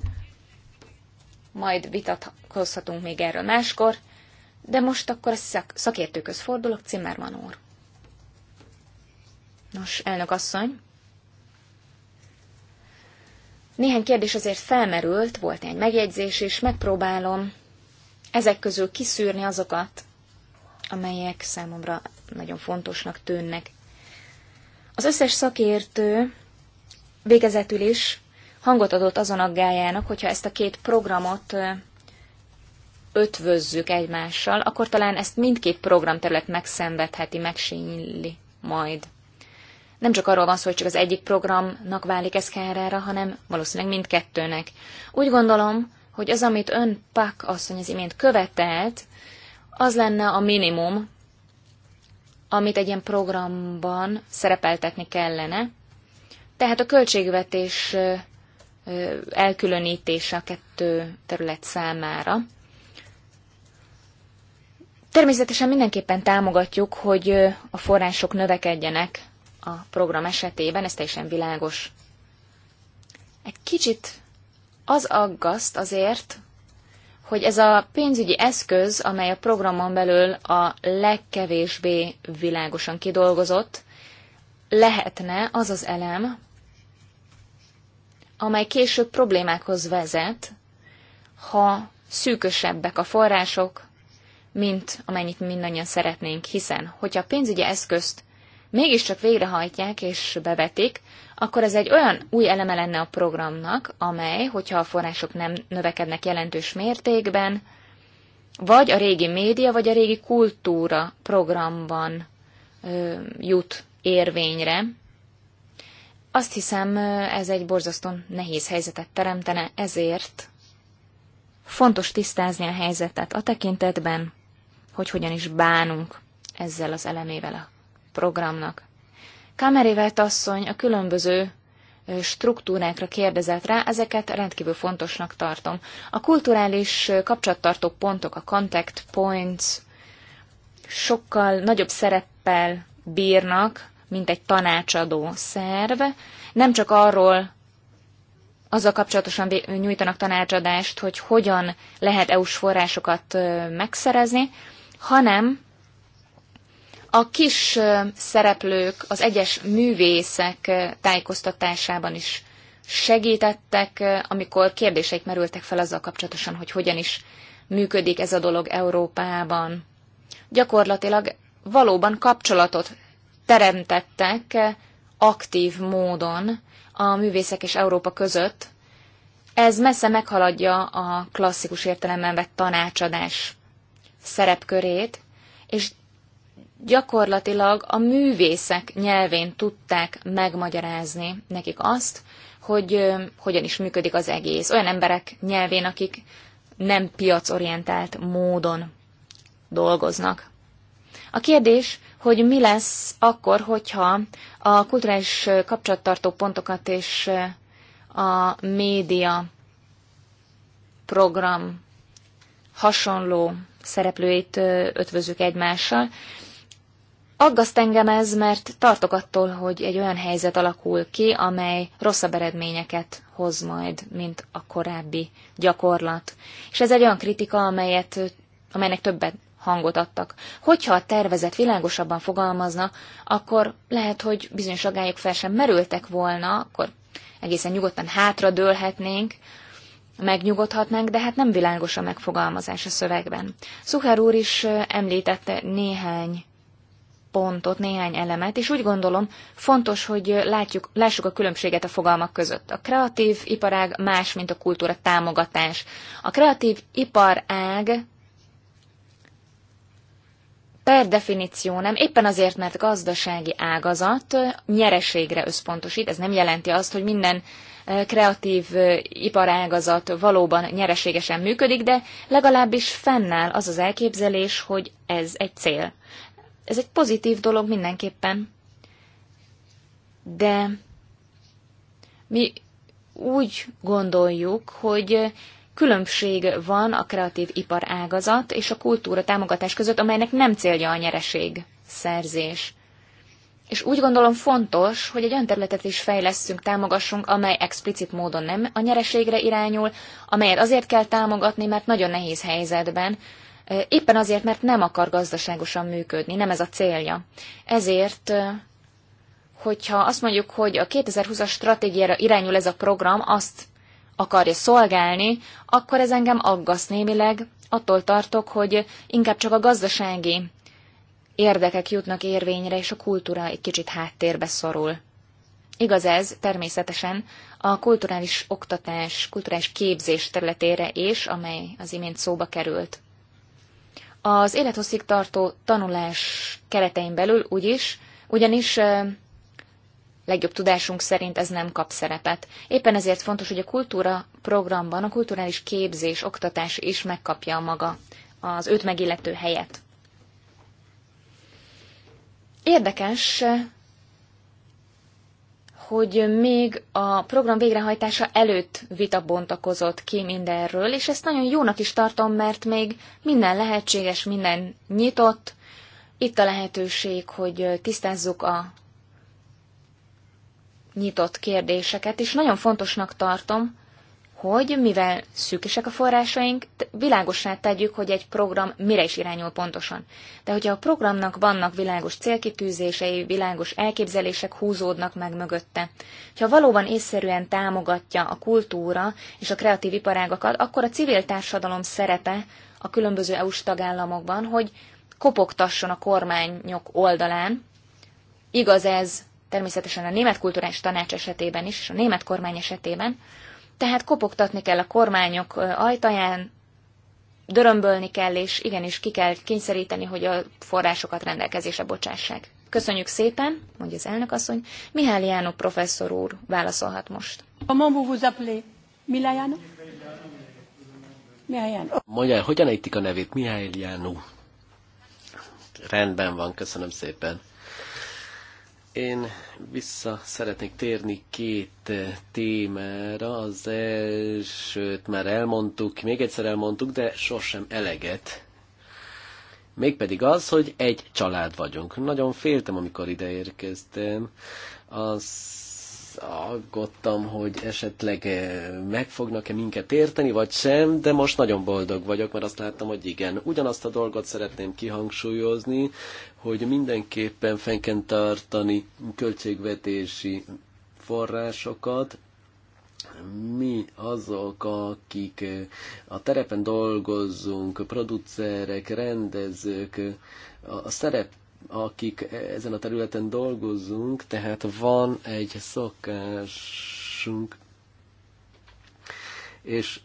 majd vitatkozhatunk még erről máskor, de most akkor a szak- szakértőköz fordulok, Cimmerman úr. Nos, elnök asszony, néhány kérdés azért felmerült, volt egy megjegyzés, és megpróbálom ezek közül kiszűrni azokat, amelyek számomra nagyon fontosnak tűnnek. Az összes szakértő végezetül is hangot adott azon aggájának, hogyha ezt a két programot ötvözzük egymással, akkor talán ezt mindkét programterület megszenvedheti, megsínli majd. Nem csak arról van szó, hogy csak az egyik programnak válik ez kárára, hanem valószínűleg mindkettőnek. Úgy gondolom, hogy az, amit ön Pak asszony az imént követelt, az lenne a minimum, amit egy ilyen programban szerepeltetni kellene. Tehát a költségvetés elkülönítése a kettő terület számára. Természetesen mindenképpen támogatjuk, hogy a források növekedjenek a program esetében, ez teljesen világos. Egy kicsit az aggaszt azért, hogy ez a pénzügyi eszköz, amely a programon belül a legkevésbé világosan kidolgozott, lehetne az az elem, amely később problémákhoz vezet, ha szűkösebbek a források, mint amennyit mindannyian szeretnénk, hiszen, hogyha a pénzügyi eszközt mégiscsak végrehajtják és bevetik, akkor ez egy olyan új eleme lenne a programnak, amely, hogyha a források nem növekednek jelentős mértékben, vagy a régi média, vagy a régi kultúra programban ö, jut érvényre. Azt hiszem, ez egy borzasztó, nehéz helyzetet teremtene, ezért fontos tisztázni a helyzetet a tekintetben, hogy hogyan is bánunk ezzel az elemével a programnak. Kamerévet asszony a különböző struktúrákra kérdezett rá, ezeket rendkívül fontosnak tartom. A kulturális kapcsolattartó pontok, a contact points sokkal nagyobb szereppel bírnak, mint egy tanácsadó szerv. Nem csak arról azzal kapcsolatosan nyújtanak tanácsadást, hogy hogyan lehet EU-s forrásokat megszerezni, hanem a kis szereplők, az egyes művészek tájékoztatásában is segítettek, amikor kérdéseik merültek fel azzal kapcsolatosan, hogy hogyan is működik ez a dolog Európában. Gyakorlatilag valóban kapcsolatot teremtettek aktív módon a művészek és Európa között. Ez messze meghaladja a klasszikus értelemben vett tanácsadás szerepkörét, és gyakorlatilag a művészek nyelvén tudták megmagyarázni nekik azt, hogy hogyan is működik az egész. Olyan emberek nyelvén, akik nem piacorientált módon dolgoznak. A kérdés, hogy mi lesz akkor, hogyha a kulturális kapcsolattartó pontokat és a média program hasonló szereplőit ötvözük egymással. Aggaszt engem ez, mert tartok attól, hogy egy olyan helyzet alakul ki, amely rosszabb eredményeket hoz majd, mint a korábbi gyakorlat. És ez egy olyan kritika, amelyet, amelynek többet hangot adtak. Hogyha a tervezet világosabban fogalmazna, akkor lehet, hogy bizonyos agályok fel sem merültek volna, akkor egészen nyugodtan hátra dőlhetnénk, megnyugodhatnánk, de hát nem világos a megfogalmazás a szövegben. Szuher úr is említette néhány pontot, néhány elemet, és úgy gondolom fontos, hogy látjuk, lássuk a különbséget a fogalmak között. A kreatív iparág más, mint a kultúra támogatás. A kreatív iparág per definíció nem, éppen azért, mert gazdasági ágazat nyereségre összpontosít, ez nem jelenti azt, hogy minden eh, kreatív eh, iparágazat valóban nyereségesen működik, de legalábbis fennáll az az elképzelés, hogy ez egy cél. Ez egy pozitív dolog mindenképpen. De mi úgy gondoljuk, hogy különbség van a kreatív ipar ágazat és a kultúra támogatás között, amelynek nem célja a nyereség szerzés. És úgy gondolom fontos, hogy egy olyan területet is fejlesztünk, támogassunk, amely explicit módon nem a nyereségre irányul, amelyet azért kell támogatni, mert nagyon nehéz helyzetben éppen azért, mert nem akar gazdaságosan működni, nem ez a célja. Ezért, hogyha azt mondjuk, hogy a 2020-as stratégiára irányul ez a program, azt akarja szolgálni, akkor ez engem aggaszt némileg, attól tartok, hogy inkább csak a gazdasági érdekek jutnak érvényre, és a kultúra egy kicsit háttérbe szorul. Igaz ez természetesen a kulturális oktatás, kulturális képzés területére is, amely az imént szóba került. Az élethosszig tartó tanulás keretein belül úgyis, ugyanis legjobb tudásunk szerint ez nem kap szerepet. Éppen ezért fontos, hogy a kultúra programban a kulturális képzés, oktatás is megkapja a maga az őt megillető helyet. Érdekes hogy még a program végrehajtása előtt vita bontakozott ki mindenről, és ezt nagyon jónak is tartom, mert még minden lehetséges, minden nyitott. Itt a lehetőség, hogy tisztázzuk a nyitott kérdéseket, és nagyon fontosnak tartom, hogy mivel szűkisek a forrásaink, világosá tegyük, hogy egy program mire is irányul pontosan. De hogyha a programnak vannak világos célkitűzései, világos elképzelések húzódnak meg mögötte, ha valóban észszerűen támogatja a kultúra és a kreatív iparágakat, akkor a civil társadalom szerepe a különböző EU-s tagállamokban, hogy kopogtasson a kormányok oldalán. Igaz ez természetesen a német kulturális tanács esetében is, és a német kormány esetében, tehát kopogtatni kell a kormányok ajtaján, dörömbölni kell, és igenis ki kell kényszeríteni, hogy a forrásokat rendelkezésre bocsássák. Köszönjük szépen, mondja az elnök asszony. Mihály Jánó professzor úr válaszolhat most. Comment vous hogyan ejtik a nevét? Mihály Jánó. Rendben van, köszönöm szépen. Én vissza szeretnék térni két témára. Az elsőt már elmondtuk, még egyszer elmondtuk, de sosem eleget. Mégpedig az, hogy egy család vagyunk. Nagyon féltem, amikor ide érkeztem. Az aggódtam, hogy esetleg eh, meg fognak-e minket érteni, vagy sem, de most nagyon boldog vagyok, mert azt láttam, hogy igen. Ugyanazt a dolgot szeretném kihangsúlyozni, hogy mindenképpen fenn kell tartani költségvetési forrásokat, mi azok, akik eh, a terepen dolgozunk, producerek, rendezők, a szerep akik ezen a területen dolgozunk, tehát van egy szokásunk, és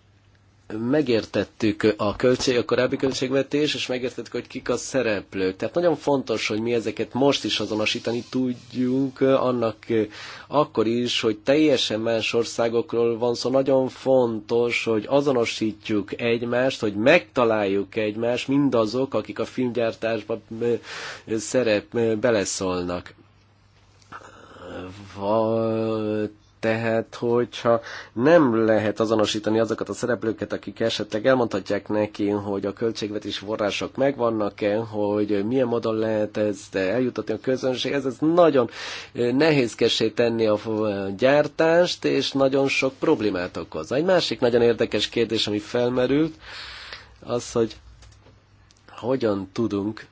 megértettük a költség, a korábbi költségvetés, és megértettük, hogy kik a szereplők. Tehát nagyon fontos, hogy mi ezeket most is azonosítani tudjunk, annak eh, akkor is, hogy teljesen más országokról van szó. Szóval nagyon fontos, hogy azonosítjuk egymást, hogy megtaláljuk egymást, mindazok, akik a filmgyártásba eh, szerep eh, beleszólnak tehát, hogyha nem lehet azonosítani azokat a szereplőket, akik esetleg elmondhatják neki, hogy a költségvetés források megvannak-e, hogy milyen módon lehet ezt eljutatni a ez, ez nagyon eh, nehézkesé tenni a gyártást, és nagyon sok problémát okoz. Egy másik nagyon érdekes kérdés, ami felmerült, az, hogy hogyan tudunk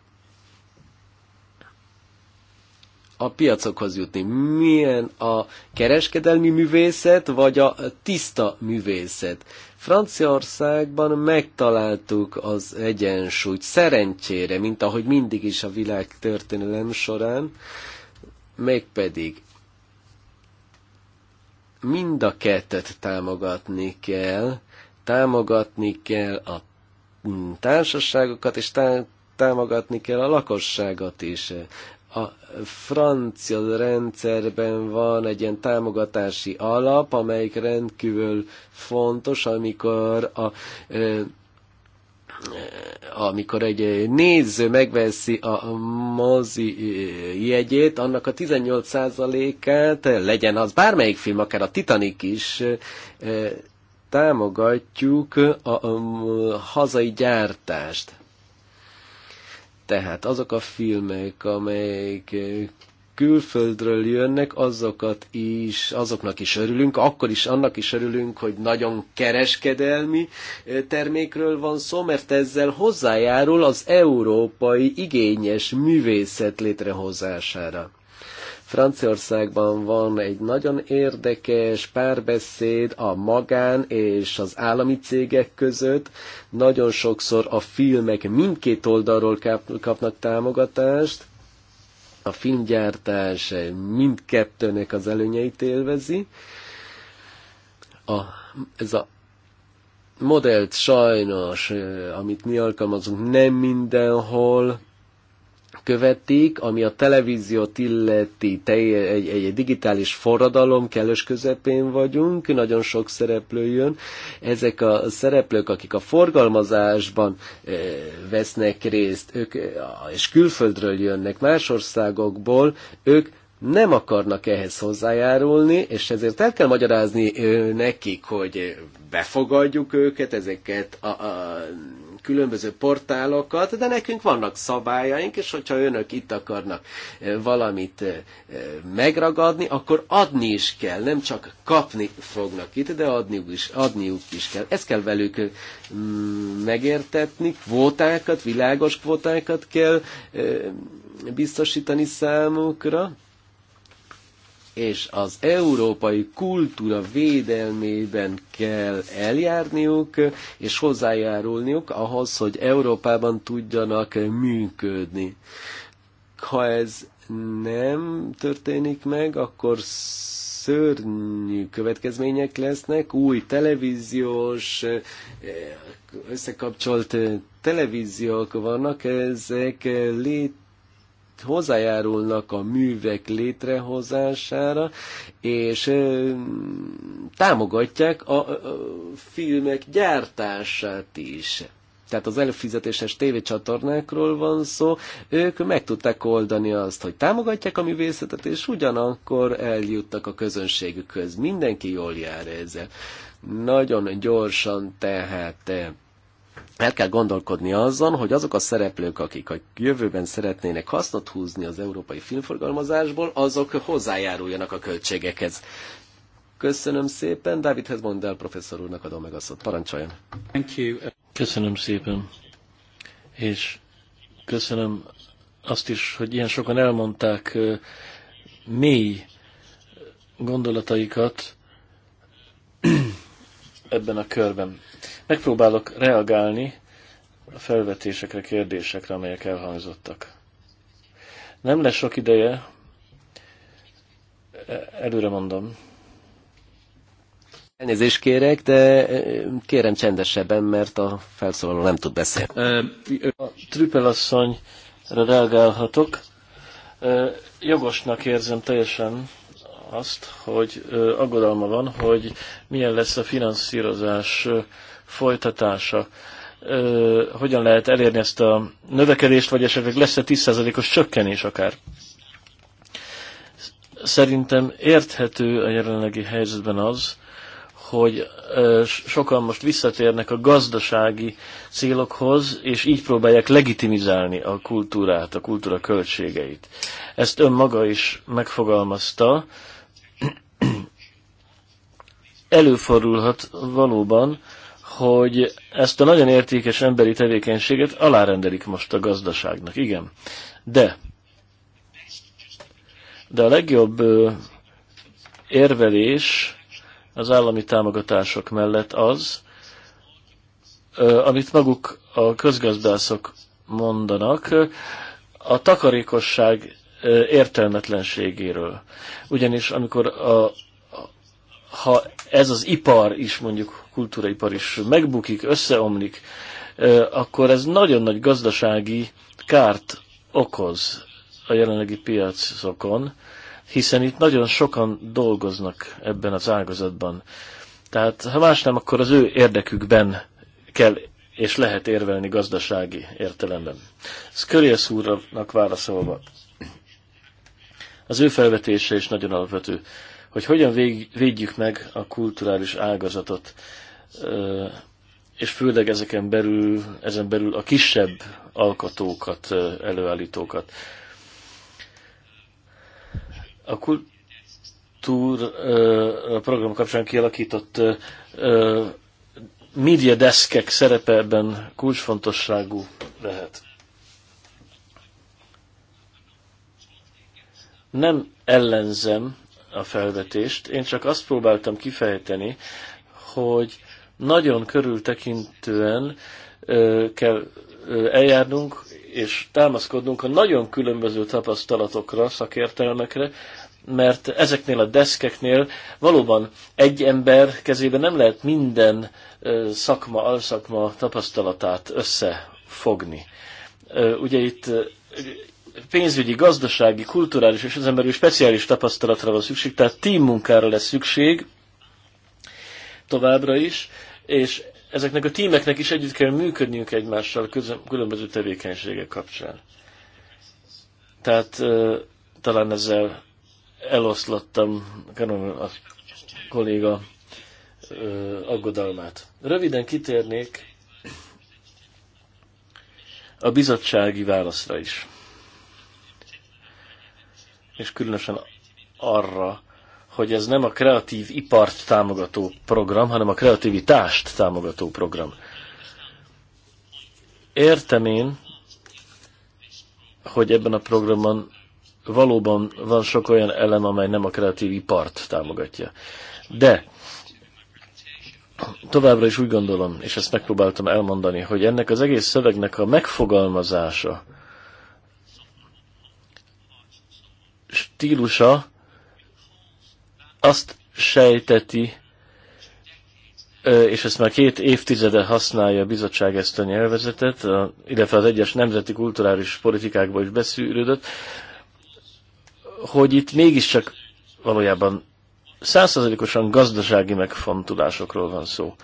a piacokhoz jutni? Milyen a kereskedelmi művészet, vagy a tiszta művészet? Franciaországban megtaláltuk az egyensúlyt, szerencsére, mint ahogy mindig is a világ történelem során, mégpedig mind a kettőt támogatni kell, támogatni kell a társaságokat, és tá- támogatni kell a lakosságot is a francia rendszerben van egy ilyen támogatási alap, amelyik rendkívül fontos, amikor a amikor egy néző megveszi a mozi jegyét, annak a 18%-át, legyen az bármelyik film, akár a Titanic is, támogatjuk a, a hazai gyártást. Tehát azok a filmek, amelyek külföldről jönnek, azokat is, azoknak is örülünk, akkor is annak is örülünk, hogy nagyon kereskedelmi termékről van szó, mert ezzel hozzájárul az európai igényes művészet létrehozására. Franciaországban van egy nagyon érdekes párbeszéd a magán és az állami cégek között. Nagyon sokszor a filmek mindkét oldalról kapnak támogatást. A filmgyártás mindkettőnek az előnyeit élvezi. A, ez a modellt sajnos, eh, amit mi alkalmazunk, nem mindenhol követik, ami a televíziót illeti egy, egy, egy digitális forradalom kellős közepén vagyunk, nagyon sok szereplő jön. Ezek a szereplők, akik a forgalmazásban e, vesznek részt, ők, eh, és külföldről jönnek, más országokból, ők nem akarnak ehhez hozzájárulni, és ezért el kell magyarázni eh, nekik, hogy befogadjuk őket, ezeket a, a különböző portálokat, de nekünk vannak szabályaink, és hogyha önök itt akarnak eh, valamit eh, megragadni, akkor adni is kell, nem csak kapni fognak itt, de adniuk is, adniuk is kell. Ezt kell velük eh, mm, megértetni, kvótákat, világos kvótákat kell biztosítani számukra, és az európai kultúra védelmében kell eljárniuk, és hozzájárulniuk ahhoz, hogy Európában tudjanak működni. Ha ez nem történik meg, akkor szörnyű következmények lesznek, új televíziós, eh, összekapcsolt televíziók vannak, ezek lét hozzájárulnak a művek létrehozására, és támogatják a, a filmek gyártását is tehát az előfizetéses tévécsatornákról van szó, ők meg tudták oldani azt, hogy támogatják a művészetet, és ugyanakkor eljuttak a közönségükhöz. Mindenki jól jár ezzel. Nagyon gyorsan tehát el kell gondolkodni azon, hogy azok a szereplők, akik a jövőben szeretnének hasznot húzni az európai filmforgalmazásból, azok hozzájáruljanak a költségekhez. Köszönöm szépen, David Hezmondel professzor úrnak adom meg a szót. Parancsoljon! Köszönöm szépen, és köszönöm azt is, hogy ilyen sokan elmondták mély gondolataikat ebben a körben. Megpróbálok reagálni a felvetésekre, kérdésekre, amelyek elhangzottak. Nem lesz sok ideje, előre mondom. Elnézést kérek, de eh, kérem csendesebben, mert a felszólaló nem tud beszélni. A Trüppel reagálhatok. Jogosnak érzem teljesen azt, hogy aggodalma van, hogy milyen lesz a finanszírozás folytatása. Hogyan lehet elérni ezt a növekedést, vagy esetleg lesz-e 10%-os csökkenés akár? Szerintem érthető a jelenlegi helyzetben az, hogy sokan most visszatérnek a gazdasági célokhoz, és így próbálják legitimizálni a kultúrát, a kultúra költségeit. Ezt ön maga is megfogalmazta. Előfordulhat valóban, hogy ezt a nagyon értékes emberi tevékenységet alárendelik most a gazdaságnak. Igen. De, de a legjobb érvelés az állami támogatások mellett az, amit maguk a közgazdászok mondanak, a takarékosság értelmetlenségéről. Ugyanis amikor a, ha ez az ipar is mondjuk kultúraipar is megbukik, összeomlik, akkor ez nagyon nagy gazdasági kárt okoz a jelenlegi piacokon, hiszen itt nagyon sokan dolgoznak ebben az ágazatban. Tehát ha más nem, akkor az ő érdekükben kell és lehet érvelni gazdasági értelemben. Skörjes úrnak válaszolva, az ő felvetése is nagyon alapvető, hogy hogyan védjük meg a kulturális ágazatot és főleg ezeken belül, ezen belül a kisebb alkotókat, előállítókat. A kultúr a program kapcsán kialakított média deszkek szerepe ebben kulcsfontosságú lehet. Nem ellenzem a felvetést, én csak azt próbáltam kifejteni, hogy nagyon körültekintően kell eljárnunk és támaszkodnunk a nagyon különböző tapasztalatokra, szakértelmekre, mert ezeknél a deszkeknél valóban egy ember kezében nem lehet minden szakma, alszakma tapasztalatát összefogni. Ugye itt pénzügyi, gazdasági, kulturális és az emberi speciális tapasztalatra van szükség, tehát tím munkára lesz szükség, továbbra is, és ezeknek a tímeknek is együtt kell működniük egymással különböző tevékenységek kapcsán. Tehát talán ezzel eloszlattam a kolléga aggodalmát. Röviden kitérnék a bizottsági válaszra is. És különösen arra, hogy ez nem a kreatív ipart támogató program, hanem a kreativitást támogató program. Értem én, hogy ebben a programban valóban van sok olyan elem, amely nem a kreatív ipart támogatja. De továbbra is úgy gondolom, és ezt megpróbáltam elmondani, hogy ennek az egész szövegnek a megfogalmazása, stílusa, azt sejteti, és ezt már két évtizede használja a bizottság ezt a nyelvezetet, a, illetve az egyes nemzeti kulturális politikákba is beszűrődött, hogy itt mégiscsak valójában százszerzalékosan gazdasági megfontolásokról van szó.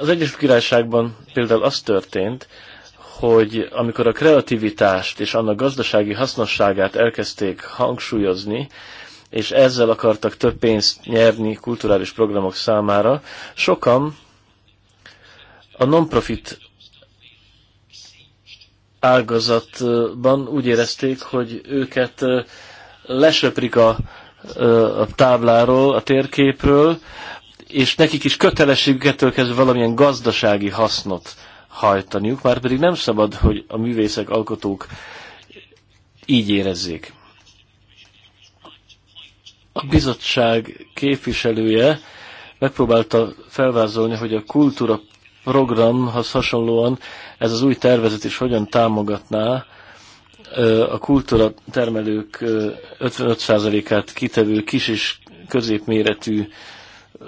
Az Egyesült Királyságban például az történt, hogy amikor a kreativitást és annak gazdasági hasznosságát elkezdték hangsúlyozni, és ezzel akartak több pénzt nyerni kulturális programok számára. Sokan a non-profit ágazatban úgy érezték, hogy őket lesöprik a, a tábláról, a térképről, és nekik is ettől kezdve valamilyen gazdasági hasznot hajtaniuk, már pedig nem szabad, hogy a művészek, alkotók így érezzék. A bizottság képviselője megpróbálta felvázolni, hogy a kultúra programhoz hasonlóan ez az új tervezet is hogyan támogatná a kultúra termelők 55%-át kitevő kis és középméretű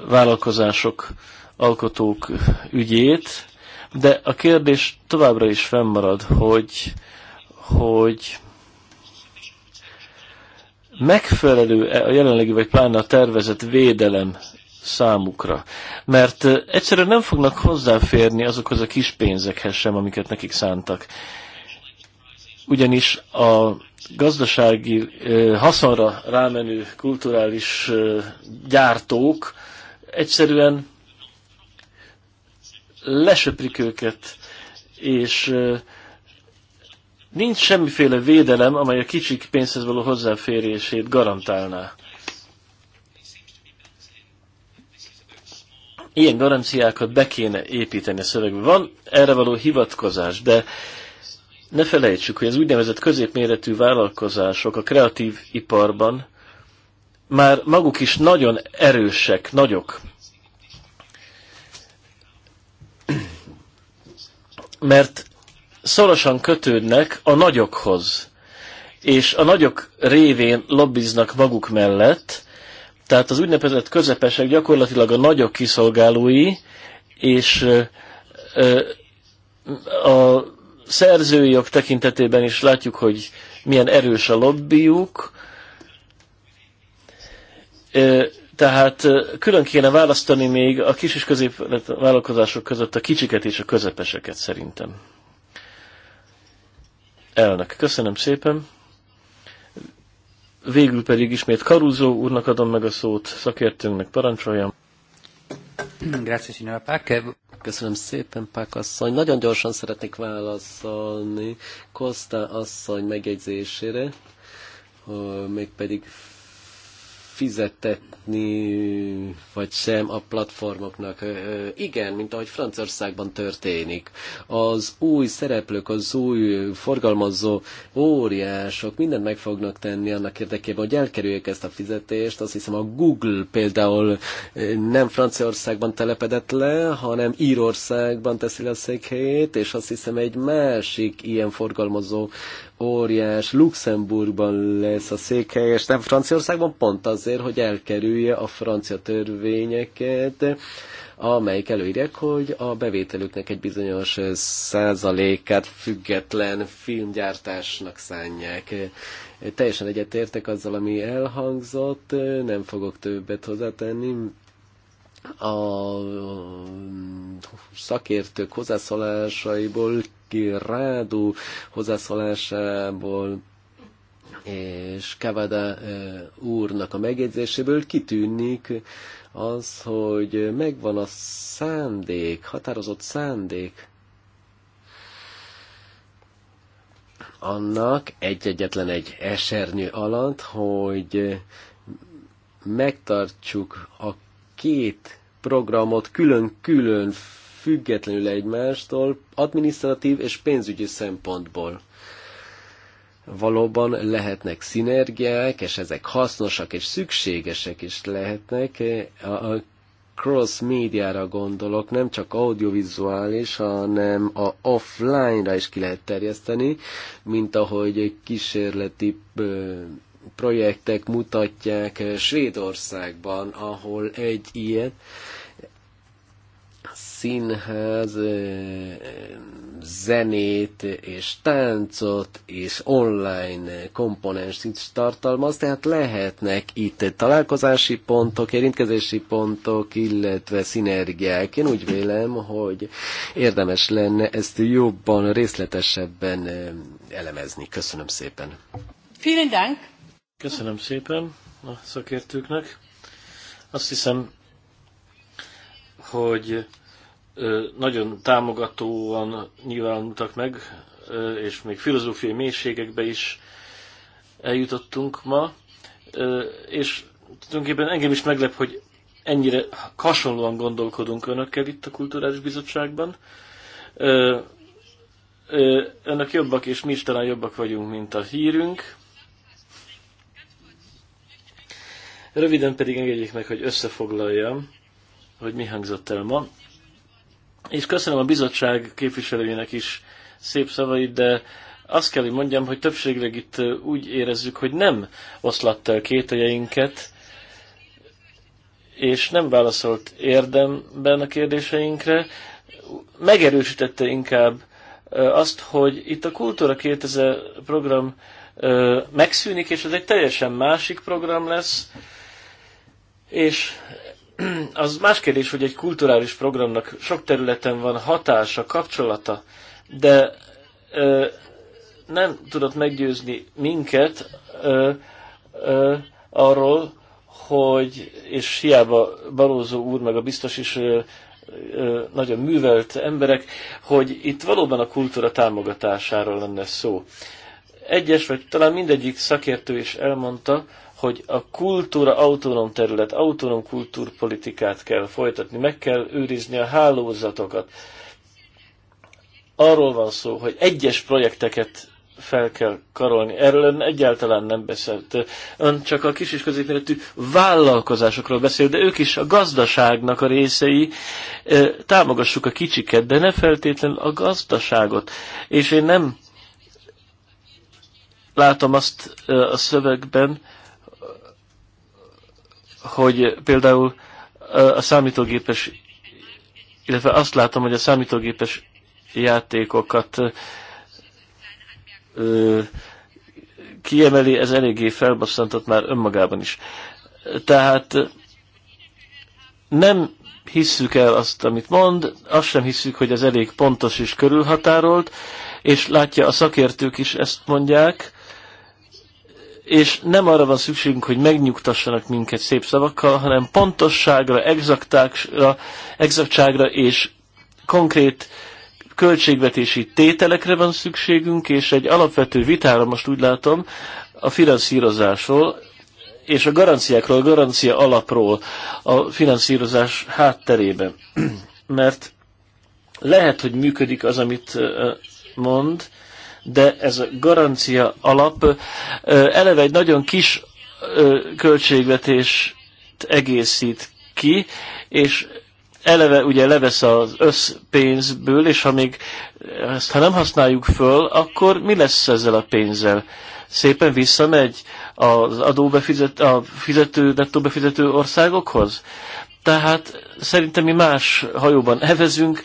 vállalkozások, alkotók ügyét, de a kérdés továbbra is fennmarad, hogy, hogy megfelelő-e a jelenlegi vagy pláne a tervezett védelem számukra. Mert egyszerűen nem fognak hozzáférni azokhoz a kis pénzekhez sem, amiket nekik szántak. Ugyanis a gazdasági haszonra rámenő kulturális gyártók egyszerűen lesöprik őket, és Nincs semmiféle védelem, amely a kicsik pénzhez való hozzáférését garantálná. Ilyen garanciákat be kéne építeni a szövegbe. Van erre való hivatkozás, de ne felejtsük, hogy az úgynevezett középméretű vállalkozások a kreatív iparban már maguk is nagyon erősek, nagyok. Mert szorosan kötődnek a nagyokhoz, és a nagyok révén lobbiznak maguk mellett, tehát az úgynevezett közepesek gyakorlatilag a nagyok kiszolgálói, és a jog tekintetében is látjuk, hogy milyen erős a lobbiuk. tehát külön kéne választani még a kis és középvállalkozások között a kicsiket és a közepeseket szerintem elnök. Köszönöm szépen. Végül pedig ismét Karuzó úrnak adom meg a szót, szakértőnknek parancsoljam. Grazie, signora Páke. Köszönöm szépen, Pák asszony. Nagyon gyorsan szeretnék válaszolni Kosta asszony megjegyzésére, mégpedig fizetetni, vagy sem a platformoknak. Igen, mint ahogy Franciaországban történik. Az új szereplők, az új forgalmazó óriások mindent meg fognak tenni annak érdekében, hogy elkerüljék ezt a fizetést. Azt hiszem a Google például nem Franciaországban telepedett le, hanem Írországban teszi le a székhelyét, és azt hiszem egy másik ilyen forgalmazó óriás Luxemburgban lesz a székhely, és nem Franciaországban pont az azért, hogy elkerülje a francia törvényeket, amelyik előírják, hogy a bevételüknek egy bizonyos százalékát független filmgyártásnak szánják. Teljesen egyetértek azzal, ami elhangzott, nem fogok többet hozzátenni, a szakértők hozzászólásaiból, rádó hozzászólásából és Kavada úrnak a megjegyzéséből kitűnik az, hogy megvan a szándék, határozott szándék annak egy-egyetlen egy esernyő alatt, hogy megtartsuk a két programot külön-külön függetlenül egymástól, adminisztratív és pénzügyi szempontból valóban lehetnek szinergiák, és ezek hasznosak és szükségesek is lehetnek. A cross médiára gondolok, nem csak audiovizuális, hanem a offline-ra is ki lehet terjeszteni, mint ahogy kísérleti projektek mutatják Svédországban, ahol egy ilyen színház zenét és táncot és online komponens is tartalmaz, tehát lehetnek itt találkozási pontok, érintkezési pontok, illetve szinergiák. Én úgy vélem, hogy érdemes lenne ezt jobban, részletesebben elemezni. Köszönöm szépen. Vielen Dank. Köszönöm szépen a szakértőknek. Azt hiszem, hogy nagyon támogatóan nyilvánultak meg, és még filozófiai mélységekbe is eljutottunk ma, és tulajdonképpen engem is meglep, hogy ennyire hasonlóan gondolkodunk önökkel itt a Kulturális Bizottságban. Önök jobbak, és mi is talán jobbak vagyunk, mint a hírünk. Röviden pedig engedjék meg, hogy összefoglaljam, hogy mi hangzott el ma és köszönöm a bizottság képviselőjének is szép szavait, de azt kell, hogy mondjam, hogy többségleg itt úgy érezzük, hogy nem oszlatt el kételjeinket, és nem válaszolt érdemben a kérdéseinkre, megerősítette inkább azt, hogy itt a Kultúra 2000 program megszűnik, és ez egy teljesen másik program lesz, és az más kérdés, hogy egy kulturális programnak sok területen van hatása, kapcsolata, de ö, nem tudott meggyőzni minket ö, ö, arról, hogy, és hiába Balózó úr, meg a biztos is ö, ö, nagyon művelt emberek, hogy itt valóban a kultúra támogatásáról lenne szó. Egyes, vagy talán mindegyik szakértő is elmondta, hogy a kultúra autonóm terület, autonóm kultúrpolitikát kell folytatni, meg kell őrizni a hálózatokat. Arról van szó, hogy egyes projekteket fel kell karolni. Erről ön egyáltalán nem beszélt. Ön csak a kis és középméretű vállalkozásokról beszél, de ők is a gazdaságnak a részei. Támogassuk a kicsiket, de ne feltétlenül a gazdaságot. És én nem látom azt a szövegben, hogy például a számítógépes, illetve azt látom, hogy a számítógépes játékokat kiemeli, ez eléggé felbasszantott már önmagában is. Tehát nem hisszük el azt, amit mond, azt sem hisszük, hogy ez elég pontos és körülhatárolt, és látja, a szakértők is ezt mondják, és nem arra van szükségünk, hogy megnyugtassanak minket szép szavakkal, hanem pontosságra, exaktákra, exaktságra és konkrét költségvetési tételekre van szükségünk, és egy alapvető vitára most úgy látom a finanszírozásról, és a garanciákról, a garancia alapról a finanszírozás hátterében. Mert lehet, hogy működik az, amit mond, de ez a garancia alap eleve egy nagyon kis költségvetést egészít ki, és eleve ugye levesz az összpénzből, és ha még ezt ha nem használjuk föl, akkor mi lesz ezzel a pénzzel? Szépen visszamegy az adóbefizet, a fizető, nettó befizető országokhoz? Tehát szerintem mi más hajóban evezünk.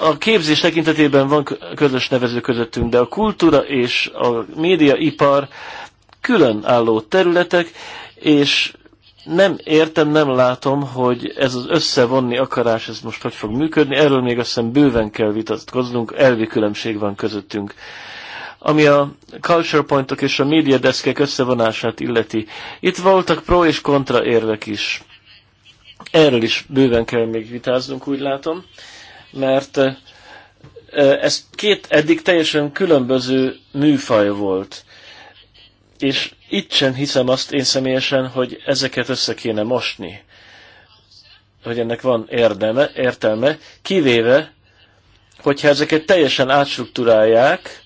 A képzés tekintetében van közös nevező közöttünk, de a kultúra és a médiaipar különálló területek, és nem értem, nem látom, hogy ez az összevonni akarás, ez most hogy fog működni. Erről még azt hiszem bőven kell vitatkoznunk, elvi különbség van közöttünk. Ami a culture pointok és a médiadeszkek összevonását illeti, itt voltak pro és kontra érvek is. Erről is bőven kell még vitáznunk, úgy látom, mert eh, ez két eddig teljesen különböző műfaj volt. És itt sem hiszem azt én személyesen, hogy ezeket össze kéne mosni. Hogy ennek van érdeme, értelme, kivéve, hogyha ezeket teljesen átstruktúrálják,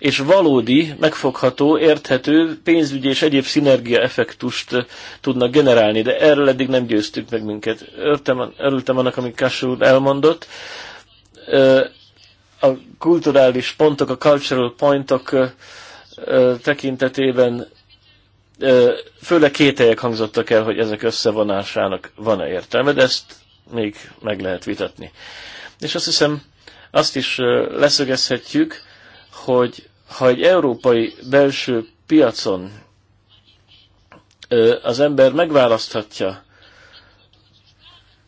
és valódi, megfogható, érthető pénzügyi és egyéb szinergia effektust tudnak generálni, de erről eddig nem győztük meg minket. Örültem, örültem annak, amit Kassó úr elmondott. A kulturális pontok, a cultural pointok tekintetében főleg helyek hangzottak el, hogy ezek összevonásának van-e értelme, de ezt még meg lehet vitatni. És azt hiszem, azt is leszögezhetjük, hogy ha egy európai belső piacon az ember megválaszthatja,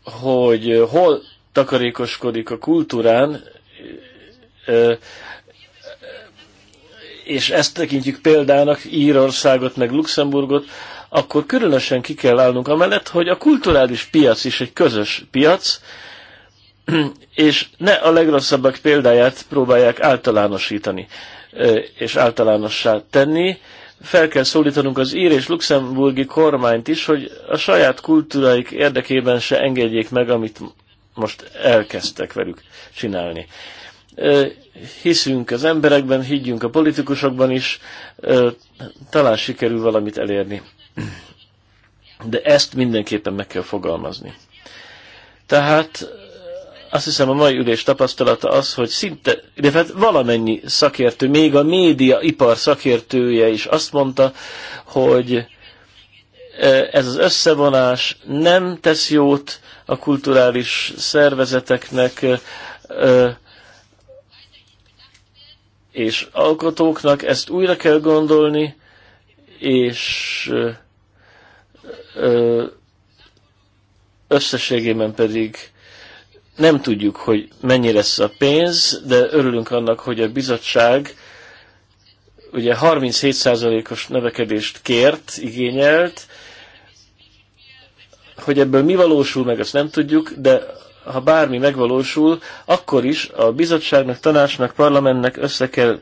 hogy hol takarékoskodik a kultúrán, és ezt tekintjük példának Írországot meg Luxemburgot, akkor különösen ki kell állnunk amellett, hogy a kulturális piac is egy közös piac, és ne a legrosszabbak példáját próbálják általánosítani és általánossá tenni. Fel kell szólítanunk az ír és luxemburgi kormányt is, hogy a saját kultúraik érdekében se engedjék meg, amit most elkezdtek velük csinálni. Hiszünk az emberekben, higgyünk a politikusokban is, talán sikerül valamit elérni. De ezt mindenképpen meg kell fogalmazni. Tehát azt hiszem a mai ülés tapasztalata az, hogy szinte, de hát valamennyi szakértő, még a média ipar szakértője is azt mondta, hogy e, ez az összevonás nem tesz jót a kulturális szervezeteknek, e, e, és alkotóknak ezt újra kell gondolni, és összességében pedig nem tudjuk, hogy mennyi lesz a pénz, de örülünk annak, hogy a bizottság ugye 37%-os növekedést kért, igényelt, hogy ebből mi valósul meg, azt nem tudjuk, de ha bármi megvalósul, akkor is a bizottságnak, tanácsnak, parlamentnek össze kell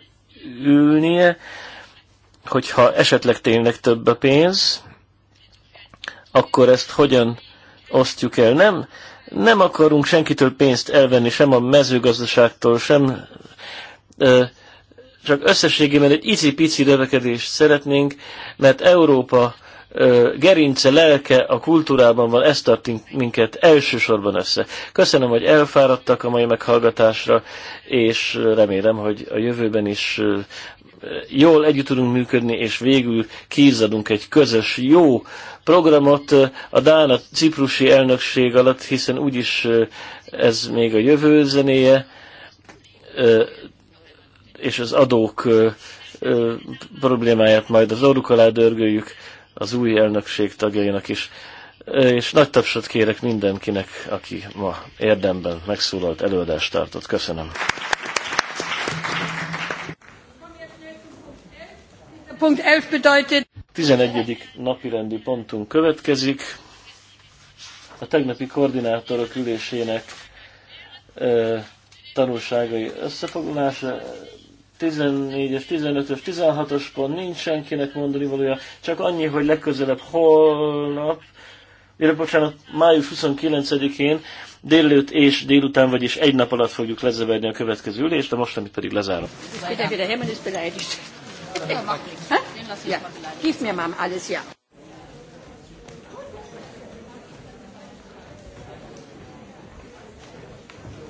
ülnie, hogyha esetleg tényleg több a pénz, akkor ezt hogyan osztjuk el, nem? Nem akarunk senkitől pénzt elvenni, sem a mezőgazdaságtól, sem csak összességében egy icipici növekedést szeretnénk, mert Európa gerince, lelke a kultúrában van, ez tart minket elsősorban össze. Köszönöm, hogy elfáradtak a mai meghallgatásra, és remélem, hogy a jövőben is jól együtt tudunk működni, és végül kizadunk egy közös, jó programot a Dán, a ciprusi elnökség alatt, hiszen úgyis ez még a jövő zenéje, és az adók problémáját majd az orruk alá dörgöljük az új elnökség tagjainak is. És nagy tapsot kérek mindenkinek, aki ma érdemben megszólalt előadást tartott. Köszönöm. Punkt 11 bedeutet... 11. napirendi pontunk következik. A tegnapi koordinátorok ülésének e, tanulságai összefoglalása. 14-es, 15-ös, 16-os pont, nincs senkinek mondani valója, csak annyi, hogy legközelebb holnap, illetve bocsánat, május 29-én délelőtt és délután, vagyis egy nap alatt fogjuk lezeverni a következő ülést, de most amit pedig lezárom. Köszönöm. Ja, mach nichts. Ja. Gib mir alles, ja.